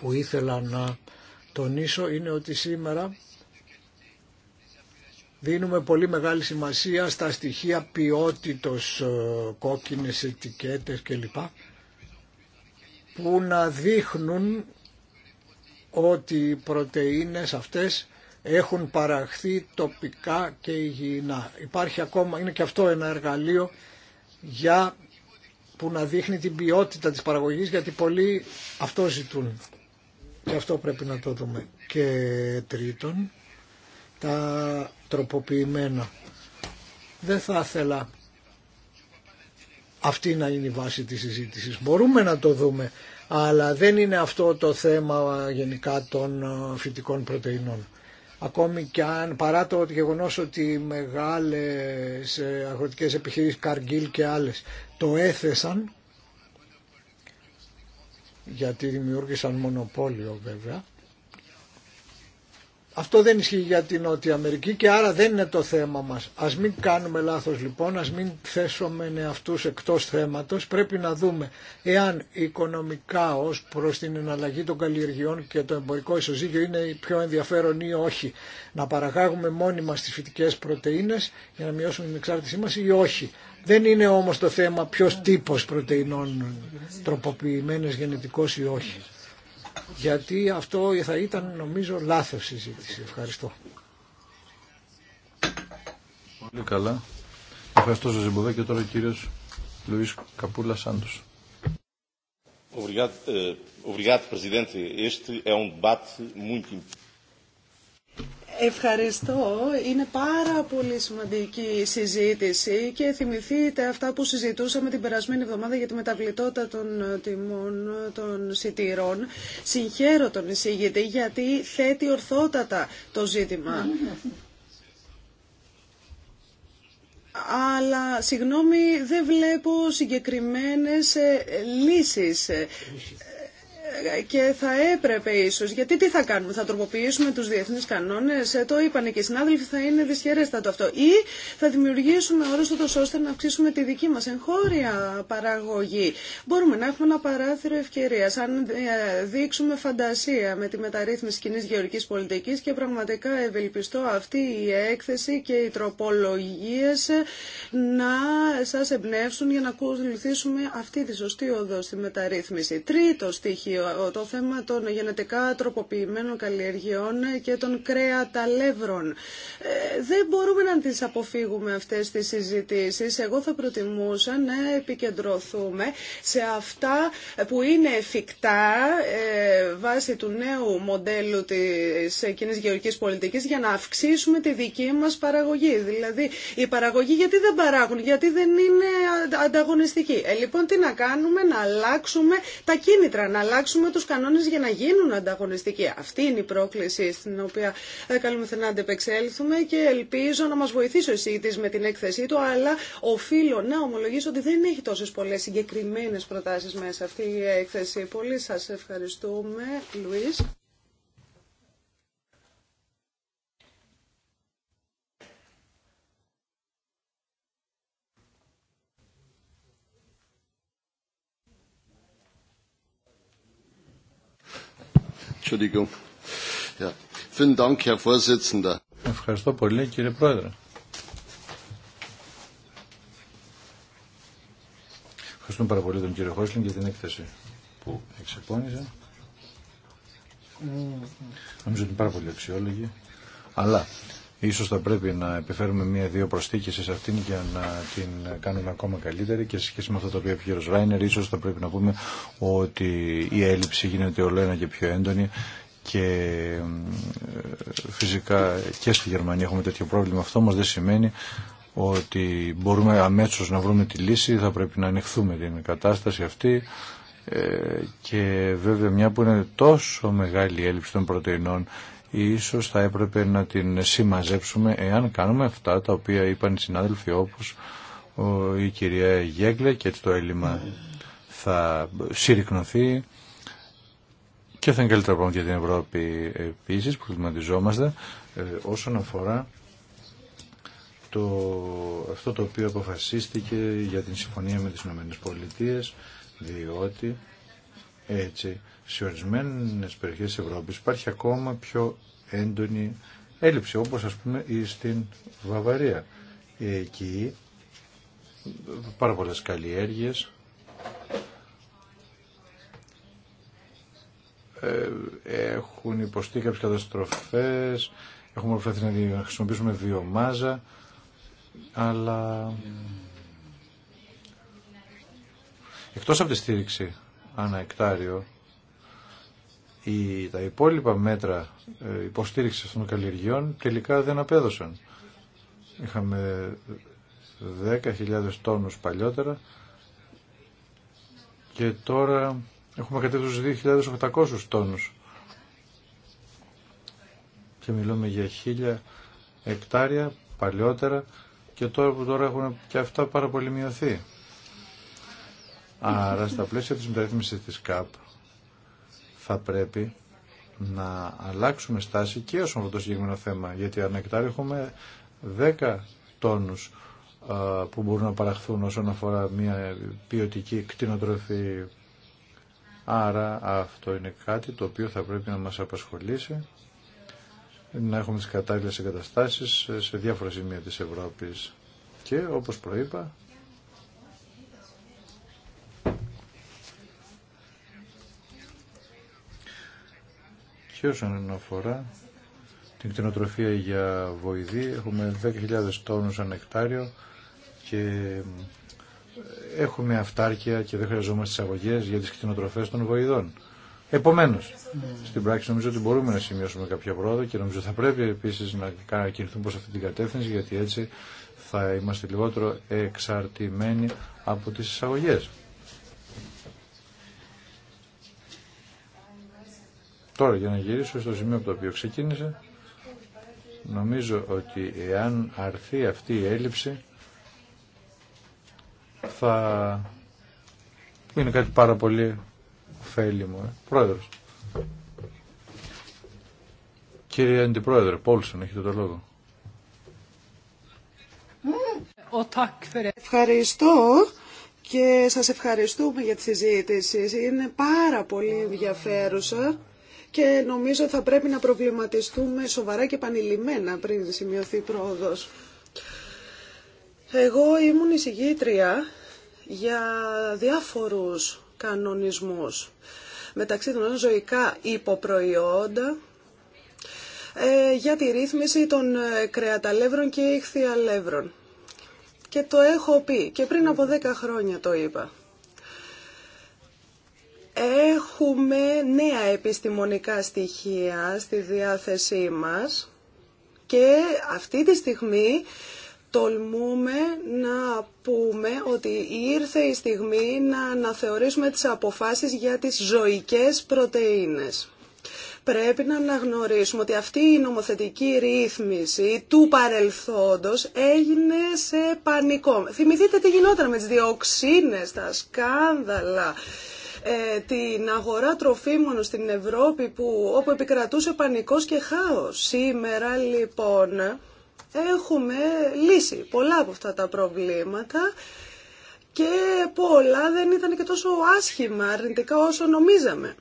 που ήθελα να τονίσω είναι ότι σήμερα Δίνουμε πολύ μεγάλη σημασία στα στοιχεία ποιότητος, ε, κόκκινες ετικέτες κλπ. που να δείχνουν ότι οι πρωτεΐνες αυτές έχουν παραχθεί τοπικά και υγιεινά. Υπάρχει ακόμα, είναι και αυτό ένα εργαλείο για, που να δείχνει την ποιότητα της παραγωγής γιατί πολλοί αυτό ζητούν. Και αυτό πρέπει να το δούμε. Και τρίτον, τα τροποποιημένα. Δεν θα ήθελα αυτή να είναι η βάση της συζήτησης. Μπορούμε να το δούμε, αλλά δεν είναι αυτό το θέμα γενικά των ε, φυτικών πρωτεϊνών. Ακόμη και αν, παρά το γεγονός ότι οι μεγάλες ε, αγροτικές επιχειρήσεις, Καργκίλ και άλλες, το έθεσαν, γιατί δημιούργησαν μονοπόλιο βέβαια, αυτό δεν ισχύει για την Νότια Αμερική και άρα δεν είναι το θέμα μας. Ας μην κάνουμε λάθος λοιπόν, ας μην θέσουμε αυτούς εκτός θέματος. Πρέπει να δούμε εάν οικονομικά ως προς την εναλλαγή των καλλιεργειών και το εμπορικό ισοζύγιο είναι πιο ενδιαφέρον ή όχι. Να παραγάγουμε μόνοι μας τις φυτικές πρωτεΐνες για να μειώσουμε την εξάρτησή μας ή όχι. Δεν είναι όμως το θέμα ποιο τύπος πρωτεϊνών τροποποιημένες γενετικώς ή όχι γιατί αυτό θα ήταν νομίζω λάθος συζήτηση. Ευχαριστώ. Πολύ καλά. Ευχαριστώ σας Ζεμποδέ και τώρα ο κύριος Λουίς Καπούλα Σάντος. Obrigado, eh, obrigado Presidente. Este é um debate muito importante. Ευχαριστώ. Είναι πάρα πολύ σημαντική η συζήτηση και θυμηθείτε αυτά που συζητούσαμε την περασμένη εβδομάδα για τη μεταβλητότητα των τιμών των σιτηρών. Συγχαίρω τον εισηγητή γιατί θέτει ορθότατα το ζήτημα. Αλλά, συγγνώμη, δεν βλέπω συγκεκριμένες ε, λύσεις και θα έπρεπε ίσω, γιατί τι θα κάνουμε, θα τροποποιήσουμε τους διεθνείς κανόνες, ε, το είπαν και οι συνάδελφοι, θα είναι δυσχερέστατο αυτό. Ή θα δημιουργήσουμε όρους τόσο ώστε να αυξήσουμε τη δική μα εγχώρια παραγωγή. Μπορούμε να έχουμε ένα παράθυρο ευκαιρία. αν ε, δείξουμε φαντασία με τη μεταρρύθμιση κοινή γεωρικής πολιτική και πραγματικά ευελπιστώ αυτή η έκθεση και οι τροπολογίε να σα εμπνεύσουν για να ακολουθήσουμε αυτή τη σωστή οδό στη μεταρρύθμιση. Τρίτο στοιχείο το θέμα των γενετικά τροποποιημένων καλλιεργειών και των κρέαταλεύρων. Ε, δεν μπορούμε να τις αποφύγουμε αυτές τις συζητήσεις. Εγώ θα προτιμούσα να επικεντρωθούμε σε αυτά που είναι εφικτά ε, βάσει του νέου μοντέλου της κοινής γεωργικής πολιτικής για να αυξήσουμε τη δική μας παραγωγή. Δηλαδή, η παραγωγή γιατί δεν παράγουν, γιατί δεν είναι ανταγωνιστική. Ε, λοιπόν, τι να κάνουμε, να αλλάξουμε τα κίνητρα, να αλλάξουμε αλλάξουμε τους κανόνες για να γίνουν ανταγωνιστικοί. Αυτή είναι η πρόκληση στην οποία ε, καλούμεθα να αντεπεξέλθουμε και ελπίζω να μας βοηθήσει ο εισηγητής με την έκθεσή του, αλλά οφείλω να ομολογήσω ότι δεν έχει τόσες πολλές συγκεκριμένες προτάσεις μέσα αυτή η έκθεση. Πολύ σας ευχαριστούμε, Λουίς. Ευχαριστώ πολύ, κύριε Πρόεδρε. Ευχαριστούμε πάρα πολύ τον κύριο Χόσλιν για την έκθεση που εξεπώνησε. Νομίζω ότι είναι πάρα πολύ αξιόλογη. Αλλά Ίσως θα πρέπει να επιφέρουμε μία-δύο προσθήκες σε αυτήν για να την κάνουμε ακόμα καλύτερη και σε σχέση με αυτό το οποίο είπε ο Ράινερ, ίσως θα πρέπει να πούμε ότι η έλλειψη γίνεται όλο ένα και πιο έντονη και ε, φυσικά και στη Γερμανία έχουμε τέτοιο πρόβλημα. Αυτό όμως δεν σημαίνει ότι μπορούμε αμέσως να βρούμε τη λύση, θα πρέπει να ανεχθούμε την κατάσταση αυτή ε, και βέβαια μια που είναι τόσο μεγάλη η έλλειψη των πρωτεϊνών ίσως θα έπρεπε να την συμμαζέψουμε εάν κάνουμε αυτά τα οποία είπαν οι συνάδελφοι όπως η κυρία Γέγκλε και έτσι το έλλειμμα θα συρρυκνωθεί και θα είναι καλύτερα πράγματα για την Ευρώπη επίσης που χρηματιζόμαστε ε, όσον αφορά το, αυτό το οποίο αποφασίστηκε για την συμφωνία με τις ΗΠΑ διότι έτσι σε ορισμένε περιοχέ τη Ευρώπη υπάρχει ακόμα πιο έντονη έλλειψη, όπω α πούμε στην Βαβαρία. Εκεί πάρα πολλέ καλλιέργειε. Ε, έχουν υποστεί κάποιες καταστροφές, έχουμε προσπαθεί να χρησιμοποιήσουμε βιομάζα, αλλά εκτός από τη στήριξη ανά εκτάριο η τα υπόλοιπα μέτρα ε, υποστήριξης των καλλιεργειών τελικά δεν απέδωσαν. Είχαμε 10.000 τόνους παλιότερα και τώρα έχουμε κατέβει 2.800 τόνους και μιλούμε για 1.000 εκτάρια παλιότερα και τώρα που τώρα έχουν και αυτά πάρα πολύ μειωθεί. Άρα στα πλαίσια της μεταρρύθμισης της ΚΑΠ θα πρέπει να αλλάξουμε στάση και όσον αυτό το συγκεκριμένο θέμα. Γιατί αν έχουμε 10 τόνους που μπορούν να παραχθούν όσον αφορά μια ποιοτική κτηνοτροφή. Άρα αυτό είναι κάτι το οποίο θα πρέπει να μας απασχολήσει να έχουμε τις κατάλληλες εγκαταστάσεις σε διάφορα σημεία της Ευρώπης. Και όπως προείπα Και όσον αφορά την κτηνοτροφία για βοηδή, έχουμε 10.000 τόνους ανεκτάριο και έχουμε αυτάρκεια και δεν χρειαζόμαστε εισαγωγέ για τις κτηνοτροφές των βοηδών. Επομένως, στην πράξη νομίζω ότι μπορούμε να σημειώσουμε κάποια πρόοδο και νομίζω θα πρέπει επίσης να κινηθούμε προς αυτή την κατεύθυνση γιατί έτσι θα είμαστε λιγότερο εξαρτημένοι από τις εισαγωγές. Τώρα για να γυρίσω στο σημείο από το οποίο ξεκίνησε, νομίζω ότι εάν αρθεί αυτή η έλλειψη θα είναι κάτι πάρα πολύ ωφέλιμο. Ε. Πρόεδρος. Κύριε Αντιπρόεδρε, Πόλσον, έχετε το λόγο. Ευχαριστώ και σας ευχαριστούμε για τη συζήτηση. Είναι πάρα πολύ ενδιαφέρουσα και νομίζω θα πρέπει να προβληματιστούμε σοβαρά και επανειλημμένα πριν σημειωθεί πρόοδος. Εγώ ήμουν εισηγήτρια για διάφορους κανονισμούς μεταξύ των ζωικά υποπροϊόντα, ε, για τη ρύθμιση των ε, κρεαταλεύρων και ηχθιαλεύρων. Και το έχω πει και πριν από 10 χρόνια το είπα έχουμε νέα επιστημονικά στοιχεία στη διάθεσή μας και αυτή τη στιγμή τολμούμε να πούμε ότι ήρθε η στιγμή να αναθεωρήσουμε τις αποφάσεις για τις ζωικές πρωτεΐνες. Πρέπει να αναγνωρίσουμε ότι αυτή η νομοθετική ρύθμιση του παρελθόντος έγινε σε πανικό. Θυμηθείτε τι γινόταν με τις διοξίνες, τα σκάνδαλα, ε, την αγορά τροφίμων στην Ευρώπη που, όπου επικρατούσε πανικός και χάος. Σήμερα λοιπόν έχουμε λύσει πολλά από αυτά τα προβλήματα και πολλά δεν ήταν και τόσο άσχημα αρνητικά όσο νομίζαμε.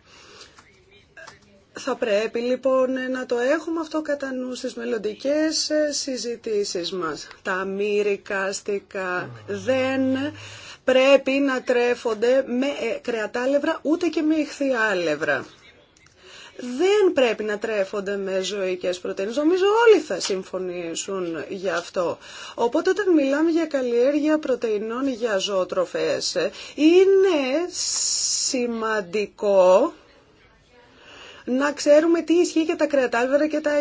Θα πρέπει λοιπόν να το έχουμε αυτό κατά νου στις μελλοντικές συζητήσεις μας. Τα μυρικάστικα δεν πρέπει να τρέφονται με ε, κρεατάλευρα ούτε και με ηχθιάλευρα. Δεν πρέπει να τρέφονται με ζωικές πρωτεΐνες. Νομίζω όλοι θα συμφωνήσουν γι' αυτό. Οπότε όταν μιλάμε για καλλιέργεια πρωτεϊνών για ζωοτροφές, είναι σημαντικό να ξέρουμε τι ισχύει για τα κρεατάλβερα και τα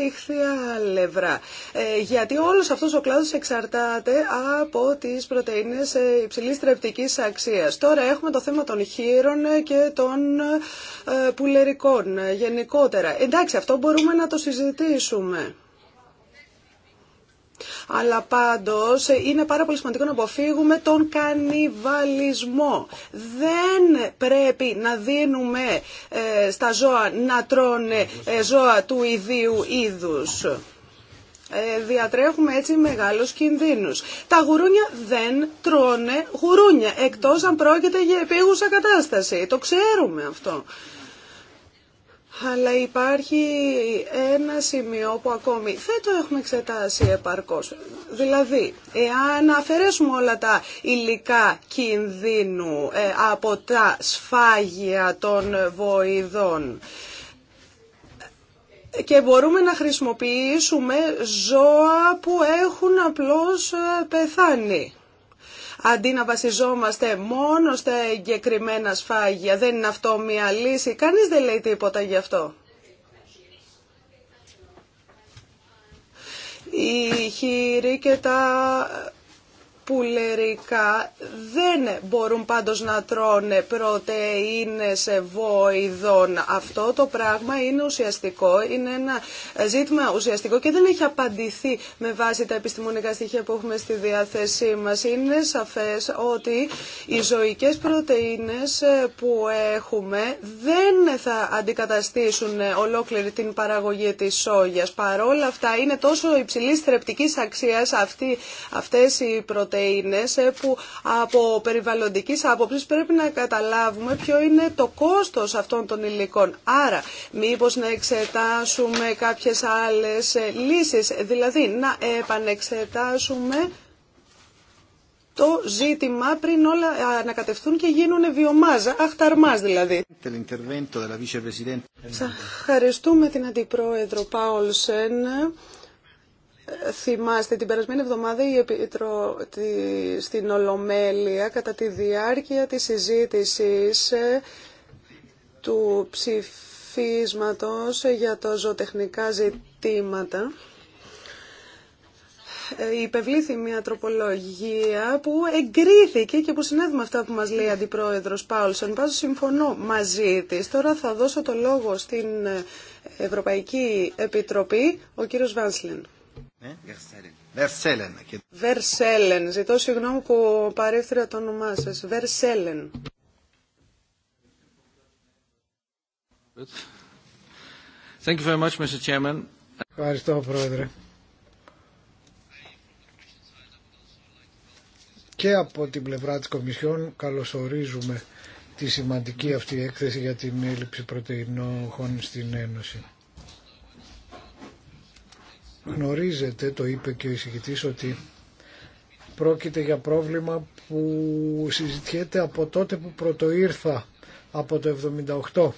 Ε, γιατί όλος αυτός ο κλάδος εξαρτάται από τις πρωτεΐνες ε, υψηλής τρεπτική αξίας. Τώρα έχουμε το θέμα των χείρων και των ε, πουλερικών ε, γενικότερα. Εντάξει, αυτό μπορούμε να το συζητήσουμε. Αλλά πάντως είναι πάρα πολύ σημαντικό να αποφύγουμε τον κανιβαλισμό. Δεν πρέπει να δίνουμε ε, στα ζώα να τρώνε ε, ζώα του ιδίου είδους ε, διατρέχουμε έτσι μεγάλους κινδύνους. Τα γουρούνια δεν τρώνε γουρούνια, εκτός αν πρόκειται για επίγουσα κατάσταση. Το ξέρουμε αυτό αλλά υπάρχει ένα σημείο που ακόμη δεν το έχουμε εξετάσει επαρκώς. Δηλαδή, εάν αφαιρέσουμε όλα τα υλικά κινδύνου ε, από τα σφάγια των βοηδών, και μπορούμε να χρησιμοποιήσουμε ζώα που έχουν απλώς ε, πεθάνει αντί να βασιζόμαστε μόνο στα εγκεκριμένα σφάγια. Δεν είναι αυτό μια λύση. Κανείς δεν λέει τίποτα γι' αυτό. Οι χείροι και τα πουλερικά δεν μπορούν πάντως να τρώνε πρωτεΐνες βοηδών. Αυτό το πράγμα είναι ουσιαστικό, είναι ένα ζήτημα ουσιαστικό και δεν έχει απαντηθεί με βάση τα επιστημονικά στοιχεία που έχουμε στη διάθεσή μας. Είναι σαφές ότι οι ζωικές πρωτεΐνες που έχουμε δεν θα αντικαταστήσουν ολόκληρη την παραγωγή της σόγιας. Παρόλα αυτά είναι τόσο υψηλής θρεπτικής αξίας αυτή, αυτές οι πρωτεΐνες ε, που από περιβαλλοντικής άποψης πρέπει να καταλάβουμε ποιο είναι το κόστος αυτών των υλικών. Άρα μήπως να εξετάσουμε κάποιες άλλες ε, λύσεις, δηλαδή να επανεξετάσουμε το ζήτημα πριν όλα ε, ανακατευθούν και γίνουν βιομάζα, αχταρμάς δηλαδή. Ευχαριστούμε την Αντιπρόεδρο Πάολσεν. Θυμάστε την περασμένη εβδομάδα η Επίτρο στην Ολομέλεια κατά τη διάρκεια της συζήτησης ε, του ψηφίσματος για το ζωοτεχνικά ζητήματα ε, υπευλήθη μια τροπολογία που εγκρίθηκε και που συνέβη με αυτά που μας λέει ο Αντιπρόεδρος Πάουλσον. Πάζω συμφωνώ μαζί της. Τώρα θα δώσω το λόγο στην ε, Ευρωπαϊκή Επιτροπή, ο κύριος Βάνσλεν. Βερσέλεν. Ναι, Βερσέλεν. Ζητώ συγγνώμη που παρέφερα το όνομά σα. Βερσέλεν. Ευχαριστώ, Πρόεδρε. Και από την πλευρά της Κομισιόν καλωσορίζουμε τη σημαντική αυτή έκθεση για την έλλειψη πρωτεϊνόχων στην Ένωση. Γνωρίζετε, το είπε και ο εισηγητής, ότι πρόκειται για πρόβλημα που συζητιέται από τότε που πρωτοήρθα από το 78.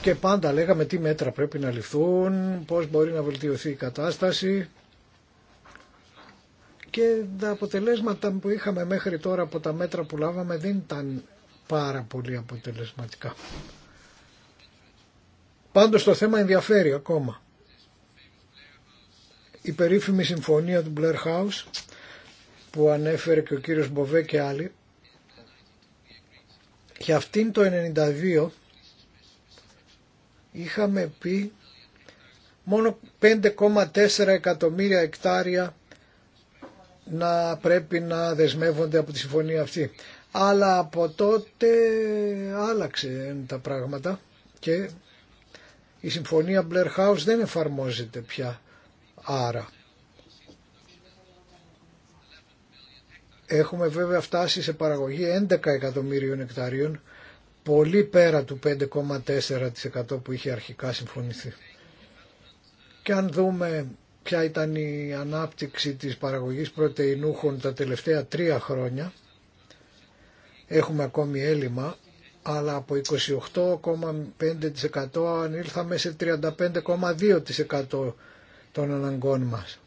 Και πάντα λέγαμε τι μέτρα πρέπει να ληφθούν, πώς μπορεί να βελτιωθεί η κατάσταση και τα αποτελέσματα που είχαμε μέχρι τώρα από τα μέτρα που λάβαμε δεν ήταν πάρα πολύ αποτελεσματικά. Πάντως το θέμα ενδιαφέρει ακόμα η περίφημη συμφωνία του Blair House που ανέφερε και ο κύριος Μποβέ και άλλοι για αυτήν το 1992 είχαμε πει μόνο 5,4 εκατομμύρια εκτάρια να πρέπει να δεσμεύονται από τη συμφωνία αυτή. Αλλά από τότε άλλαξε τα πράγματα και η συμφωνία Blair House δεν εφαρμόζεται πια. Άρα, έχουμε βέβαια φτάσει σε παραγωγή 11 εκατομμύριων εκταρίων, πολύ πέρα του 5,4% που είχε αρχικά συμφωνηθεί. Και αν δούμε ποια ήταν η ανάπτυξη της παραγωγής πρωτεϊνούχων τα τελευταία τρία χρόνια, έχουμε ακόμη έλλειμμα, αλλά από 28,5% ανήλθαμε σε 35,2% των αναγκών μας.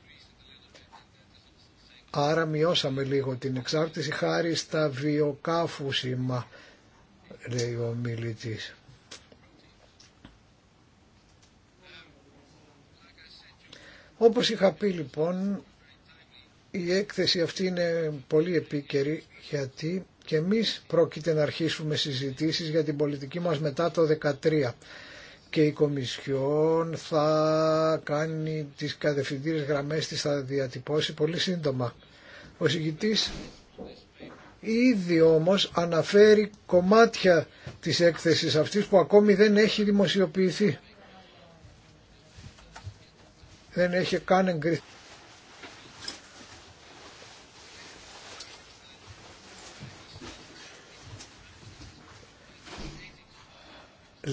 Άρα μειώσαμε λίγο την εξάρτηση χάρη στα βιοκάφουσιμα, λέει ο μιλητής. Όπως είχα πει λοιπόν, η έκθεση αυτή είναι πολύ επίκαιρη γιατί και εμείς πρόκειται να αρχίσουμε συζητήσεις για την πολιτική μας μετά το 2013 και η Κομισιόν θα κάνει τις κατευθυντήρες γραμμές της, θα διατυπώσει πολύ σύντομα. Ο συγκητής ήδη όμως αναφέρει κομμάτια της έκθεσης αυτής που ακόμη δεν έχει δημοσιοποιηθεί. Δεν έχει καν εγκριθεί.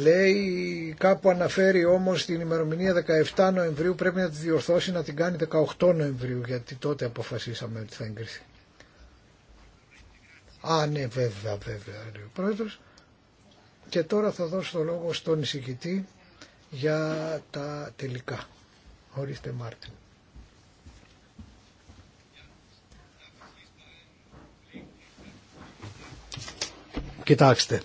Λέει, κάπου αναφέρει όμως την ημερομηνία 17 Νοεμβρίου πρέπει να τη διορθώσει να την κάνει 18 Νοεμβρίου γιατί τότε αποφασίσαμε ότι θα εγκριθεί. Α, ναι, βέβαια, βέβαια, λέει ο πρόεδρος. Και τώρα θα δώσω το λόγο στον εισηγητή για τα τελικά. Ορίστε Μάρτιν. Κοιτάξτε,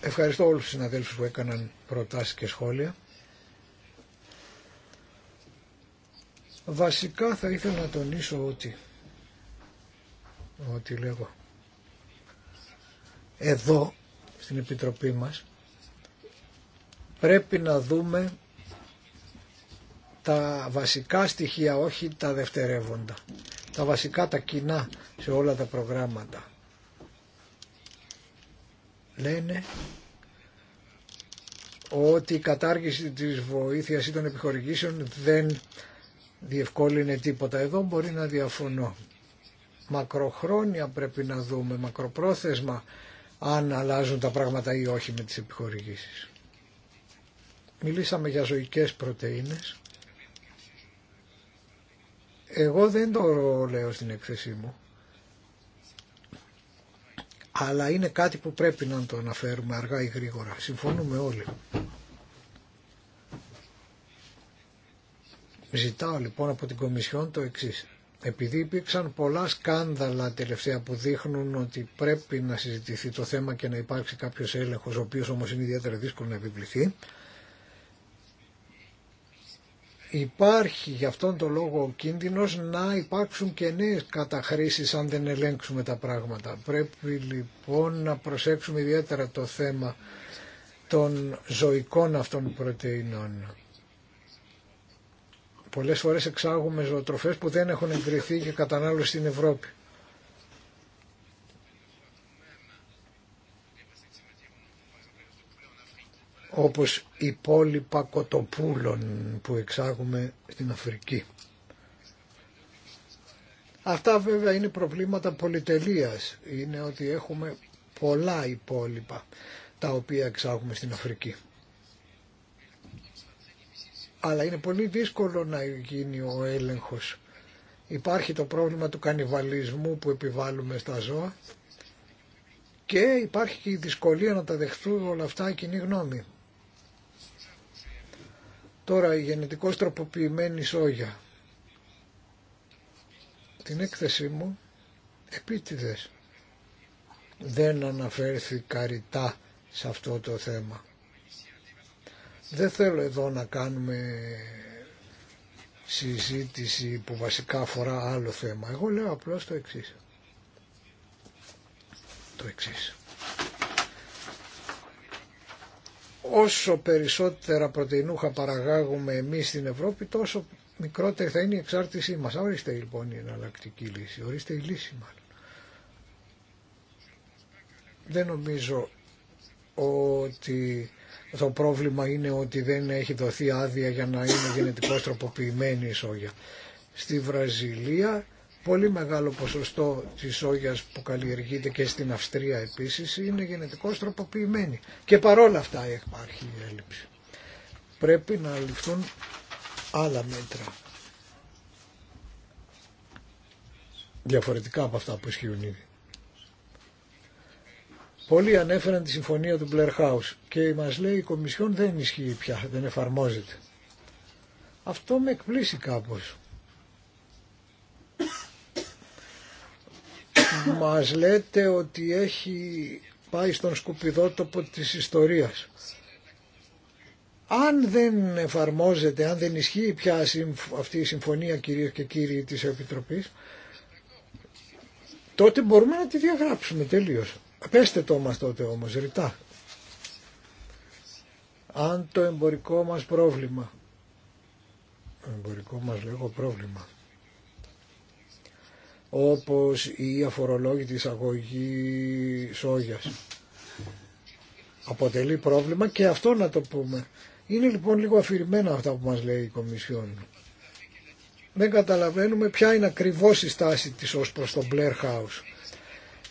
Ευχαριστώ όλους τους συναδέλφους που έκαναν προτάσεις και σχόλια. Βασικά θα ήθελα να τονίσω ότι, ότι λέγω, εδώ στην Επιτροπή μας πρέπει να δούμε τα βασικά στοιχεία, όχι τα δευτερεύοντα. Τα βασικά, τα κοινά σε όλα τα προγράμματα λένε ότι η κατάργηση της βοήθειας ή των επιχορηγήσεων δεν διευκόλυνε τίποτα. Εδώ μπορεί να διαφωνώ. Μακροχρόνια πρέπει να δούμε, μακροπρόθεσμα, αν αλλάζουν τα πράγματα ή όχι με τις επιχορηγήσεις. Μιλήσαμε για ζωικές πρωτεΐνες. Εγώ δεν το λέω στην έκθεσή μου αλλά είναι κάτι που πρέπει να το αναφέρουμε αργά ή γρήγορα. Συμφωνούμε όλοι. Ζητάω λοιπόν από την Κομισιόν το εξή. Επειδή υπήρξαν πολλά σκάνδαλα τελευταία που δείχνουν ότι πρέπει να συζητηθεί το θέμα και να υπάρξει κάποιος έλεγχος, ο οποίος όμως είναι ιδιαίτερα δύσκολο να επιβληθεί, Υπάρχει γι' αυτόν τον λόγο ο κίνδυνος να υπάρξουν και νέες καταχρήσεις αν δεν ελέγξουμε τα πράγματα. Πρέπει λοιπόν να προσέξουμε ιδιαίτερα το θέμα των ζωικών αυτών πρωτεϊνών. Πολλές φορές εξάγουμε ζωοτροφές που δεν έχουν εγκριθεί και κατανάλωση στην Ευρώπη. όπως υπόλοιπα κοτοπούλων που εξάγουμε στην Αφρική. Αυτά βέβαια είναι προβλήματα πολυτελείας. Είναι ότι έχουμε πολλά υπόλοιπα τα οποία εξάγουμε στην Αφρική. Αλλά είναι πολύ δύσκολο να γίνει ο έλεγχος. Υπάρχει το πρόβλημα του κανιβαλισμού που επιβάλλουμε στα ζώα και υπάρχει και η δυσκολία να τα δεχθούν όλα αυτά η κοινή γνώμη. Τώρα η γενετικώς τροποποιημένη σόγια. Την έκθεσή μου επίτηδες δεν αναφέρθηκα ρητά σε αυτό το θέμα. Δεν θέλω εδώ να κάνουμε συζήτηση που βασικά αφορά άλλο θέμα. Εγώ λέω απλώς το εξής. Το εξής. όσο περισσότερα πρωτεϊνούχα παραγάγουμε εμείς στην Ευρώπη τόσο μικρότερη θα είναι η εξάρτησή μας. Ορίστε λοιπόν η εναλλακτική λύση, ορίστε η λύση μάλλον. Δεν νομίζω ότι το πρόβλημα είναι ότι δεν έχει δοθεί άδεια για να είναι γενετικώς τροποποιημένη η σόγια. Στη Βραζιλία πολύ μεγάλο ποσοστό της σόγιας που καλλιεργείται και στην Αυστρία επίσης είναι γενετικώς τροποποιημένη. Και παρόλα αυτά υπάρχει η έλλειψη. Πρέπει να ληφθούν άλλα μέτρα. Διαφορετικά από αυτά που ισχύουν ήδη. Πολλοί ανέφεραν τη συμφωνία του Blair και μας λέει η Κομισιόν δεν ισχύει πια, δεν εφαρμόζεται. Αυτό με εκπλήσει κάπως. μας λέτε ότι έχει πάει στον σκουπιδότοπο της ιστορίας. Αν δεν εφαρμόζεται, αν δεν ισχύει πια αυτή η συμφωνία κύριε και κύριοι της Επιτροπής, τότε μπορούμε να τη διαγράψουμε τελείως. Πέστε το μας τότε όμως, ρητά. Αν το εμπορικό μας πρόβλημα, εμπορικό μας λέγω πρόβλημα, όπως η αφορολόγητη εισαγωγή σόγιας. Αποτελεί πρόβλημα και αυτό να το πούμε. Είναι λοιπόν λίγο αφηρημένα αυτά που μας λέει η Κομισιόν. Δεν καταλαβαίνουμε ποια είναι ακριβώς η στάση της ως προς τον Blair House.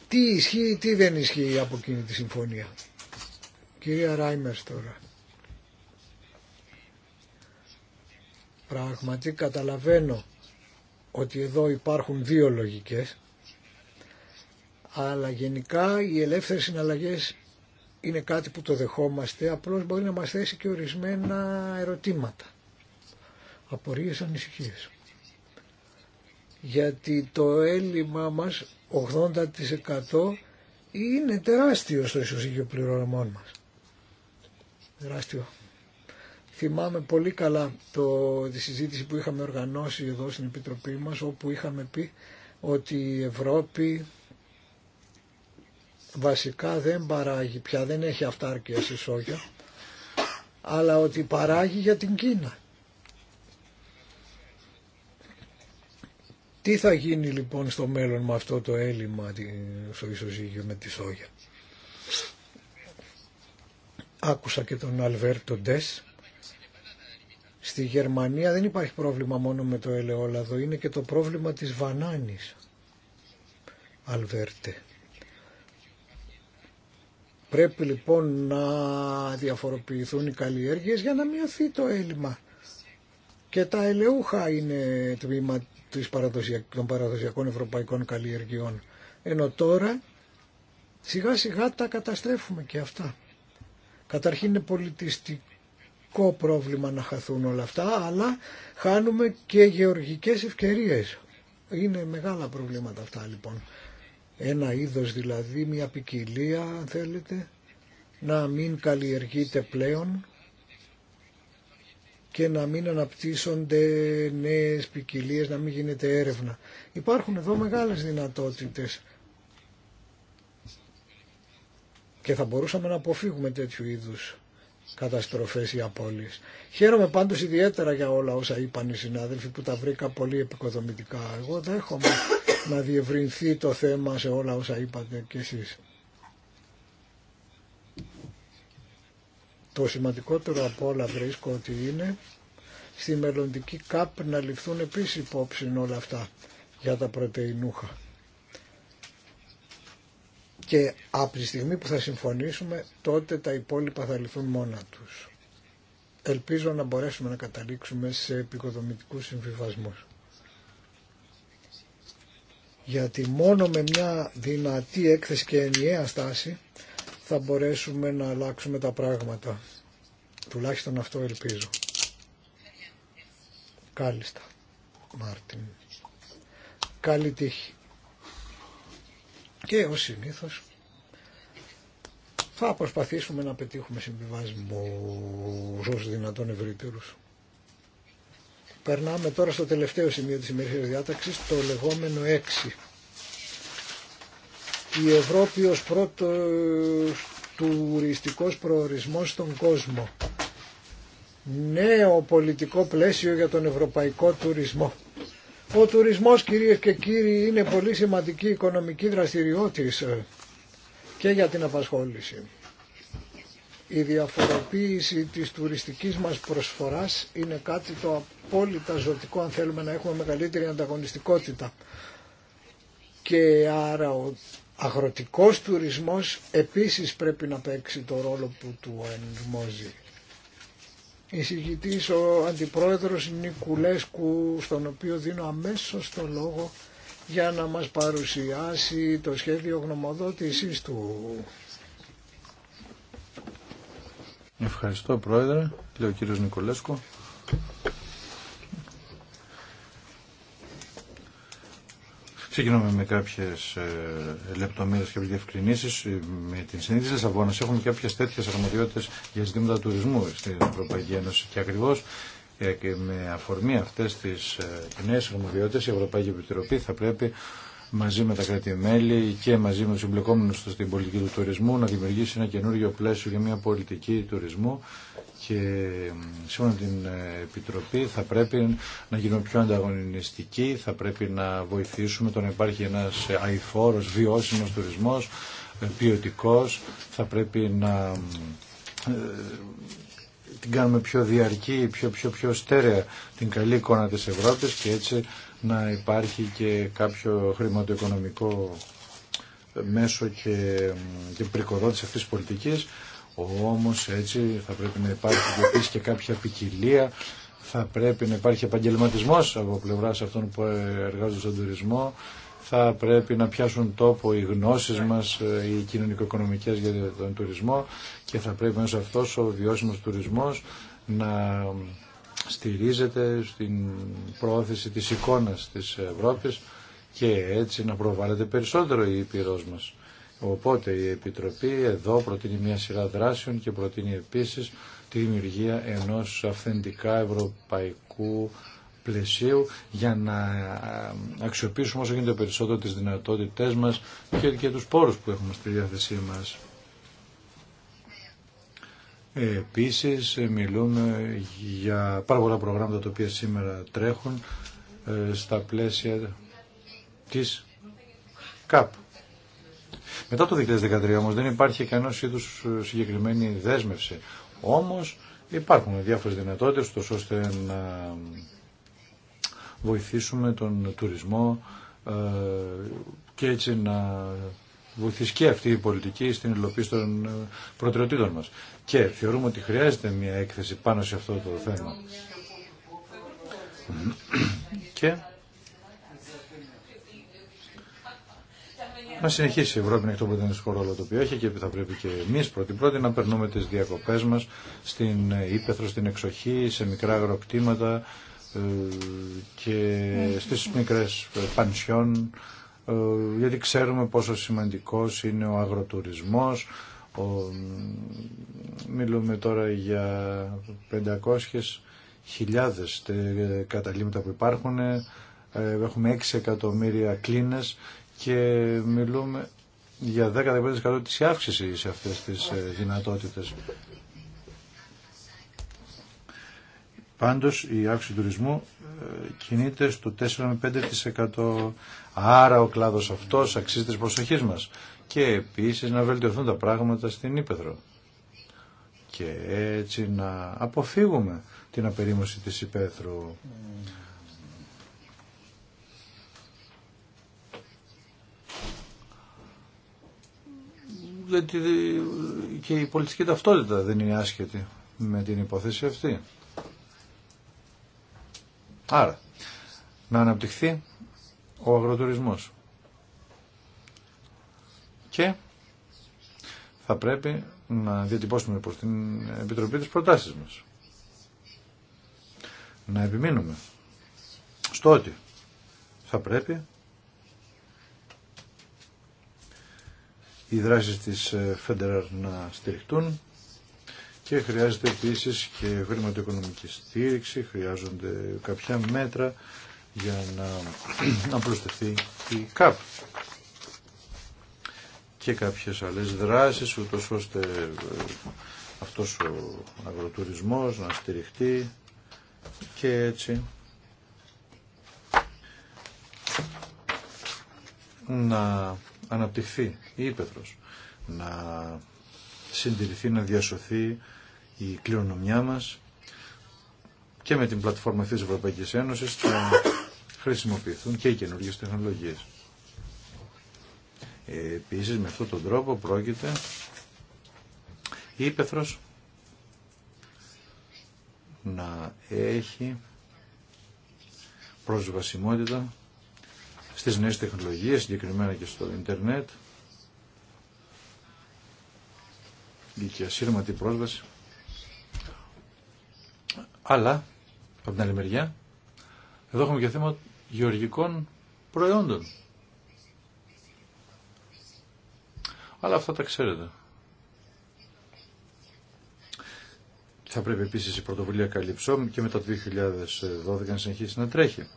Τι ισχύει, τι δεν ισχύει από εκείνη τη συμφωνία. Κυρία Ράιμερς τώρα. Πραγματικά καταλαβαίνω ότι εδώ υπάρχουν δύο λογικές, αλλά γενικά οι ελεύθερες συναλλαγές είναι κάτι που το δεχόμαστε, απλώς μπορεί να μας θέσει και ορισμένα ερωτήματα, απορίες, ανησυχίες. Γιατί το έλλειμμα μας 80% είναι τεράστιο στο ισοσύγιο πληρωμών μας. Τεράστιο. Θυμάμαι πολύ καλά το, τη συζήτηση που είχαμε οργανώσει εδώ στην Επιτροπή μας όπου είχαμε πει ότι η Ευρώπη βασικά δεν παράγει πια, δεν έχει αυτάρκεια σε σόγια αλλά ότι παράγει για την Κίνα. Τι θα γίνει λοιπόν στο μέλλον με αυτό το έλλειμμα στο ισοζύγιο με τη σόγια. Άκουσα και τον Αλβέρτο Ντες Στη Γερμανία δεν υπάρχει πρόβλημα μόνο με το ελαιόλαδο, είναι και το πρόβλημα της βανάνης. Αλβέρτε. Πρέπει λοιπόν να διαφοροποιηθούν οι καλλιέργειες για να μειωθεί το έλλειμμα. Και τα ελαιούχα είναι τμήμα των παραδοσιακών ευρωπαϊκών καλλιεργειών. Ενώ τώρα σιγά σιγά τα καταστρέφουμε και αυτά. Καταρχήν είναι πολιτιστικό οικονομικό πρόβλημα να χαθούν όλα αυτά, αλλά χάνουμε και γεωργικές ευκαιρίες. Είναι μεγάλα προβλήματα αυτά λοιπόν. Ένα είδος δηλαδή, μια ποικιλία αν θέλετε, να μην καλλιεργείται πλέον και να μην αναπτύσσονται νέες ποικιλίε, να μην γίνεται έρευνα. Υπάρχουν εδώ μεγάλες δυνατότητες και θα μπορούσαμε να αποφύγουμε τέτοιου είδους καταστροφές ή απώλειες. Χαίρομαι πάντως ιδιαίτερα για όλα όσα είπαν οι συνάδελφοι που τα βρήκα πολύ επικοδομητικά. Εγώ δέχομαι [coughs] να διευρυνθεί το θέμα σε όλα όσα είπατε κι εσείς. Το σημαντικότερο από όλα βρίσκω ότι είναι στη μελλοντική ΚΑΠ να ληφθούν επίσης υπόψη όλα αυτά για τα πρωτεϊνούχα και από τη στιγμή που θα συμφωνήσουμε τότε τα υπόλοιπα θα λυθούν μόνα τους. Ελπίζω να μπορέσουμε να καταλήξουμε σε επικοδομητικούς συμβιβασμούς. Γιατί μόνο με μια δυνατή έκθεση και ενιαία στάση θα μπορέσουμε να αλλάξουμε τα πράγματα. Τουλάχιστον αυτό ελπίζω. Κάλιστα, Μάρτιν. Καλή τύχη. Και ως συνήθως θα προσπαθήσουμε να πετύχουμε συμβιβασμούς όσο δυνατόν ευρύτερους. Περνάμε τώρα στο τελευταίο σημείο της ημερήσιας διάταξης, το λεγόμενο 6. Η Ευρώπη ως πρώτος τουριστικός προορισμός στον κόσμο. Νέο πολιτικό πλαίσιο για τον ευρωπαϊκό τουρισμό. Ο τουρισμός κυρίες και κύριοι είναι πολύ σημαντική οικονομική δραστηριότητα ε, και για την απασχόληση. Η διαφοροποίηση της τουριστικής μας προσφοράς είναι κάτι το απόλυτα ζωτικό αν θέλουμε να έχουμε μεγαλύτερη ανταγωνιστικότητα. Και άρα ο αγροτικός τουρισμός επίσης πρέπει να παίξει το ρόλο που του ενδημόζει εισηγητής ο Αντιπρόεδρος Νικουλέσκου, στον οποίο δίνω αμέσως το λόγο για να μας παρουσιάσει το σχέδιο γνωμοδότησής του. Ευχαριστώ Πρόεδρε, λέει ο κύριος Νικουλέσκου. Ξεκινούμε με κάποιε λεπτομέρειε και διευκρινήσει. Ε, με την συνήθεια τη Λισαβόνα έχουμε κάποιε τέτοιε αρμοδιότητε για ζητήματα τουρισμού στην Ευρωπαϊκή Ένωση. Και ακριβώ ε, και με αφορμή αυτέ τι ε, νέε αρμοδιότητε η Ευρωπαϊκή Επιτροπή θα πρέπει μαζί με τα κράτη-μέλη και μαζί με τους εμπλεκόμενους στην πολιτική του τουρισμού να δημιουργήσει ένα καινούργιο πλαίσιο για μια πολιτική τουρισμού και σύμφωνα με την ε, Επιτροπή θα πρέπει να γίνουμε πιο ανταγωνιστικοί, θα πρέπει να βοηθήσουμε το να υπάρχει ένας ε, αηφόρος, βιώσιμος τουρισμός, ε, ποιοτικό, θα πρέπει να την κάνουμε πιο διαρκή, πιο, πιο, πιο στέρεα την καλή εικόνα της Ευρώπης και έτσι να υπάρχει και κάποιο χρηματοοικονομικό μέσο και, και πρικοδότηση αυτής της πολιτικής. Όμως έτσι θα πρέπει να υπάρχει επίσης και κάποια ποικιλία, θα πρέπει να υπάρχει επαγγελματισμό από σε αυτών που εργάζονται στον τουρισμό, θα πρέπει να πιάσουν τόπο οι γνώσεις μας, ε, οι κοινωνικο-οικονομικές για τον τουρισμό και θα πρέπει μέσα αυτός ο βιώσιμος τουρισμός να στηρίζεται στην πρόθεση της εικόνας της Ευρώπης και έτσι να προβάλλεται περισσότερο η Ήπειρός μας. Οπότε η Επιτροπή εδώ προτείνει μια σειρά δράσεων και προτείνει επίσης τη δημιουργία ενός αυθεντικά ευρωπαϊκού πλαισίου για να αξιοποιήσουμε όσο γίνεται περισσότερο τις δυνατότητές μας και, και τους πόρους που έχουμε στη διάθεσή μας. Επίσης μιλούμε για πάρα πολλά προγράμματα τα οποία σήμερα τρέχουν ε, στα πλαίσια της ΚΑΠ. Μετά το 2013 όμως δεν υπάρχει κανένα είδους συγκεκριμένη δέσμευση. Όμως υπάρχουν διάφορες δυνατότητες ώστε να βοηθήσουμε τον τουρισμό ε, και έτσι να βοηθήσει αυτή η πολιτική στην υλοποίηση των ε, προτεραιοτήτων μας. Και θεωρούμε ότι χρειάζεται μια έκθεση πάνω σε αυτό το θέμα. και να συνεχίσει η Ευρώπη να έχει τον πρωτενιστικό ρόλο το οποίο έχει και θα πρέπει και εμεί πρώτη-πρώτη να περνούμε τι διακοπέ μα στην ύπεθρο, ε, στην εξοχή, σε μικρά αγροκτήματα ε, και στι μικρέ πανσιόν ε, γιατί ξέρουμε πόσο σημαντικός είναι ο αγροτουρισμός. Ο, μιλούμε τώρα για 500.000 καταλήμματα που υπάρχουν. Ε, έχουμε 6 εκατομμύρια κλίνες και μιλούμε για 10-15% της αύξησης σε αυτές τις ε, δυνατότητες. Πάντως η αύξηση τουρισμού ε, κινείται στο 4 με 5%. Άρα ο κλάδος αυτός αξίζει τη προσοχή μας. Και επίσης να βελτιωθούν τα πράγματα στην Ήπεθρο. Και έτσι να αποφύγουμε την απερίμωση της Ήπεθρου. Γιατί και η πολιτική ταυτότητα δεν είναι άσχετη με την υπόθεση αυτή. Άρα, να αναπτυχθεί ο αγροτουρισμός. Και θα πρέπει να διατυπώσουμε προς την Επιτροπή της προτάσεις μας. Να επιμείνουμε στο ότι θα πρέπει οι δράσεις της Φέντεραρ να στηριχτούν και χρειάζεται επίσης και χρηματοοικονομική στήριξη, χρειάζονται κάποια μέτρα για να, [clears throat] να προσθεθεί η ΚΑΠ και κάποιες άλλες δράσεις ούτως ώστε ε, αυτός ο αγροτουρισμός να στηριχτεί και έτσι να αναπτυχθεί η Ήπεθρος, να συντηρηθεί, να διασωθεί η κληρονομιά μας και με την πλατφόρμα της Ευρωπαϊκής Ένωσης θα χρησιμοποιηθούν και οι καινούργιες τεχνολογίες. Επίσης με αυτόν τον τρόπο πρόκειται η να έχει προσβασιμότητα στις νέες τεχνολογίες, συγκεκριμένα και στο ίντερνετ και ασύρματη πρόσβαση αλλά, από την άλλη μεριά, εδώ έχουμε και θέμα γεωργικών προϊόντων. Αλλά αυτά τα ξέρετε. Θα πρέπει επίσης η πρωτοβουλία καλύψω και μετά το 2012 να συνεχίσει να τρέχει.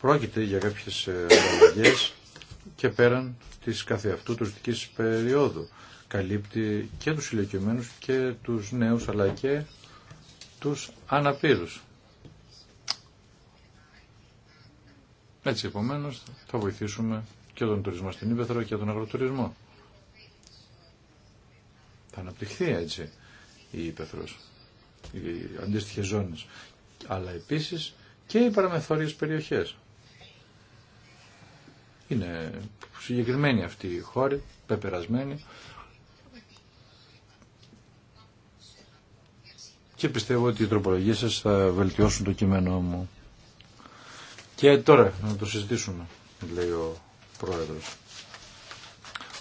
Πρόκειται για κάποιες ε, αλλαγές και πέραν της καθεαυτού τουριστικής περίοδου. Καλύπτει και τους ηλικιωμένους και τους νέους αλλά και τους αναπήρους. Έτσι επομένως θα βοηθήσουμε και τον τουρισμό στην Ήπεθρο και τον αγροτουρισμό. Θα αναπτυχθεί έτσι η Ήπεθρος, οι αντίστοιχε ζώνες, αλλά επίσης και οι παραμεθόριες περιοχές. Είναι συγκεκριμένοι αυτοί η χώρα πεπερασμένη. και πιστεύω ότι οι τροπολογίες σας θα βελτιώσουν το κείμενό μου. Και τώρα να το συζητήσουμε, λέει ο Πρόεδρος.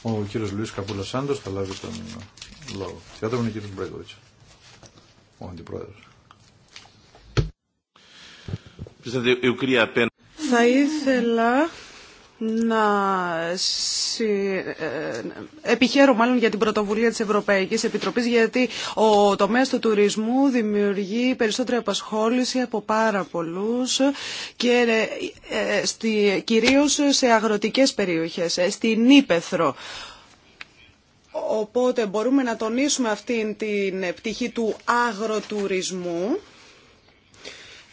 Ο κύριος Λουίς Καπούλα Σάντος θα λάβει τον λόγο. Και θα είναι ο κύριο Μπρέκοβιτς, ο Αντιπρόεδρος. Θα ήθελα να ε, επιχαίρω μάλλον για την πρωτοβουλία της Ευρωπαϊκής Επιτροπής γιατί ο τομέας του τουρισμού δημιουργεί περισσότερη απασχόληση από πάρα πολλούς και ε, ε, στη, κυρίως σε αγροτικές περιοχές, στην Ήπεθρο. Οπότε μπορούμε να τονίσουμε αυτήν την πτυχή του αγροτουρισμού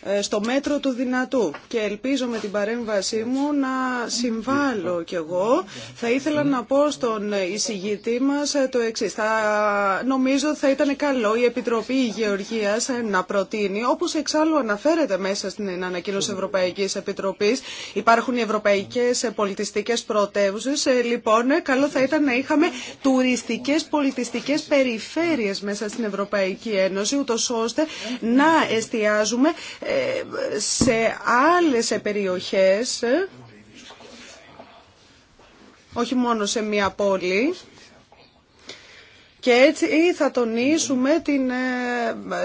ε, στο μέτρο του δυνατού και ελπίζω με την παρέμβασή μου να συμβάλλω κι εγώ. Θα ήθελα να πω στον εισηγητή μας ε, το εξή. Θα, νομίζω θα ήταν καλό η Επιτροπή Γεωργίας ε, να προτείνει, όπως εξάλλου αναφέρεται μέσα στην ανακοίνωση Ευρωπαϊκής Επιτροπής, υπάρχουν οι ευρωπαϊκές πολιτιστικές πρωτεύουσες. Λοιπόν, καλό θα ήταν να είχαμε τουριστικές πολιτιστικές περιφέρειες μέσα στην Ευρωπαϊκή Ένωση, ούτως ώστε να εστιάζουμε σε άλλες περιοχές, όχι μόνο σε μία πόλη. Και έτσι θα τονίσουμε την ε,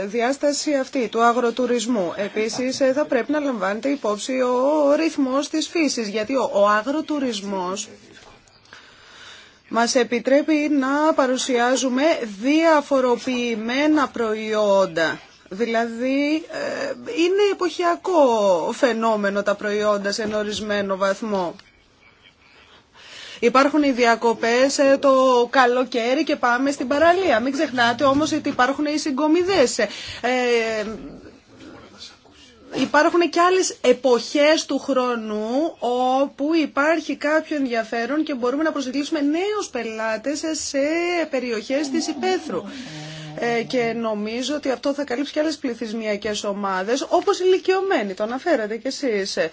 διάσταση αυτή του αγροτουρισμού. Επίσης ε, θα πρέπει να λαμβάνεται υπόψη ο ρυθμός της φύσης, γιατί ο αγροτουρισμός μας επιτρέπει να παρουσιάζουμε διαφοροποιημένα προϊόντα Δηλαδή ε, είναι εποχιακό φαινόμενο τα προϊόντα σε ορισμένο βαθμό. Υπάρχουν οι διακοπές ε, το καλοκαίρι και πάμε στην παραλία. Μην ξεχνάτε όμως ότι υπάρχουν οι συγκομιδές. Ε, υπάρχουν και άλλες εποχές του χρόνου όπου υπάρχει κάποιο ενδιαφέρον και μπορούμε να προσεγγίσουμε νέους πελάτες σε περιοχές της υπαίθρου. Ε, και νομίζω ότι αυτό θα καλύψει και άλλες πληθυσμιακές ομάδες, όπως οι ηλικιωμένοι, το αναφέρατε κι εσείς, ε,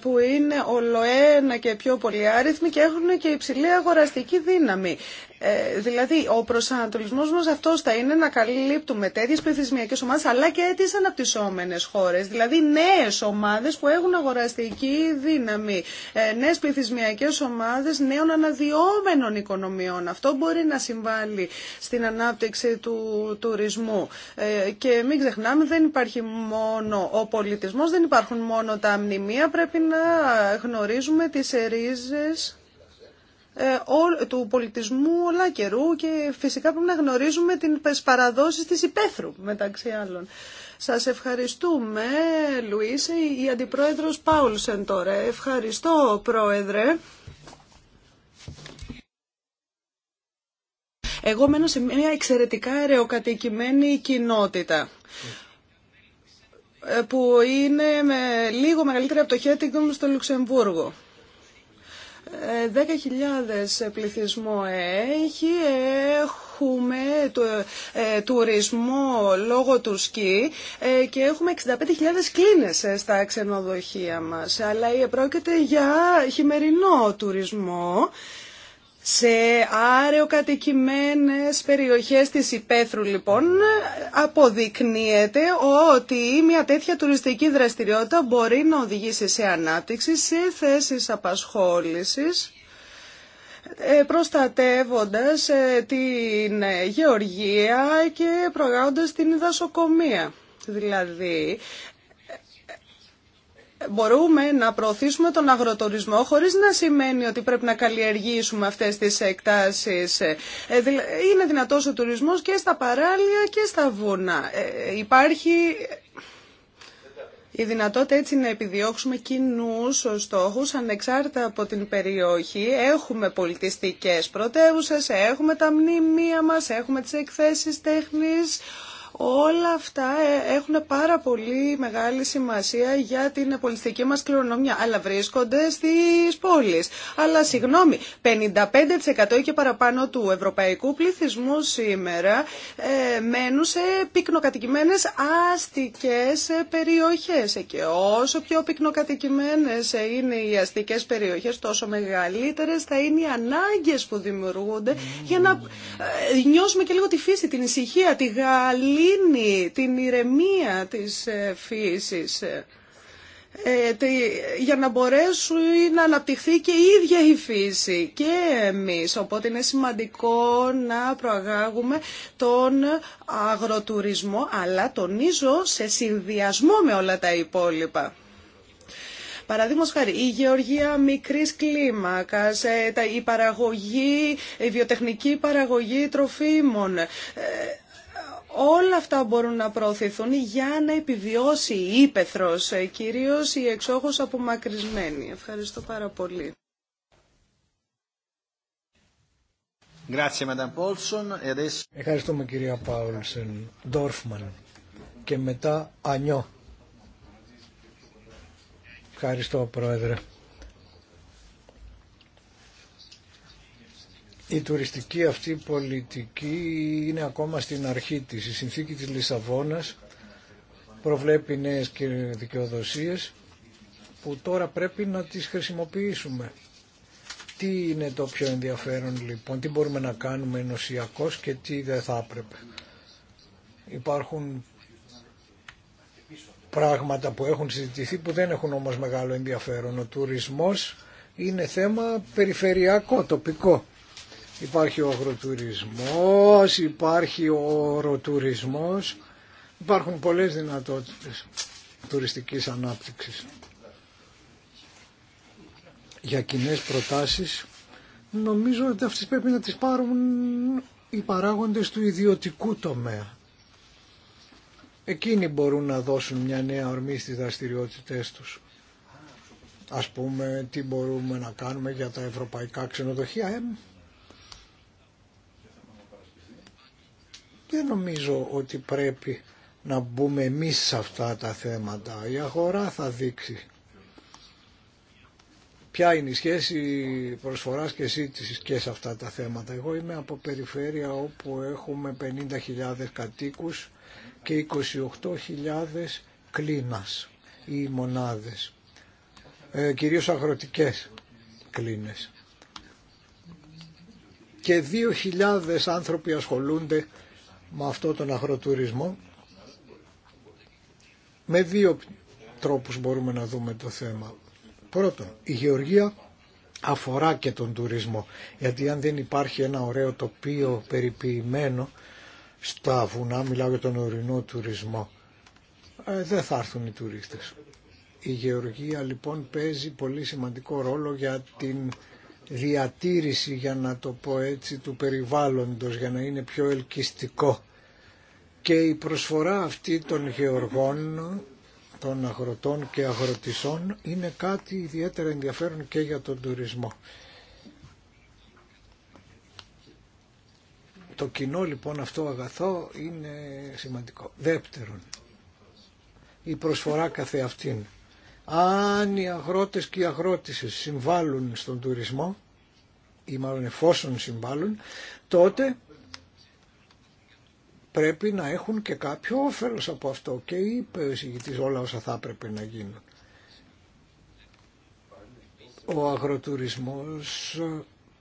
που είναι ολοένα και πιο πολυάριθμοι και έχουν και υψηλή αγοραστική δύναμη. Ε, δηλαδή, ο προσανατολισμό μα αυτό θα είναι να καλύπτουμε τέτοιε πληθυσμιακέ ομάδε αλλά και τι αναπτυσσόμενε χώρε. Δηλαδή, νέε ομάδε που έχουν αγοραστική δύναμη. Ε, νέε πληθυσμιακέ ομάδε νέων αναδυόμενων οικονομιών. Αυτό μπορεί να συμβάλλει στην ανάπτυξη του τουρισμού. Ε, και μην ξεχνάμε, δεν υπάρχει μόνο ο πολιτισμό, δεν υπάρχουν μόνο τα μνημεία. Πρέπει να γνωρίζουμε τι ρίζε ε, του πολιτισμού όλα καιρού και φυσικά πρέπει να γνωρίζουμε την παραδόσεις της υπαίθρου μεταξύ άλλων. Σας ευχαριστούμε, Λουίς, η Αντιπρόεδρος Πάουλσεν τώρα. Ευχαριστώ, Πρόεδρε. Εγώ μένω σε μια εξαιρετικά αεροκατοικημένη κοινότητα ε, που είναι με λίγο μεγαλύτερη από το Χέτιγκομ στο Λουξεμβούργο. 10.000 πληθυσμό έχει, έχουμε το, ε, τουρισμό λόγω του σκι ε, και έχουμε 65.000 κλίνες ε, στα ξενοδοχεία μας. Αλλά πρόκειται για χειμερινό τουρισμό. Σε άρεο κατοικημένες περιοχές της Υπέθρου λοιπόν αποδεικνύεται ότι μια τέτοια τουριστική δραστηριότητα μπορεί να οδηγήσει σε ανάπτυξη, σε θέσεις απασχόλησης ε, προστατεύοντας ε, την γεωργία και προγράμοντας την δασοκομεία. Δηλαδή, μπορούμε να προωθήσουμε τον αγροτορισμό χωρίς να σημαίνει ότι πρέπει να καλλιεργήσουμε αυτές τις εκτάσεις. Ε, είναι δυνατός ο τουρισμός και στα παράλια και στα βουνά. Ε, υπάρχει η δυνατότητα έτσι να επιδιώξουμε κοινού στόχου ανεξάρτητα από την περιοχή. Έχουμε πολιτιστικέ πρωτεύουσε, έχουμε τα μνημεία μα, έχουμε τι εκθέσει τέχνη. Όλα αυτά ε, έχουν πάρα πολύ μεγάλη σημασία για την πολιτική μας κληρονομιά, αλλά βρίσκονται στις πόλεις. Αλλά συγγνώμη, 55% και παραπάνω του ευρωπαϊκού πληθυσμού σήμερα ε, μένουν σε πυκνοκατοικημένες αστικές ε, περιοχές. Ε, και όσο πιο πυκνοκατοικημένες είναι οι αστικές περιοχές, τόσο μεγαλύτερες θα είναι οι ανάγκες που δημιουργούνται για να νιώσουμε και λίγο τη φύση, την ησυχία, τη γαλή ειρήνη, την ηρεμία της ε, φύσης ε, ε, για να μπορέσουν να αναπτυχθεί και η ίδια η φύση και εμείς. Οπότε είναι σημαντικό να προαγάγουμε τον αγροτουρισμό, αλλά τονίζω σε συνδυασμό με όλα τα υπόλοιπα. Παραδείγματο χάρη, η γεωργία μικρή κλίμακα, η παραγωγή, η βιοτεχνική παραγωγή τροφίμων. Όλα αυτά μπορούν να προωθηθούν για να επιβιώσει η ύπεθρος, ε, κυρίως η εξόχως απομακρυσμένη. Ευχαριστώ πάρα πολύ. E Ευχαριστούμε κυρία Πάουλσεν, Ντόρφμαν και μετά Ανιό. Ευχαριστώ πρόεδρε. η τουριστική αυτή πολιτική είναι ακόμα στην αρχή της. Η συνθήκη της Λισαβόνας προβλέπει νέες δικαιοδοσίες που τώρα πρέπει να τις χρησιμοποιήσουμε. Τι είναι το πιο ενδιαφέρον λοιπόν, τι μπορούμε να κάνουμε ενωσιακώς και τι δεν θα έπρεπε. Υπάρχουν πράγματα που έχουν συζητηθεί που δεν έχουν όμως μεγάλο ενδιαφέρον. Ο τουρισμός είναι θέμα περιφερειακό, τοπικό. Υπάρχει ο αγροτουρισμός, υπάρχει ο οροτουρισμός, υπάρχουν πολλές δυνατότητες τουριστικής ανάπτυξης. Για κοινέ προτάσεις νομίζω ότι αυτές πρέπει να τις πάρουν οι παράγοντες του ιδιωτικού τομέα. Εκείνοι μπορούν να δώσουν μια νέα ορμή στις δραστηριότητες τους. Ας πούμε τι μπορούμε να κάνουμε για τα ευρωπαϊκά ξενοδοχεία. Ε, δεν νομίζω ότι πρέπει να μπούμε εμείς σε αυτά τα θέματα. Η αγορά θα δείξει ποια είναι η σχέση προσφοράς και ζήτησης και σε αυτά τα θέματα. Εγώ είμαι από περιφέρεια όπου έχουμε 50.000 κατοίκους και 28.000 κλίνας ή μονάδες, ε, κυρίως αγροτικές κλίνες. Και 2.000 άνθρωποι ασχολούνται με αυτό τον αγροτουρισμό. Με δύο τρόπους μπορούμε να δούμε το θέμα. Πρώτον, η γεωργία αφορά και τον τουρισμό, γιατί αν δεν υπάρχει ένα ωραίο τοπίο περιποιημένο στα βουνά, μιλάω για τον ορεινό τουρισμό, ε, δεν θα έρθουν οι τουρίστες. Η γεωργία λοιπόν παίζει πολύ σημαντικό ρόλο για την διατήρηση για να το πω έτσι του περιβάλλοντος για να είναι πιο ελκυστικό και η προσφορά αυτή των γεωργών των αγροτών και αγροτισών είναι κάτι ιδιαίτερα ενδιαφέρον και για τον τουρισμό. Το κοινό λοιπόν αυτό αγαθό είναι σημαντικό. Δεύτερον, η προσφορά κάθε καθεαυτήν. Αν οι αγρότες και οι αγρότησες συμβάλλουν στον τουρισμό ή μάλλον εφόσον συμβάλλουν, τότε πρέπει να έχουν και κάποιο όφελος από αυτό και είπε ο εισηγητής όλα όσα θα έπρεπε να γίνουν. Ο αγροτουρισμός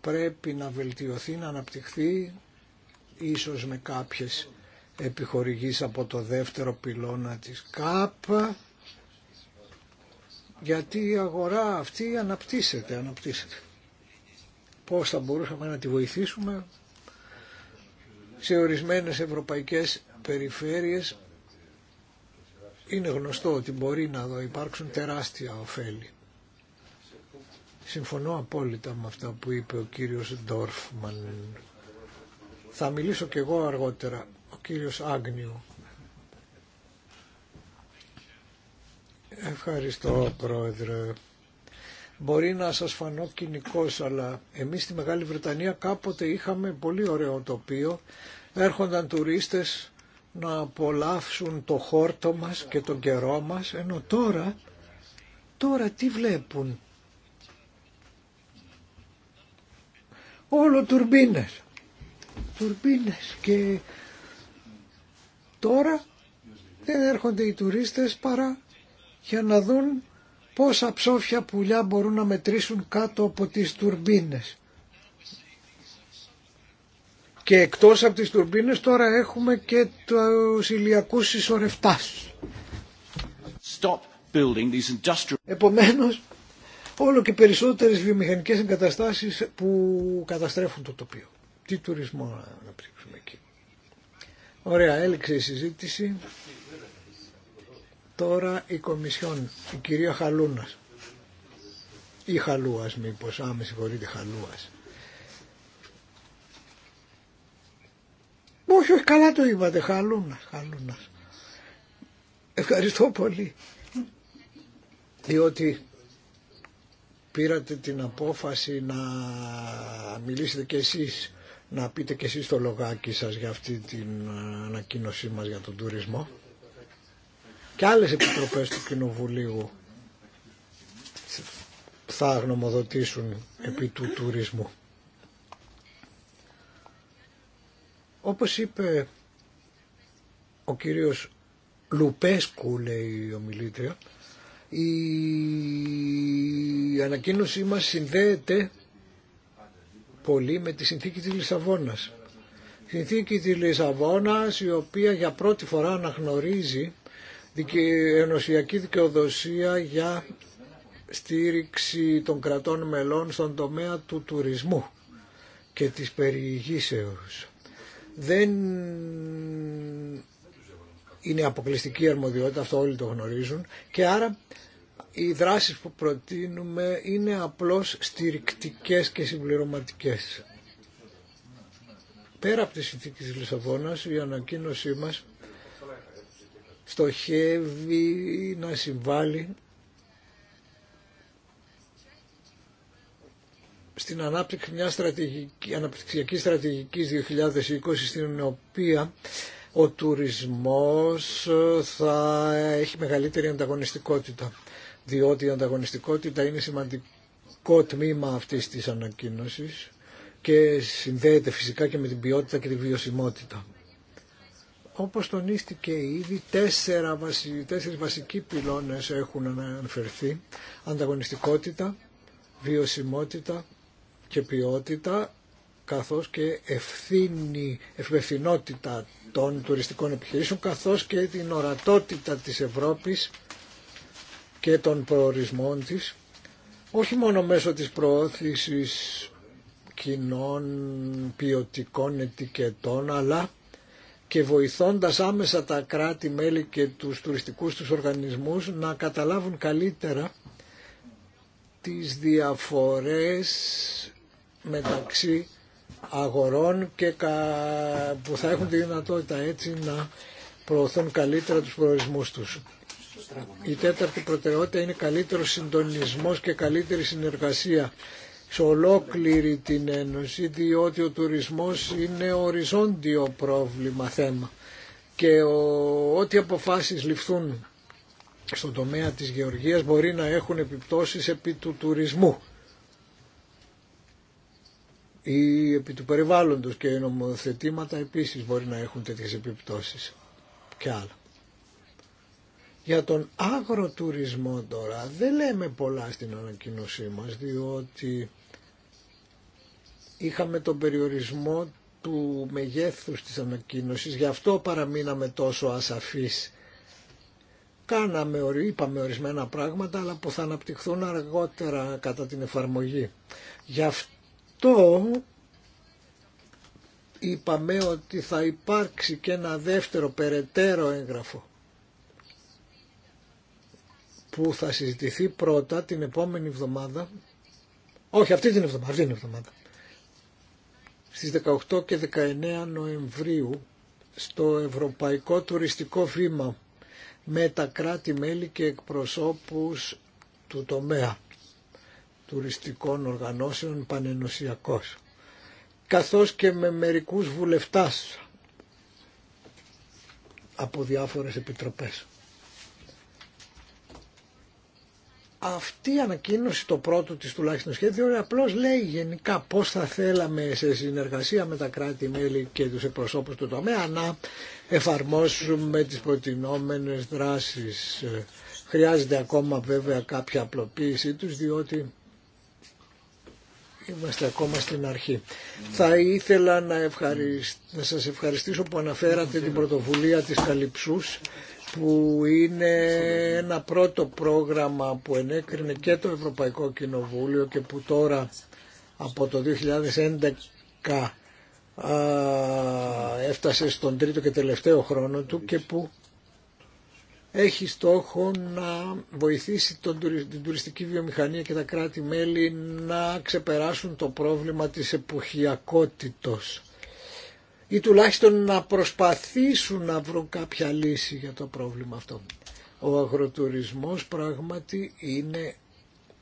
πρέπει να βελτιωθεί, να αναπτυχθεί ίσως με κάποιες επιχορηγήσεις από το δεύτερο πυλώνα της ΚΑΠ γιατί η αγορά αυτή αναπτύσσεται, αναπτύσσεται. Πώς θα μπορούσαμε να τη βοηθήσουμε σε ορισμένες ευρωπαϊκές περιφέρειες είναι γνωστό ότι μπορεί να υπάρξουν τεράστια ωφέλη. Συμφωνώ απόλυτα με αυτά που είπε ο κύριος Ντόρφμαν. Θα μιλήσω και εγώ αργότερα, ο κύριος Άγνιου. Ευχαριστώ πρόεδρε. Μπορεί να σας φανώ κοινικός, αλλά εμείς στη Μεγάλη Βρετανία κάποτε είχαμε πολύ ωραίο τοπίο. Έρχονταν τουρίστες να απολαύσουν το χόρτο μας και τον καιρό μας, ενώ τώρα, τώρα τι βλέπουν. Όλο τουρμπίνες. Τουρμπίνες και τώρα δεν έρχονται οι τουρίστες παρά για να δουν πόσα ψόφια πουλιά μπορούν να μετρήσουν κάτω από τις τουρμπίνες. Και εκτός από τις τουρμπίνες τώρα έχουμε και τους ηλιακούς συσσωρευτάς. Stop Επομένως, όλο και περισσότερες βιομηχανικές εγκαταστάσεις που καταστρέφουν το τοπίο. Τι τουρισμό να αναπτύξουμε εκεί. Ωραία, έληξε η συζήτηση. Τώρα η Κομισιόν, η κυρία Χαλούνας. Ή Χαλούας μήπως, άμεση, συγχωρείτε, Χαλούας. Όχι, όχι, καλά το είπατε, Χαλούνας, Χαλούνας. Ευχαριστώ πολύ. Διότι πήρατε την απόφαση να μιλήσετε κι εσείς, να πείτε κι εσείς το λογάκι σας για αυτή την ε, ανακοίνωσή μας για τον τουρισμό και άλλες επιτροπές του Κοινοβουλίου θα γνωμοδοτήσουν επί του τουρισμού. Όπως είπε ο κύριος Λουπέσκου, λέει η ομιλήτρια, η ανακοίνωσή μας συνδέεται πολύ με τη συνθήκη της Λισαβόνας. συνθήκη της Λισαβόνας η οποία για πρώτη φορά αναγνωρίζει ενωσιακή δικαιοδοσία για στήριξη των κρατών μελών στον τομέα του τουρισμού και της περιηγήσεως. Δεν είναι αποκλειστική αρμοδιότητα, αυτό όλοι το γνωρίζουν και άρα οι δράσεις που προτείνουμε είναι απλώς στηρικτικές και συμπληρωματικές. Πέρα από τη συνθήκη της Λισαβόνας, η ανακοίνωσή μας στοχεύει να συμβάλλει στην ανάπτυξη μιας στρατηγική, αναπτυξιακής στρατηγικής 2020 στην οποία ο τουρισμός θα έχει μεγαλύτερη ανταγωνιστικότητα διότι η ανταγωνιστικότητα είναι σημαντικό τμήμα αυτής της ανακοίνωσης και συνδέεται φυσικά και με την ποιότητα και τη βιωσιμότητα. Όπως τονίστηκε ήδη, τέσσερα, τέσσερις βασικοί πυλώνες έχουν αναφερθεί. Ανταγωνιστικότητα, βιωσιμότητα και ποιότητα, καθώς και ευθύνη, ευπευθυνότητα των τουριστικών επιχειρήσεων, καθώς και την ορατότητα της Ευρώπης και των προορισμών της, όχι μόνο μέσω της προώθησης κοινών ποιοτικών ετικετών, αλλά και βοηθώντας άμεσα τα κράτη-μέλη και τους τουριστικούς τους οργανισμούς να καταλάβουν καλύτερα τις διαφορές μεταξύ αγορών και που θα έχουν τη δυνατότητα έτσι να προωθούν καλύτερα τους προορισμούς τους. Η τέταρτη προτεραιότητα είναι καλύτερος συντονισμός και καλύτερη συνεργασία σε ολόκληρη την Ένωση διότι ο τουρισμός είναι οριζόντιο πρόβλημα θέμα και ό,τι αποφάσεις ληφθούν στον τομέα της γεωργίας μπορεί να έχουν επιπτώσεις επί του τουρισμού ή επί του περιβάλλοντος και οι νομοθετήματα επίσης μπορεί να έχουν τέτοιες επιπτώσεις και άλλα. Για τον αγροτουρισμό τώρα δεν λέμε πολλά στην ανακοίνωσή μας διότι είχαμε τον περιορισμό του μεγέθους της ανακοίνωσης, γι' αυτό παραμείναμε τόσο ασαφείς. Κάναμε, είπαμε ορισμένα πράγματα, αλλά που θα αναπτυχθούν αργότερα κατά την εφαρμογή. Γι' αυτό είπαμε ότι θα υπάρξει και ένα δεύτερο περαιτέρω έγγραφο που θα συζητηθεί πρώτα την επόμενη εβδομάδα όχι αυτή την εβδομάδα, αυτή την εβδομάδα στις 18 και 19 Νοεμβρίου στο Ευρωπαϊκό Τουριστικό Βήμα με τα κράτη-μέλη και εκπροσώπους του τομέα τουριστικών οργανώσεων πανενωσιακός καθώς και με μερικούς βουλευτάς από διάφορες επιτροπές. Αυτή η ανακοίνωση, το πρώτο της τουλάχιστον σχέδιο, απλώς λέει γενικά πώς θα θέλαμε σε συνεργασία με τα κράτη-μέλη και τους εκπροσώπους του τομέα να εφαρμόσουμε τις προτινόμενες δράσεις. Χρειάζεται ακόμα βέβαια κάποια απλοποίησή τους διότι είμαστε ακόμα στην αρχή. Θα ήθελα να, ευχαρισ... να σας ευχαριστήσω που αναφέρατε την πρωτοβουλία της Καλυψούς που είναι ένα πρώτο πρόγραμμα που ενέκρινε και το Ευρωπαϊκό Κοινοβούλιο και που τώρα από το 2011 α, έφτασε στον τρίτο και τελευταίο χρόνο του και που έχει στόχο να βοηθήσει τον, την τουριστική βιομηχανία και τα κράτη-μέλη να ξεπεράσουν το πρόβλημα της εποχιακότητος ή τουλάχιστον να προσπαθήσουν να βρουν κάποια λύση για το πρόβλημα αυτό. Ο αγροτουρισμός πράγματι είναι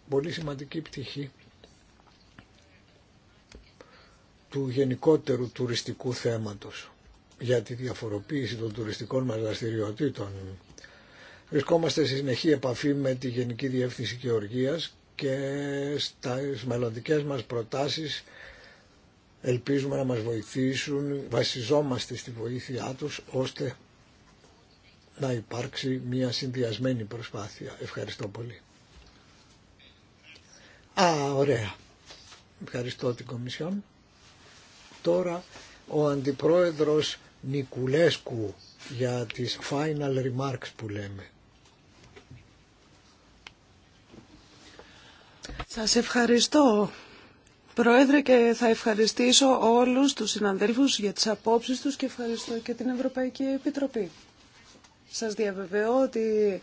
πολύ σημαντική πτυχή του γενικότερου τουριστικού θέματος για τη διαφοροποίηση των τουριστικών μας δραστηριοτήτων. Βρισκόμαστε σε συνεχή επαφή με τη Γενική Διεύθυνση Γεωργίας και στις μελλοντικές μας προτάσεις ελπίζουμε να μας βοηθήσουν, βασιζόμαστε στη βοήθειά τους ώστε να υπάρξει μια συνδυασμένη προσπάθεια. Ευχαριστώ πολύ. Α, ωραία. Ευχαριστώ την Κομισιόν. Τώρα ο Αντιπρόεδρος Νικουλέσκου για τις final remarks που λέμε. Σας ευχαριστώ Πρόεδρε και θα ευχαριστήσω όλους τους συναδέλφους για τις απόψεις τους και ευχαριστώ και την Ευρωπαϊκή Επιτροπή. Σας διαβεβαιώ ότι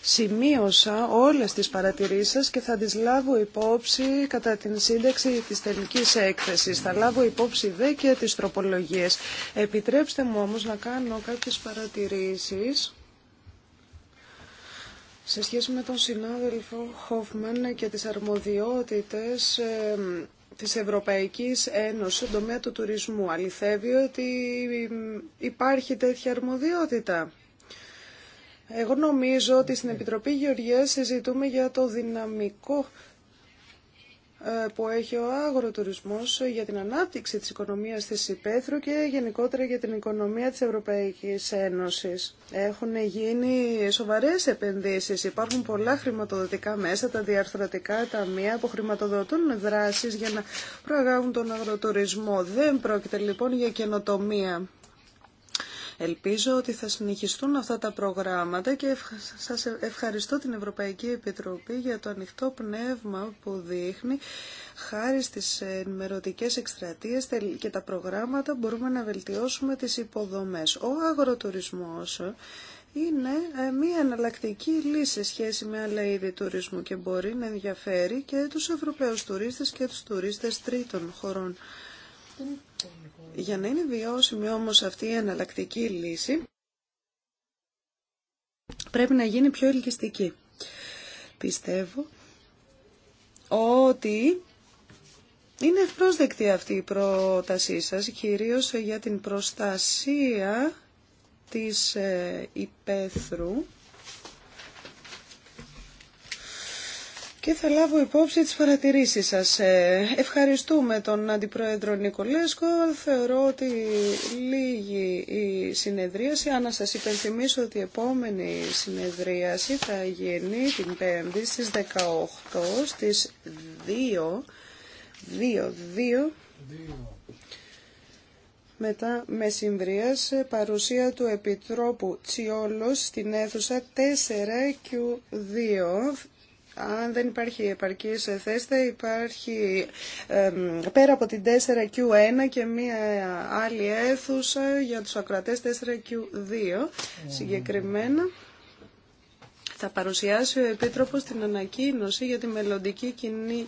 σημείωσα όλες τις παρατηρήσεις σας και θα τις λάβω υπόψη κατά την σύνταξη της τελικής έκθεσης. Θα λάβω υπόψη δε και τις τροπολογίες. Επιτρέψτε μου όμως να κάνω κάποιες παρατηρήσεις σε σχέση με τον συνάδελφο Χόφμαν και τις αρμοδιότητες ε, της Ευρωπαϊκής Ένωσης στον τομέα του τουρισμού, αληθεύει ότι υπάρχει τέτοια αρμοδιότητα. Εγώ νομίζω ότι στην Επιτροπή Γεωργίας συζητούμε για το δυναμικό που έχει ο αγροτουρισμός για την ανάπτυξη της οικονομίας της Υπέθρου και γενικότερα για την οικονομία της Ευρωπαϊκής Ένωσης. Έχουν γίνει σοβαρές επενδύσεις, υπάρχουν πολλά χρηματοδοτικά μέσα, τα διαρθρωτικά ταμεία που χρηματοδοτούν δράσεις για να προαγάγουν τον αγροτουρισμό. Δεν πρόκειται λοιπόν για καινοτομία. Ελπίζω ότι θα συνεχιστούν αυτά τα προγράμματα και σας ευχαριστώ την Ευρωπαϊκή Επιτροπή για το ανοιχτό πνεύμα που δείχνει. Χάρη στις ενημερωτικές εκστρατείες και τα προγράμματα μπορούμε να βελτιώσουμε τις υποδομές. Ο αγροτουρισμός είναι ε, μία εναλλακτική λύση σε σχέση με άλλα είδη τουρισμού και μπορεί να ενδιαφέρει και τους Ευρωπαίους τουρίστες και τους τουρίστες τρίτων χωρών. Για να είναι βιώσιμη όμως αυτή η εναλλακτική λύση, πρέπει να γίνει πιο ελκυστική. Πιστεύω ότι είναι ευπρόσδεκτη αυτή η πρότασή σας, κυρίως για την προστασία της ε, υπαίθρου και θα λάβω υπόψη τις παρατηρήσεις σας. Ε, ευχαριστούμε τον Αντιπρόεδρο Νικολέσκο. Θεωρώ ότι λίγη η συνεδρίαση. Αν σας υπενθυμίσω ότι η επόμενη συνεδρίαση θα γίνει την 5η στις 18 στις 2, 2, 2 μετά μεσημβρίας ε, παρουσία του Επιτρόπου Τσιόλος στην αίθουσα 4Q2 αν δεν υπάρχει επαρκή θέση, θα υπάρχει πέρα από την 4Q1 και μία άλλη αίθουσα για τους ακρατες 4 4Q2 συγκεκριμένα. Θα παρουσιάσει ο Επίτροπος την ανακοίνωση για τη μελλοντική κοινή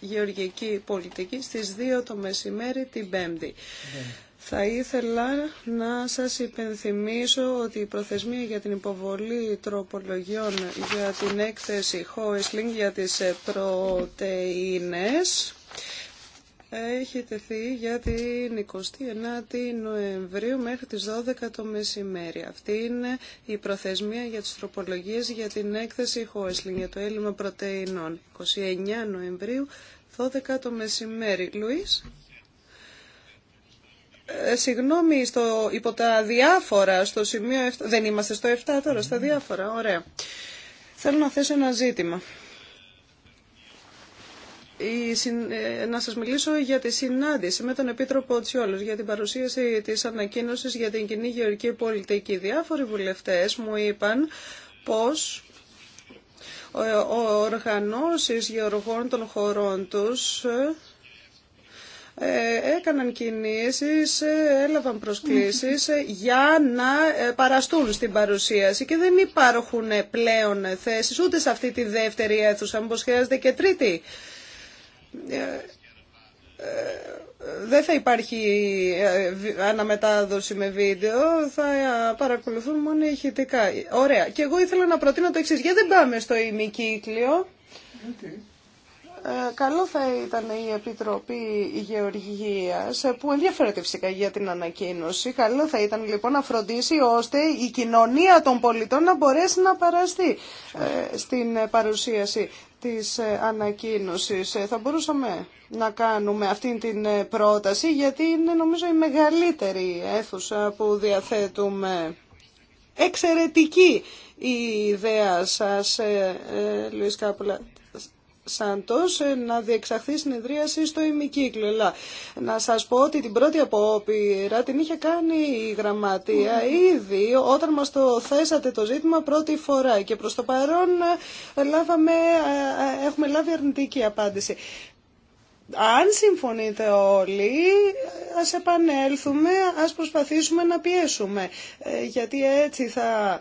γεωργική πολιτική στις 2 το μεσημέρι την Πέμπτη. η ναι. Θα ήθελα να σας υπενθυμίσω ότι η προθεσμία για την υποβολή τροπολογιών για την έκθεση Hoesling για τις πρωτεΐνες έχει τεθεί για την 29η Νοεμβρίου μέχρι τις 12 το μεσημέρι. Αυτή είναι η προθεσμία για τις τροπολογίες για την έκθεση Hoesling για το έλλειμμα πρωτεϊνών. 29 Νοεμβρίου, 12 το μεσημέρι. Λουίς. Ε, συγγνώμη, στο, υπό τα διάφορα, στο σημείο 7, δεν είμαστε στο 7 τώρα, στα διάφορα, ωραία. Θέλω να θέσω ένα ζήτημα. Ε, να σας μιλήσω για τη συνάντηση με τον Επίτροπο Τσιόλος για την παρουσίαση της ανακοίνωσης για την κοινή γεωργική πολιτική. Διάφοροι βουλευτές μου είπαν πως ε, οργανώσεις γεωργών των χωρών τους ε, έκαναν κινήσεις, ε, έλαβαν προσκλήσεις ε, για να παραστούν στην παρουσίαση και δεν υπάρχουν πλέον θέσεις ούτε σε αυτή τη δεύτερη αίθουσα, μήπως χρειάζεται και τρίτη. Δεν θα υπάρχει αναμετάδοση με βίντεο, θα παρακολουθούν μόνο ηχητικά. Ωραία. Και εγώ ήθελα να προτείνω το εξή. Γιατί δεν πάμε στο ημικύκλιο. Ε, καλό θα ήταν η Επιτροπή Γεωργία ε, που ενδιαφέρεται φυσικά για την ανακοίνωση, καλό θα ήταν λοιπόν να φροντίσει ώστε η κοινωνία των πολιτών να μπορέσει να παραστεί ε, στην παρουσίαση της ανακοίνωσης. Θα μπορούσαμε να κάνουμε αυτή την πρόταση, γιατί είναι νομίζω η μεγαλύτερη αίθουσα που διαθέτουμε. Εξαιρετική η ιδέα σας, Λουίς Κάπουλα. Σαντός ε, να διεξαχθεί συνεδρίαση στο ημικύκλο. να σας πω ότι την πρώτη απόπειρα την είχε κάνει η γραμματεία ήδη όταν μας το θέσατε το ζήτημα πρώτη φορά και προς το παρόν ε, λάβαμε, ε, έχουμε λάβει αρνητική απάντηση. Αν συμφωνείτε όλοι, ας επανέλθουμε, ας προσπαθήσουμε να πιέσουμε, γιατί έτσι θα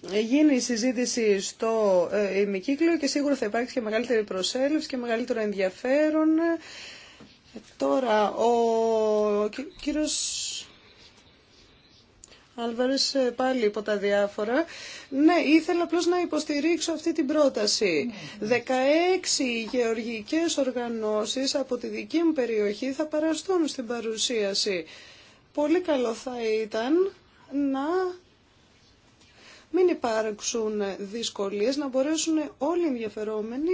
γίνει η συζήτηση στο ε, ημικύκλιο και σίγουρα θα υπάρξει και μεγαλύτερη προσέλευση και μεγαλύτερο ενδιαφέρον. Ε, τώρα, ο κύριος Άλβαρες ε, πάλι υπό τα διάφορα. Ναι, ήθελα απλώς να υποστηρίξω αυτή την πρόταση. 16 γεωργικές οργανώσεις από τη δική μου περιοχή θα παραστούν στην παρουσίαση. Πολύ καλό θα ήταν να μην υπάρξουν δυσκολίες, να μπορέσουν όλοι οι ενδιαφερόμενοι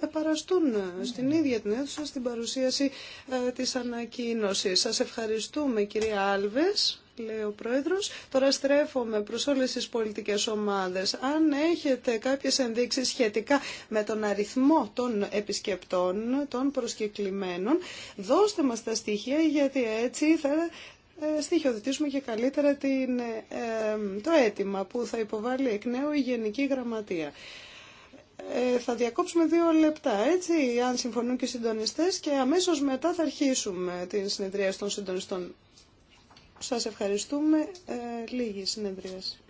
να παραστούν στην ίδια την αίθουσα στην παρουσίαση ε, της ανακοίνωσης. Σας ευχαριστούμε κυρία Άλβες λέει ο Πρόεδρος. Τώρα στρέφομαι προς όλες τις πολιτικές ομάδες. Αν έχετε κάποιες ενδείξεις σχετικά με τον αριθμό των επισκεπτών, των προσκεκλημένων, δώστε μας τα στοιχεία γιατί έτσι θα ε, στοιχειοδητήσουμε και καλύτερα την, ε, το αίτημα που θα υποβάλει εκ νέου η Γενική Γραμματεία. Ε, θα διακόψουμε δύο λεπτά, έτσι, αν συμφωνούν και οι συντονιστές και αμέσως μετά θα αρχίσουμε την συνεδρία των συντονιστών. Σας ευχαριστούμε. Λίγη συνεδρίαση.